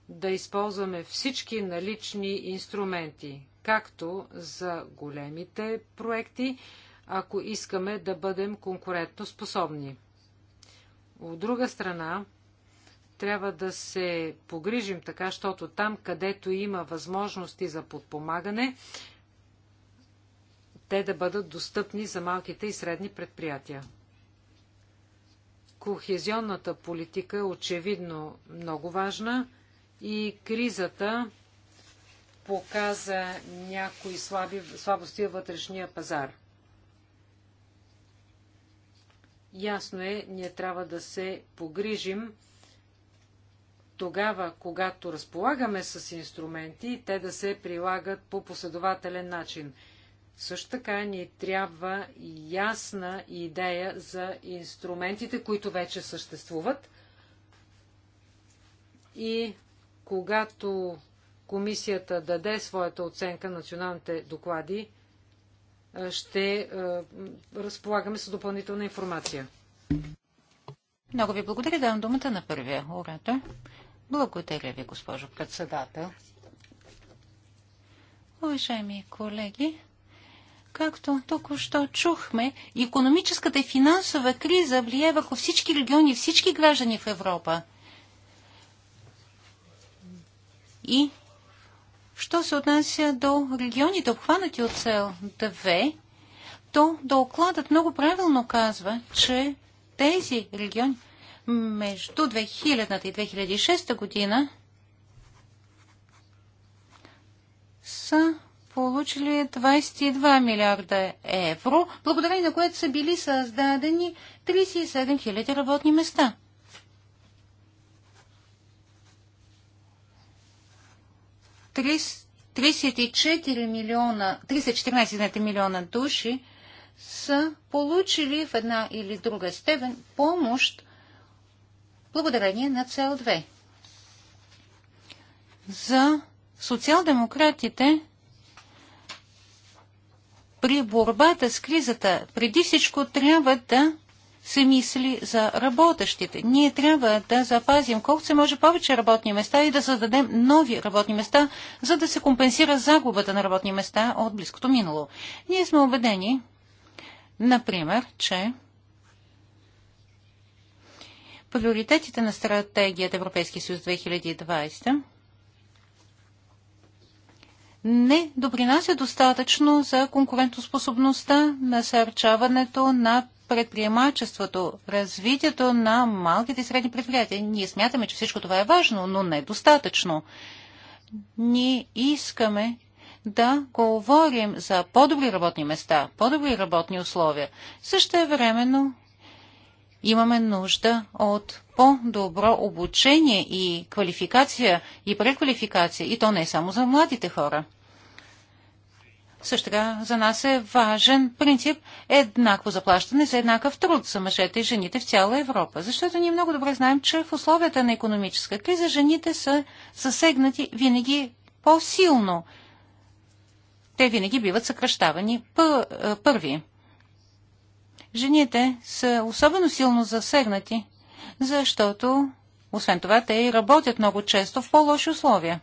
да използваме всички налични инструменти, както за големите проекти, ако искаме да бъдем конкурентно способни. От друга страна, трябва да се погрижим така, защото там, където има възможности за подпомагане, те да бъдат достъпни за малките и средни предприятия. Кохезионната политика е очевидно много важна и кризата показа някои слаби, слабости във вътрешния пазар. Ясно е, ние трябва да се погрижим тогава, когато разполагаме с инструменти, те да се прилагат по последователен начин. Също така ни трябва ясна идея за инструментите, които вече съществуват. И когато комисията даде своята оценка на националните доклади, ще разполагаме с допълнителна информация. Много ви благодаря. Давам думата на първия оратор. Благодаря ви, госпожо председател. Уважаеми колеги, както току-що чухме, економическата и финансова криза влияе върху всички региони, всички граждани в Европа. И що се отнася до регионите, обхванати от цел 2, то докладът много правилно казва, че тези региони между 2000 и 2006 година са получили 22 милиарда евро, благодарение на което са били създадени 37 000 работни места. милиона, 314 милиона души са получили в една или друга степен помощ благодарение на цел 2. За социал-демократите при борбата с кризата преди всичко трябва да се мисли за работещите. Ние трябва да запазим колкото се може повече работни места и да създадем нови работни места, за да се компенсира загубата на работни места от близкото минало. Ние сме убедени, например, че приоритетите на стратегията Европейски съюз 2020 не допринася достатъчно за конкурентоспособността, насърчаването на предприемачеството, развитието на малките и средни предприятия. Ние смятаме, че всичко това е важно, но не достатъчно. Ние искаме да говорим за по-добри работни места, по-добри работни условия. Също времено имаме нужда от по-добро обучение и квалификация и преквалификация, и то не само за младите хора. Също така за нас е важен принцип еднакво заплащане за еднакъв труд за мъжете и жените в цяла Европа. Защото ние много добре знаем, че в условията на економическа криза жените са засегнати винаги по-силно. Те винаги биват съкръщавани първи. Жените са особено силно засегнати, защото, освен това, те и работят много често в по-лоши условия.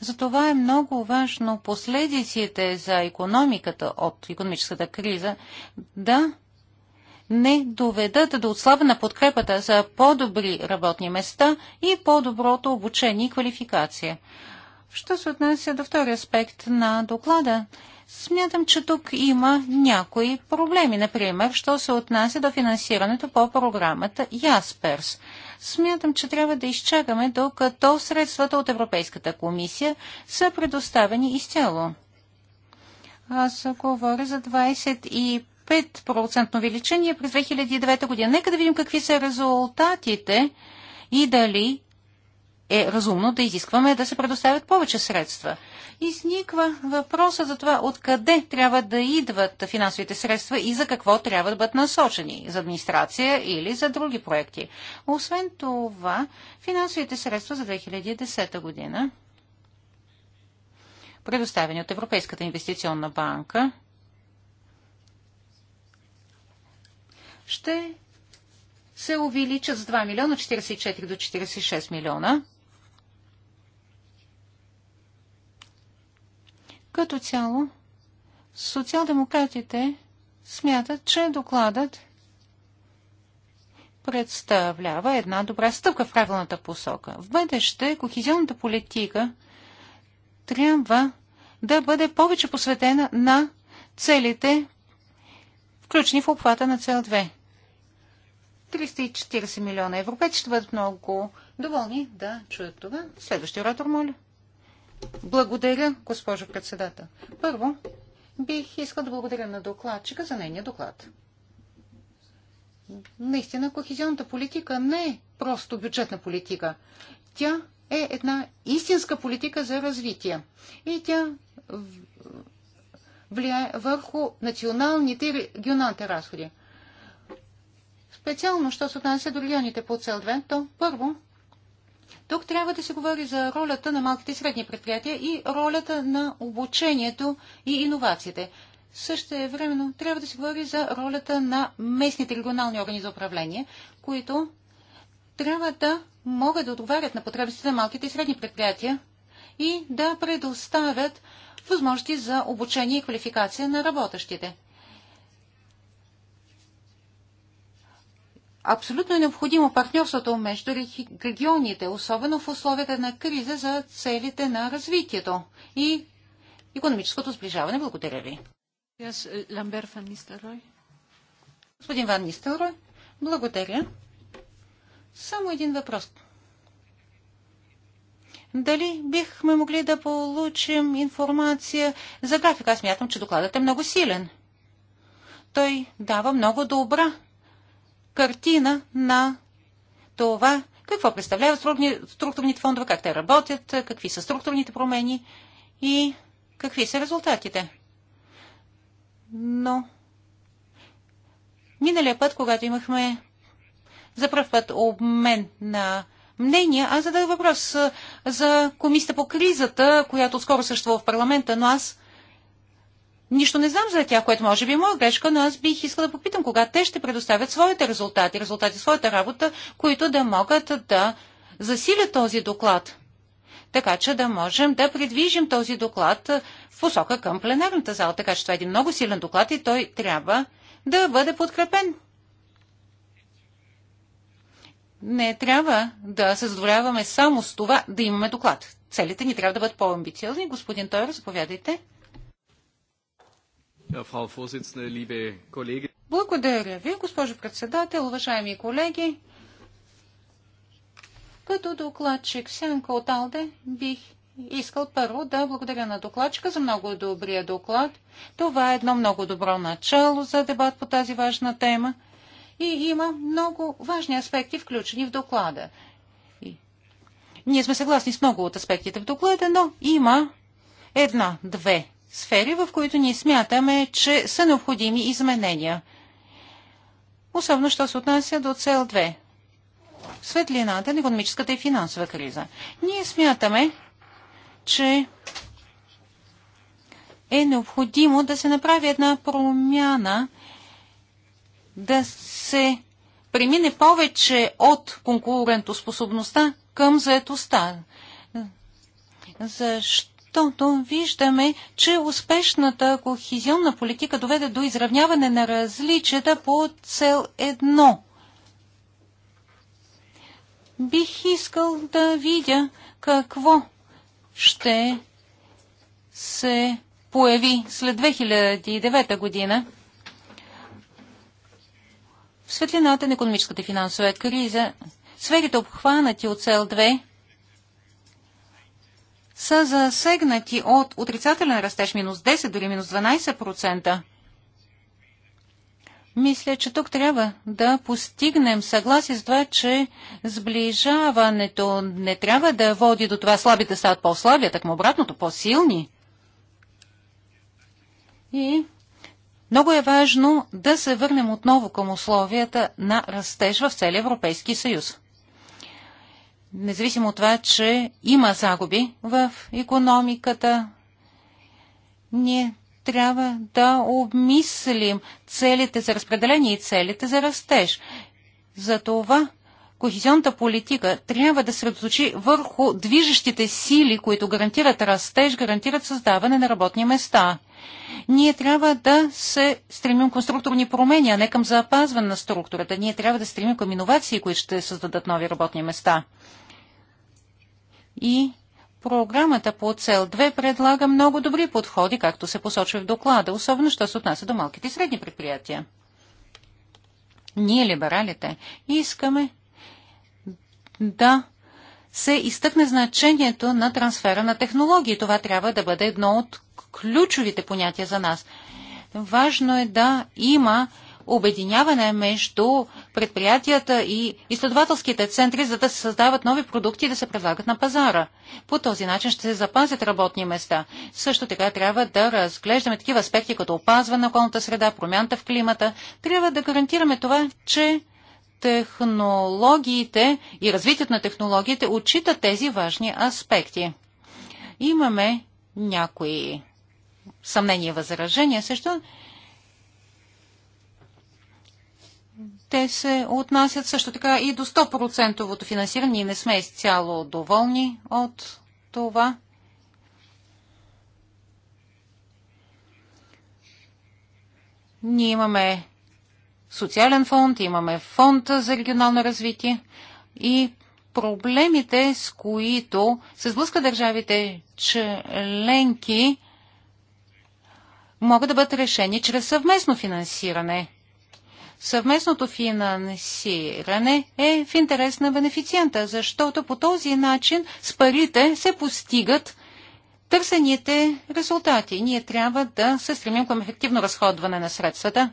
Затова е много важно последиците за економиката от економическата криза да не доведат до отслабена подкрепата за по-добри работни места и по-доброто обучение и квалификация. Що се отнася до втори аспект на доклада, Смятам, че тук има някои проблеми, например, що се отнася до финансирането по програмата Ясперс. Смятам, че трябва да изчакаме, докато средствата от Европейската комисия са предоставени изцяло. Аз говоря за 25% увеличение през 2009 година. Нека да видим какви са резултатите и дали е разумно да изискваме да се предоставят повече средства. Изниква въпроса за това откъде трябва да идват финансовите средства и за какво трябва да бъдат насочени за администрация или за други проекти. Освен това, финансовите средства за 2010 година, предоставени от Европейската инвестиционна банка, ще се увеличат с 2 милиона 44 до 46 милиона. Като цяло, социал-демократите смятат, че докладът представлява една добра стъпка в правилната посока. В бъдеще кохезионната политика трябва да бъде повече посветена на целите, включени в обхвата на цел 2. 340 милиона европейци ще бъдат много доволни да чуят това. Следващия оратор, моля. Благодаря, госпожо председател. Първо, бих искал да благодаря на докладчика за нейния доклад. Наистина, кохезионната политика не е просто бюджетна политика. Тя е една истинска политика за развитие. И тя влияе върху националните и регионалните разходи. Специално, що се отнася до регионите по цел 2, то първо тук трябва да се говори за ролята на малките и средни предприятия и ролята на обучението и иновациите. Също е времено трябва да се говори за ролята на местните регионални органи за управление, които трябва да могат да отговарят на потребностите на малките и средни предприятия и да предоставят възможности за обучение и квалификация на работещите. Абсолютно е необходимо партньорството между регионите, особено в условията на криза за целите на развитието и економическото сближаване. Благодаря ви. Е, Господин Ван Нистелрой, благодаря. Само един въпрос. Дали бихме могли да получим информация за графика? Аз мятам, че докладът е много силен. Той дава много добра картина на това какво представляват структурните фондове, как те работят, какви са структурните промени и какви са резултатите. Но миналия път, когато имахме за първ път обмен на мнения, аз зададох въпрос за комисията по кризата, която скоро съществува в парламента, но аз Нищо не знам за тях, което може би е моя грешка, но аз бих искала да попитам кога те ще предоставят своите резултати, резултати своята работа, които да могат да засилят този доклад. Така че да можем да предвижим този доклад в посока към пленарната зала. Така че това е един много силен доклад и той трябва да бъде подкрепен. Не трябва да се задоволяваме само с това да имаме доклад. Целите ни трябва да бъдат по-амбициозни. Господин Тойер, заповядайте. Благодаря ви, госпожо председател, уважаеми колеги. Като докладчик Сенко от Алде бих искал първо да благодаря на докладчика за много добрия доклад. Това е едно много добро начало за дебат по тази важна тема и има много важни аспекти, включени в доклада. И... Ние сме съгласни с много от аспектите в доклада, но има една-две сфери, в които ние смятаме, че са необходими изменения. Особено, що се отнася до цел 2. Светлината на економическата и финансова криза. Ние смятаме, че е необходимо да се направи една промяна, да се премине повече от конкурентоспособността към заетостта. Защо? то виждаме, че успешната кохизионна политика доведе до изравняване на различията по цел едно. Бих искал да видя какво ще се появи след 2009 година. В светлината на економическата и финансова криза сферите обхванати от цел 2 са засегнати от отрицателен растеж минус 10, дори минус 12%. Мисля, че тук трябва да постигнем съгласие с това, че сближаването не трябва да води до това слабите стават по-слаби, а так му обратното по-силни. И много е важно да се върнем отново към условията на растеж в целия Европейски съюз независимо от това, че има загуби в економиката, ние трябва да обмислим целите за разпределение и целите за растеж. Затова кохезионната политика трябва да се разучи върху движещите сили, които гарантират растеж, гарантират създаване на работни места. Ние трябва да се стремим към структурни промени, а не към запазване на структурата. Ние трябва да стремим към иновации, които ще създадат нови работни места. И програмата по цел 2 предлага много добри подходи, както се посочва в доклада, особено що се отнася до малките и средни предприятия. Ние, либералите, искаме да се изтъкне значението на трансфера на технологии. Това трябва да бъде едно от ключовите понятия за нас. Важно е да има обединяване между предприятията и изследователските центри, за да се създават нови продукти и да се предлагат на пазара. По този начин ще се запазят работни места. Също така трябва да разглеждаме такива аспекти, като опазване на околната среда, промяната в климата. Трябва да гарантираме това, че технологиите и развитието на технологиите отчитат тези важни аспекти. Имаме някои съмнения и възражения също те се отнасят също така и до 100% финансиране. Ние не сме изцяло доволни от това. Ние имаме социален фонд, имаме фонд за регионално развитие и проблемите, с които се сблъска държавите членки, могат да бъдат решени чрез съвместно финансиране – съвместното финансиране е в интерес на бенефициента, защото по този начин с парите се постигат търсените резултати. Ние трябва да се стремим към ефективно разходване на средствата.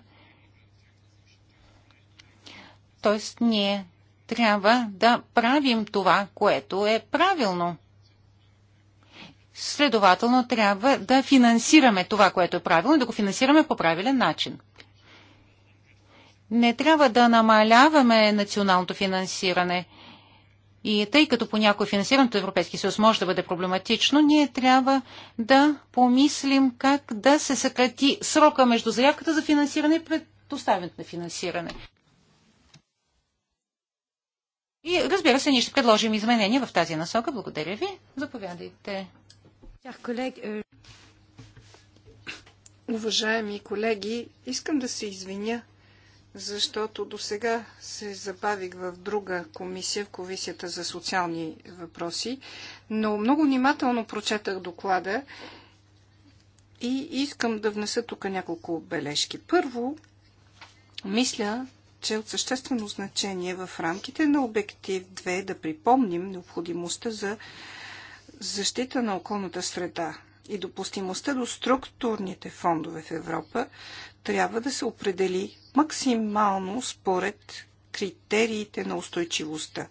Тоест, ние трябва да правим това, което е правилно. Следователно, трябва да финансираме това, което е правилно и да го финансираме по правилен начин. Не трябва да намаляваме националното финансиране. И тъй като понякога финансирането Европейски Европейския съюз може да бъде проблематично, ние трябва да помислим как да се съкрати срока между заявката за финансиране и предоставянето на финансиране. И разбира се, ние ще предложим изменения в тази насока. Благодаря ви. Заповядайте. Е, уважаеми колеги, искам да се извиня защото до сега се забавих в друга комисия, в Комисията за социални въпроси, но много внимателно прочетах доклада и искам да внеса тук няколко бележки. Първо, мисля, че е от съществено значение в рамките на обектив 2 да припомним необходимостта за защита на околната среда и допустимостта до структурните фондове в Европа трябва да се определи максимално според критериите на устойчивостта.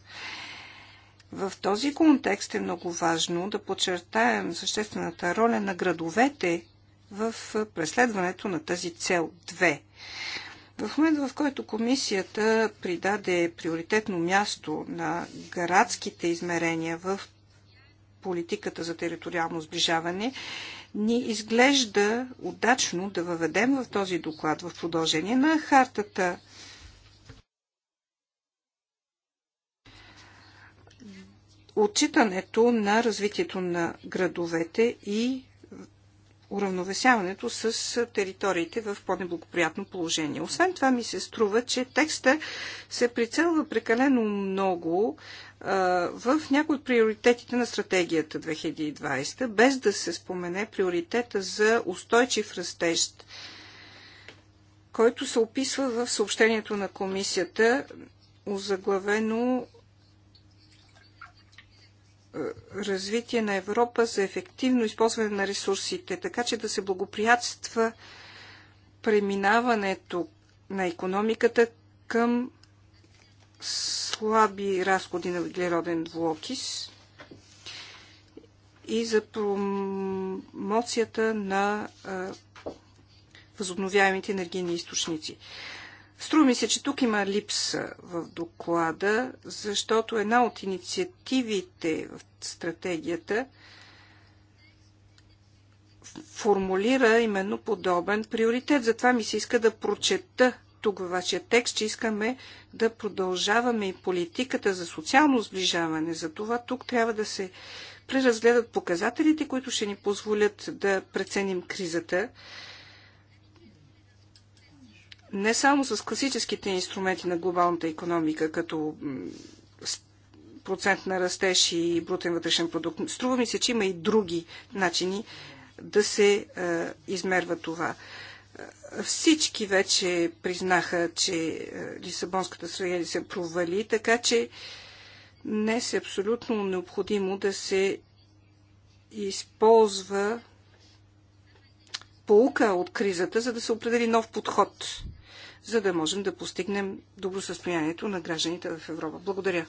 В този контекст е много важно да подчертаем съществената роля на градовете в преследването на тази цел 2. В момента, в който комисията придаде приоритетно място на градските измерения в политиката за териториално сближаване, ни изглежда удачно да въведем в този доклад в продължение на хартата отчитането на развитието на градовете и уравновесяването с териториите в по-неблагоприятно положение. Освен това ми се струва, че текста се прицелва прекалено много в някои от приоритетите на стратегията 2020, без да се спомене приоритета за устойчив растеж, който се описва в съобщението на комисията, озаглавено развитие на Европа за ефективно използване на ресурсите, така че да се благоприятства преминаването на економиката към слаби разходи на въглероден двуокис и за промоцията на възобновяемите енергийни източници. Струва ми се, че тук има липса в доклада, защото една от инициативите в стратегията формулира именно подобен приоритет. Затова ми се иска да прочета тук във вашия текст, че искаме да продължаваме и политиката за социално сближаване. За това тук трябва да се преразгледат показателите, които ще ни позволят да преценим кризата. Не само с класическите инструменти на глобалната економика, като процент на растеж и брутен вътрешен продукт. Струва ми се, че има и други начини да се е, измерва това. Всички вече признаха, че е, Лисабонската стратегия се провали, така че днес е абсолютно необходимо да се използва полука от кризата, за да се определи нов подход, за да можем да постигнем добро състоянието на гражданите в Европа. Благодаря.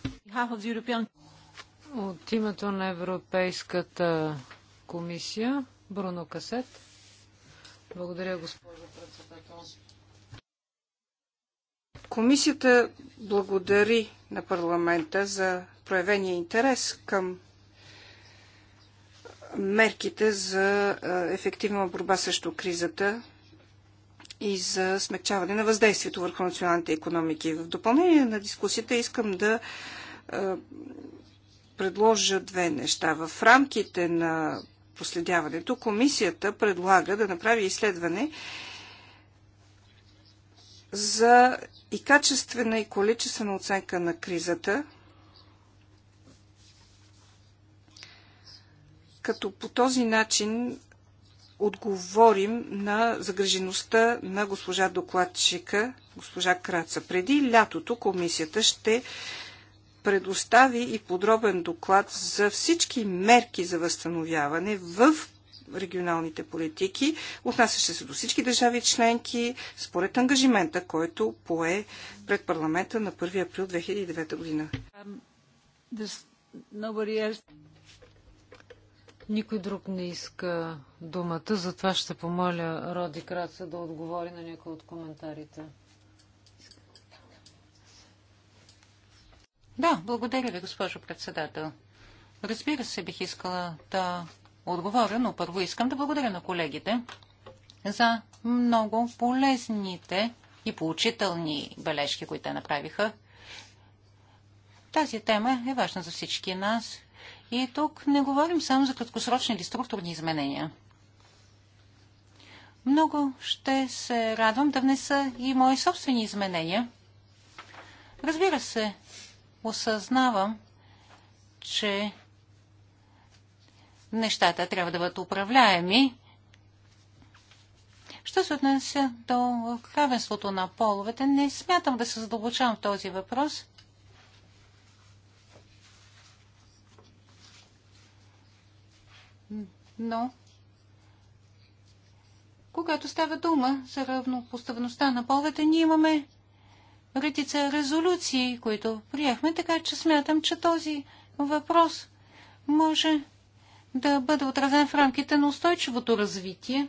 От името на Европейската комисия, Бруно Касет. Благодаря, госпожо председател. Комисията благодари на парламента за проявения интерес към мерките за ефективна борба срещу кризата и за смягчаване на въздействието върху националните економики. В допълнение на дискусията искам да предложа две неща. В рамките на проследяването, комисията предлага да направи изследване за и качествена и количествена оценка на кризата, като по този начин отговорим на загрежеността на госпожа докладчика, госпожа Краца. Преди лятото комисията ще предостави и подробен доклад за всички мерки за възстановяване в регионалните политики, отнасяща се до всички държави членки, според ангажимента, който пое пред парламента на 1 април 2009 година. Um, Никой друг не иска думата, затова ще помоля Роди Краца да отговори на някои от коментарите. Да, благодаря ви, госпожо председател. Разбира се, бих искала да отговоря, но първо искам да благодаря на колегите за много полезните и поучителни бележки, които те направиха. Тази тема е важна за всички нас и тук не говорим само за краткосрочни или структурни изменения. Много ще се радвам да внеса и мои собствени изменения. Разбира се, осъзнавам, че нещата трябва да бъдат управляеми. Що се отнася до равенството на половете, не смятам да се задълбочавам в този въпрос. Но когато става дума за равнопоставеността на половете, ние имаме редица резолюции, които приехме, така че смятам, че този въпрос може да бъде отразен в рамките на устойчивото развитие.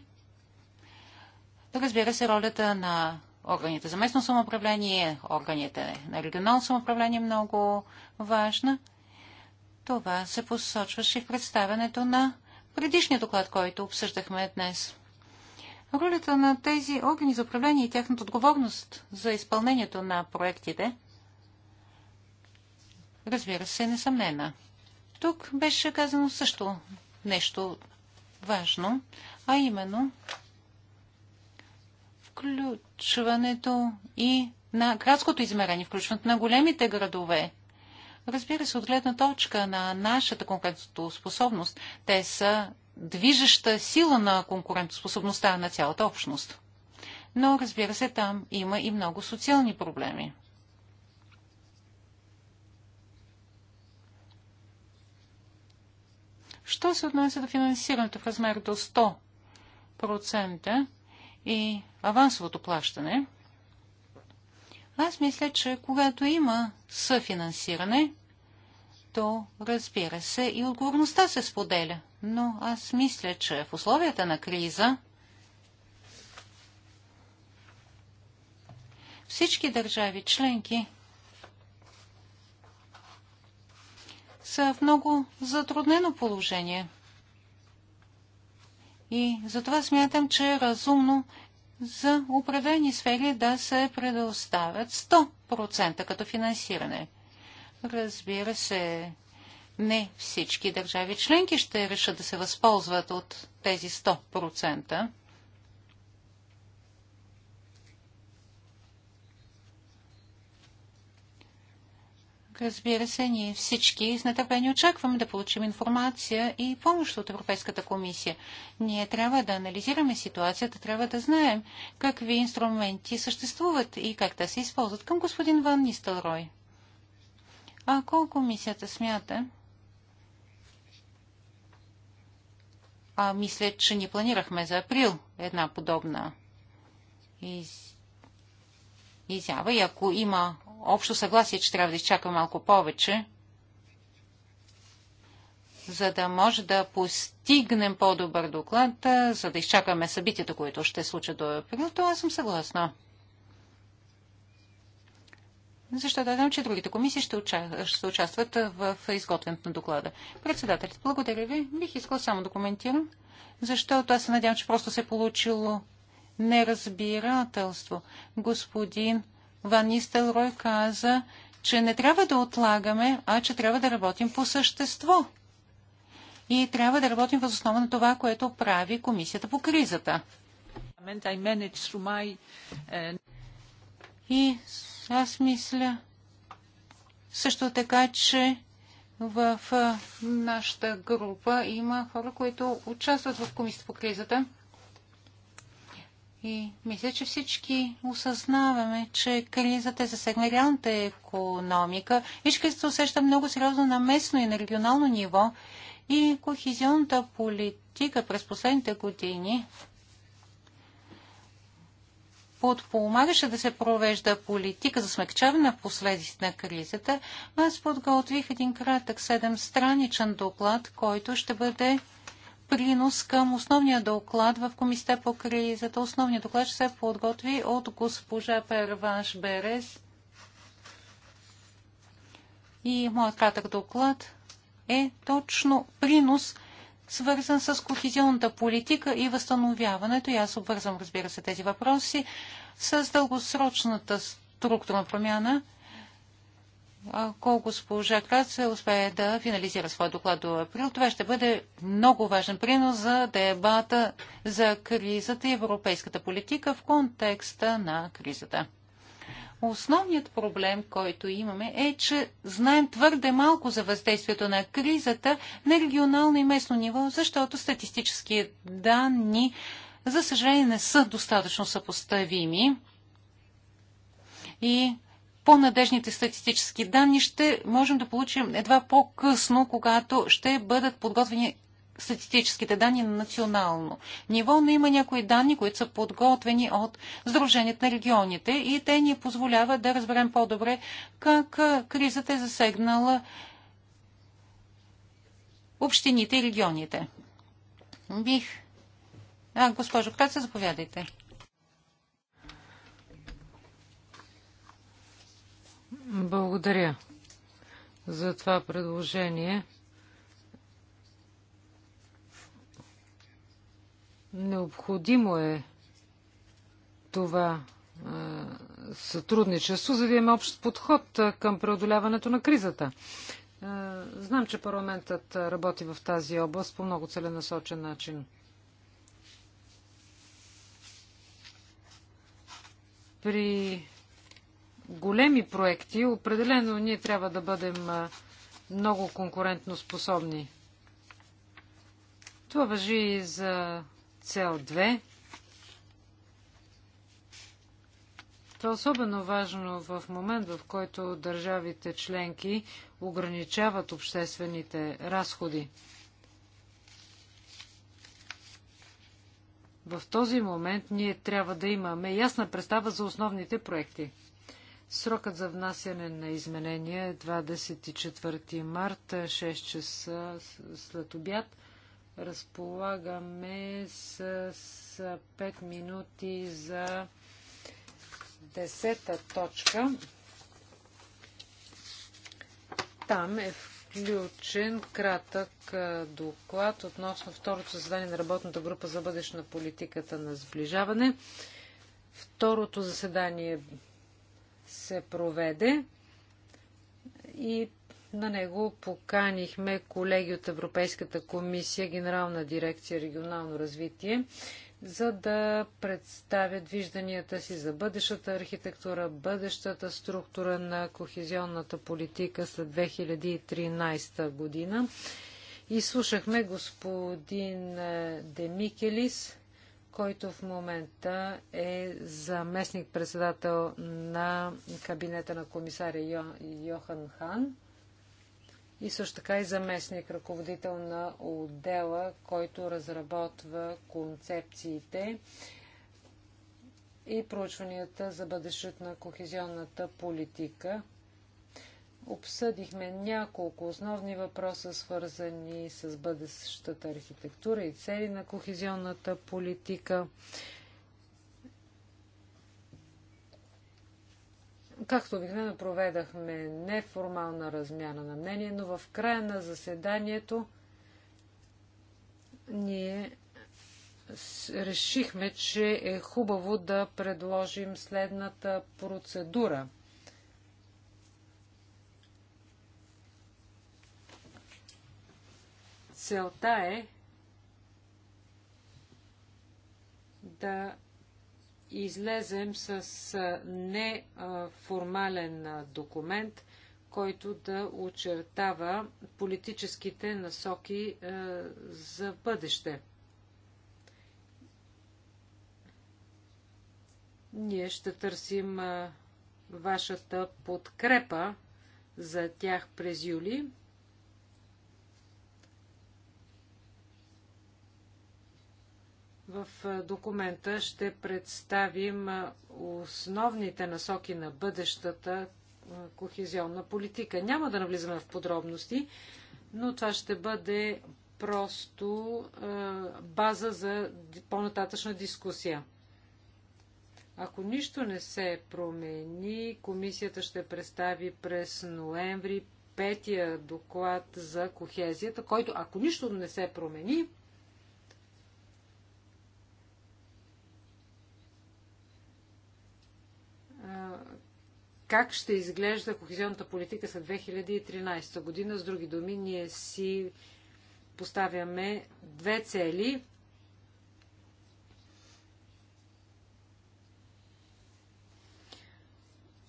Разбира се, ролята на органите за местно самоуправление, органите на регионално самоуправление е много важна. Това се посочваше в представянето на предишния доклад, който обсъждахме днес. Ролята на тези органи за управление и тяхната отговорност за изпълнението на проектите, разбира се, е несъмнена. Тук беше казано също нещо важно, а именно включването и на градското измерение, включването на големите градове. Разбира се, от гледна точка на нашата конкретно способност, те са движеща сила на конкурентоспособността на цялата общност. Но, разбира се, там има и много социални проблеми. Що се отнася до финансирането в размер до 100% и авансовото плащане, аз мисля, че когато има съфинансиране, то разбира се и отговорността се споделя. Но аз мисля, че в условията на криза всички държави членки са в много затруднено положение. И затова смятам, че е разумно за определени сфери да се предоставят 100% като финансиране – Разбира се, не всички държави членки ще решат да се възползват от тези 100%. Разбира се, ние всички с нетърпение очакваме да получим информация и помощ от Европейската комисия. Ние трябва да анализираме ситуацията, трябва да знаем какви инструменти съществуват и как те се използват към господин Ван Нистелрой. Ако комисията смята, а мисля, че ни планирахме за април една подобна из... изява и ако има общо съгласие, че трябва да изчакаме малко повече, за да може да постигнем по-добър доклад, за да изчакаме събитията, които ще случат до април, то аз съм съгласна защото знам, че другите комисии ще, уча... ще участват в изготвянето на доклада. Председателят, благодаря ви. Бих искал само да коментирам, защото аз се надявам, че просто се е получило неразбирателство. Господин Ван Нистелрой каза, че не трябва да отлагаме, а че трябва да работим по същество. И трябва да работим въз основа на това, което прави комисията по кризата. Uh, И аз мисля също така, че в нашата група има хора, които участват в комисията по кризата. И мисля, че всички осъзнаваме, че кризата е засегна реалната економика. Ишката се усеща много сериозно на местно и на регионално ниво. И кохезионната политика през последните години подпомагаше да се провежда политика за смягчаване на последиците на кризата, аз подготвих един кратък седемстраничен страничен доклад, който ще бъде принос към основния доклад в Комисията по кризата. Основният доклад ще се подготви от госпожа Перванш Берес. И моят кратък доклад е точно принос – свързан с кохезионната политика и възстановяването. И аз обвързвам, разбира се, тези въпроси с дългосрочната структурна промяна. Ако госпожа Крац успее да финализира своя доклад до април, това ще бъде много важен принос за дебата за кризата и европейската политика в контекста на кризата. Основният проблем, който имаме е, че знаем твърде малко за въздействието на кризата на регионално и местно ниво, защото статистически данни, за съжаление, не са достатъчно съпоставими. И по-надежните статистически данни ще можем да получим едва по-късно, когато ще бъдат подготвени статистическите данни на национално ниво, но има някои данни, които са подготвени от Сдружението на регионите и те ни позволяват да разберем по-добре как кризата е засегнала общините и регионите. Бих. А, госпожо Краца, заповядайте. Благодаря за това предложение. Необходимо е това сътрудничество, за да имаме общ подход към преодоляването на кризата. Знам, че парламентът работи в тази област по много целенасочен начин. При големи проекти определено ние трябва да бъдем много конкурентно способни. Това въжи и за цел 2. Това е особено важно в момент, в който държавите членки ограничават обществените разходи. В този момент ние трябва да имаме ясна представа за основните проекти. Срокът за внасяне на изменения е 24 марта, 6 часа след обяд. Разполагаме с, 5 минути за 10-та точка. Там е включен кратък доклад относно второто заседание на работната група за бъдещ на политиката на сближаване. Второто заседание се проведе и на него поканихме колеги от Европейската комисия, Генерална дирекция регионално развитие, за да представят вижданията си за бъдещата архитектура, бъдещата структура на кохезионната политика след 2013 година. И слушахме господин е, Демикелис, който в момента е заместник-председател на кабинета на комисаря Йохан Хан и също така и заместник ръководител на отдела, който разработва концепциите и проучванията за бъдещето на кохезионната политика. Обсъдихме няколко основни въпроса, свързани с бъдещата архитектура и цели на кохезионната политика. Както обикновено проведахме неформална размяна на мнение, но в края на заседанието ние решихме, че е хубаво да предложим следната процедура. Целта е да излезем с неформален документ, който да очертава политическите насоки за бъдеще. Ние ще търсим вашата подкрепа за тях през юли. В документа ще представим основните насоки на бъдещата кохезионна политика. Няма да навлизаме в подробности, но това ще бъде просто база за по-нататъчна дискусия. Ако нищо не се промени, комисията ще представи през ноември петия доклад за кохезията, който, ако нищо не се промени, как ще изглежда кохезионната политика след 2013 година. С други думи, ние си поставяме две цели.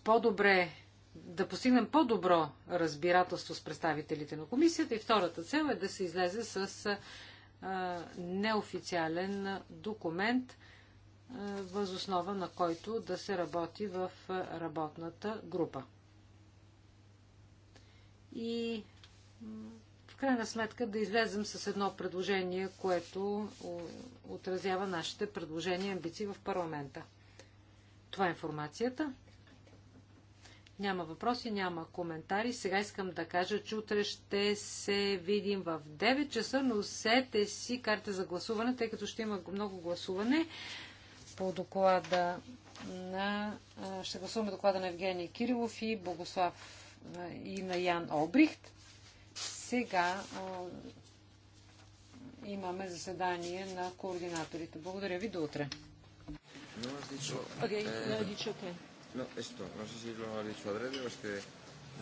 По-добре да постигнем по-добро разбирателство с представителите на комисията и втората цел е да се излезе с неофициален документ – възоснова на който да се работи в работната група. И в крайна сметка да излезем с едно предложение, което отразява нашите предложения и амбиции в парламента. Това е информацията. Няма въпроси, няма коментари. Сега искам да кажа, че утре ще се видим в 9 часа. но сете си карта за гласуване, тъй като ще има много гласуване по доклада на... Ще гласуваме доклада на Евгений Кирилов и Богослав и на Ян Обрихт. Сега имаме заседание на координаторите. Благодаря ви до утре. No has dicho, okay, eh, esto, no sé si lo has dicho adrede o es que,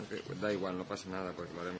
que da igual, no pasa nada porque lo haremos.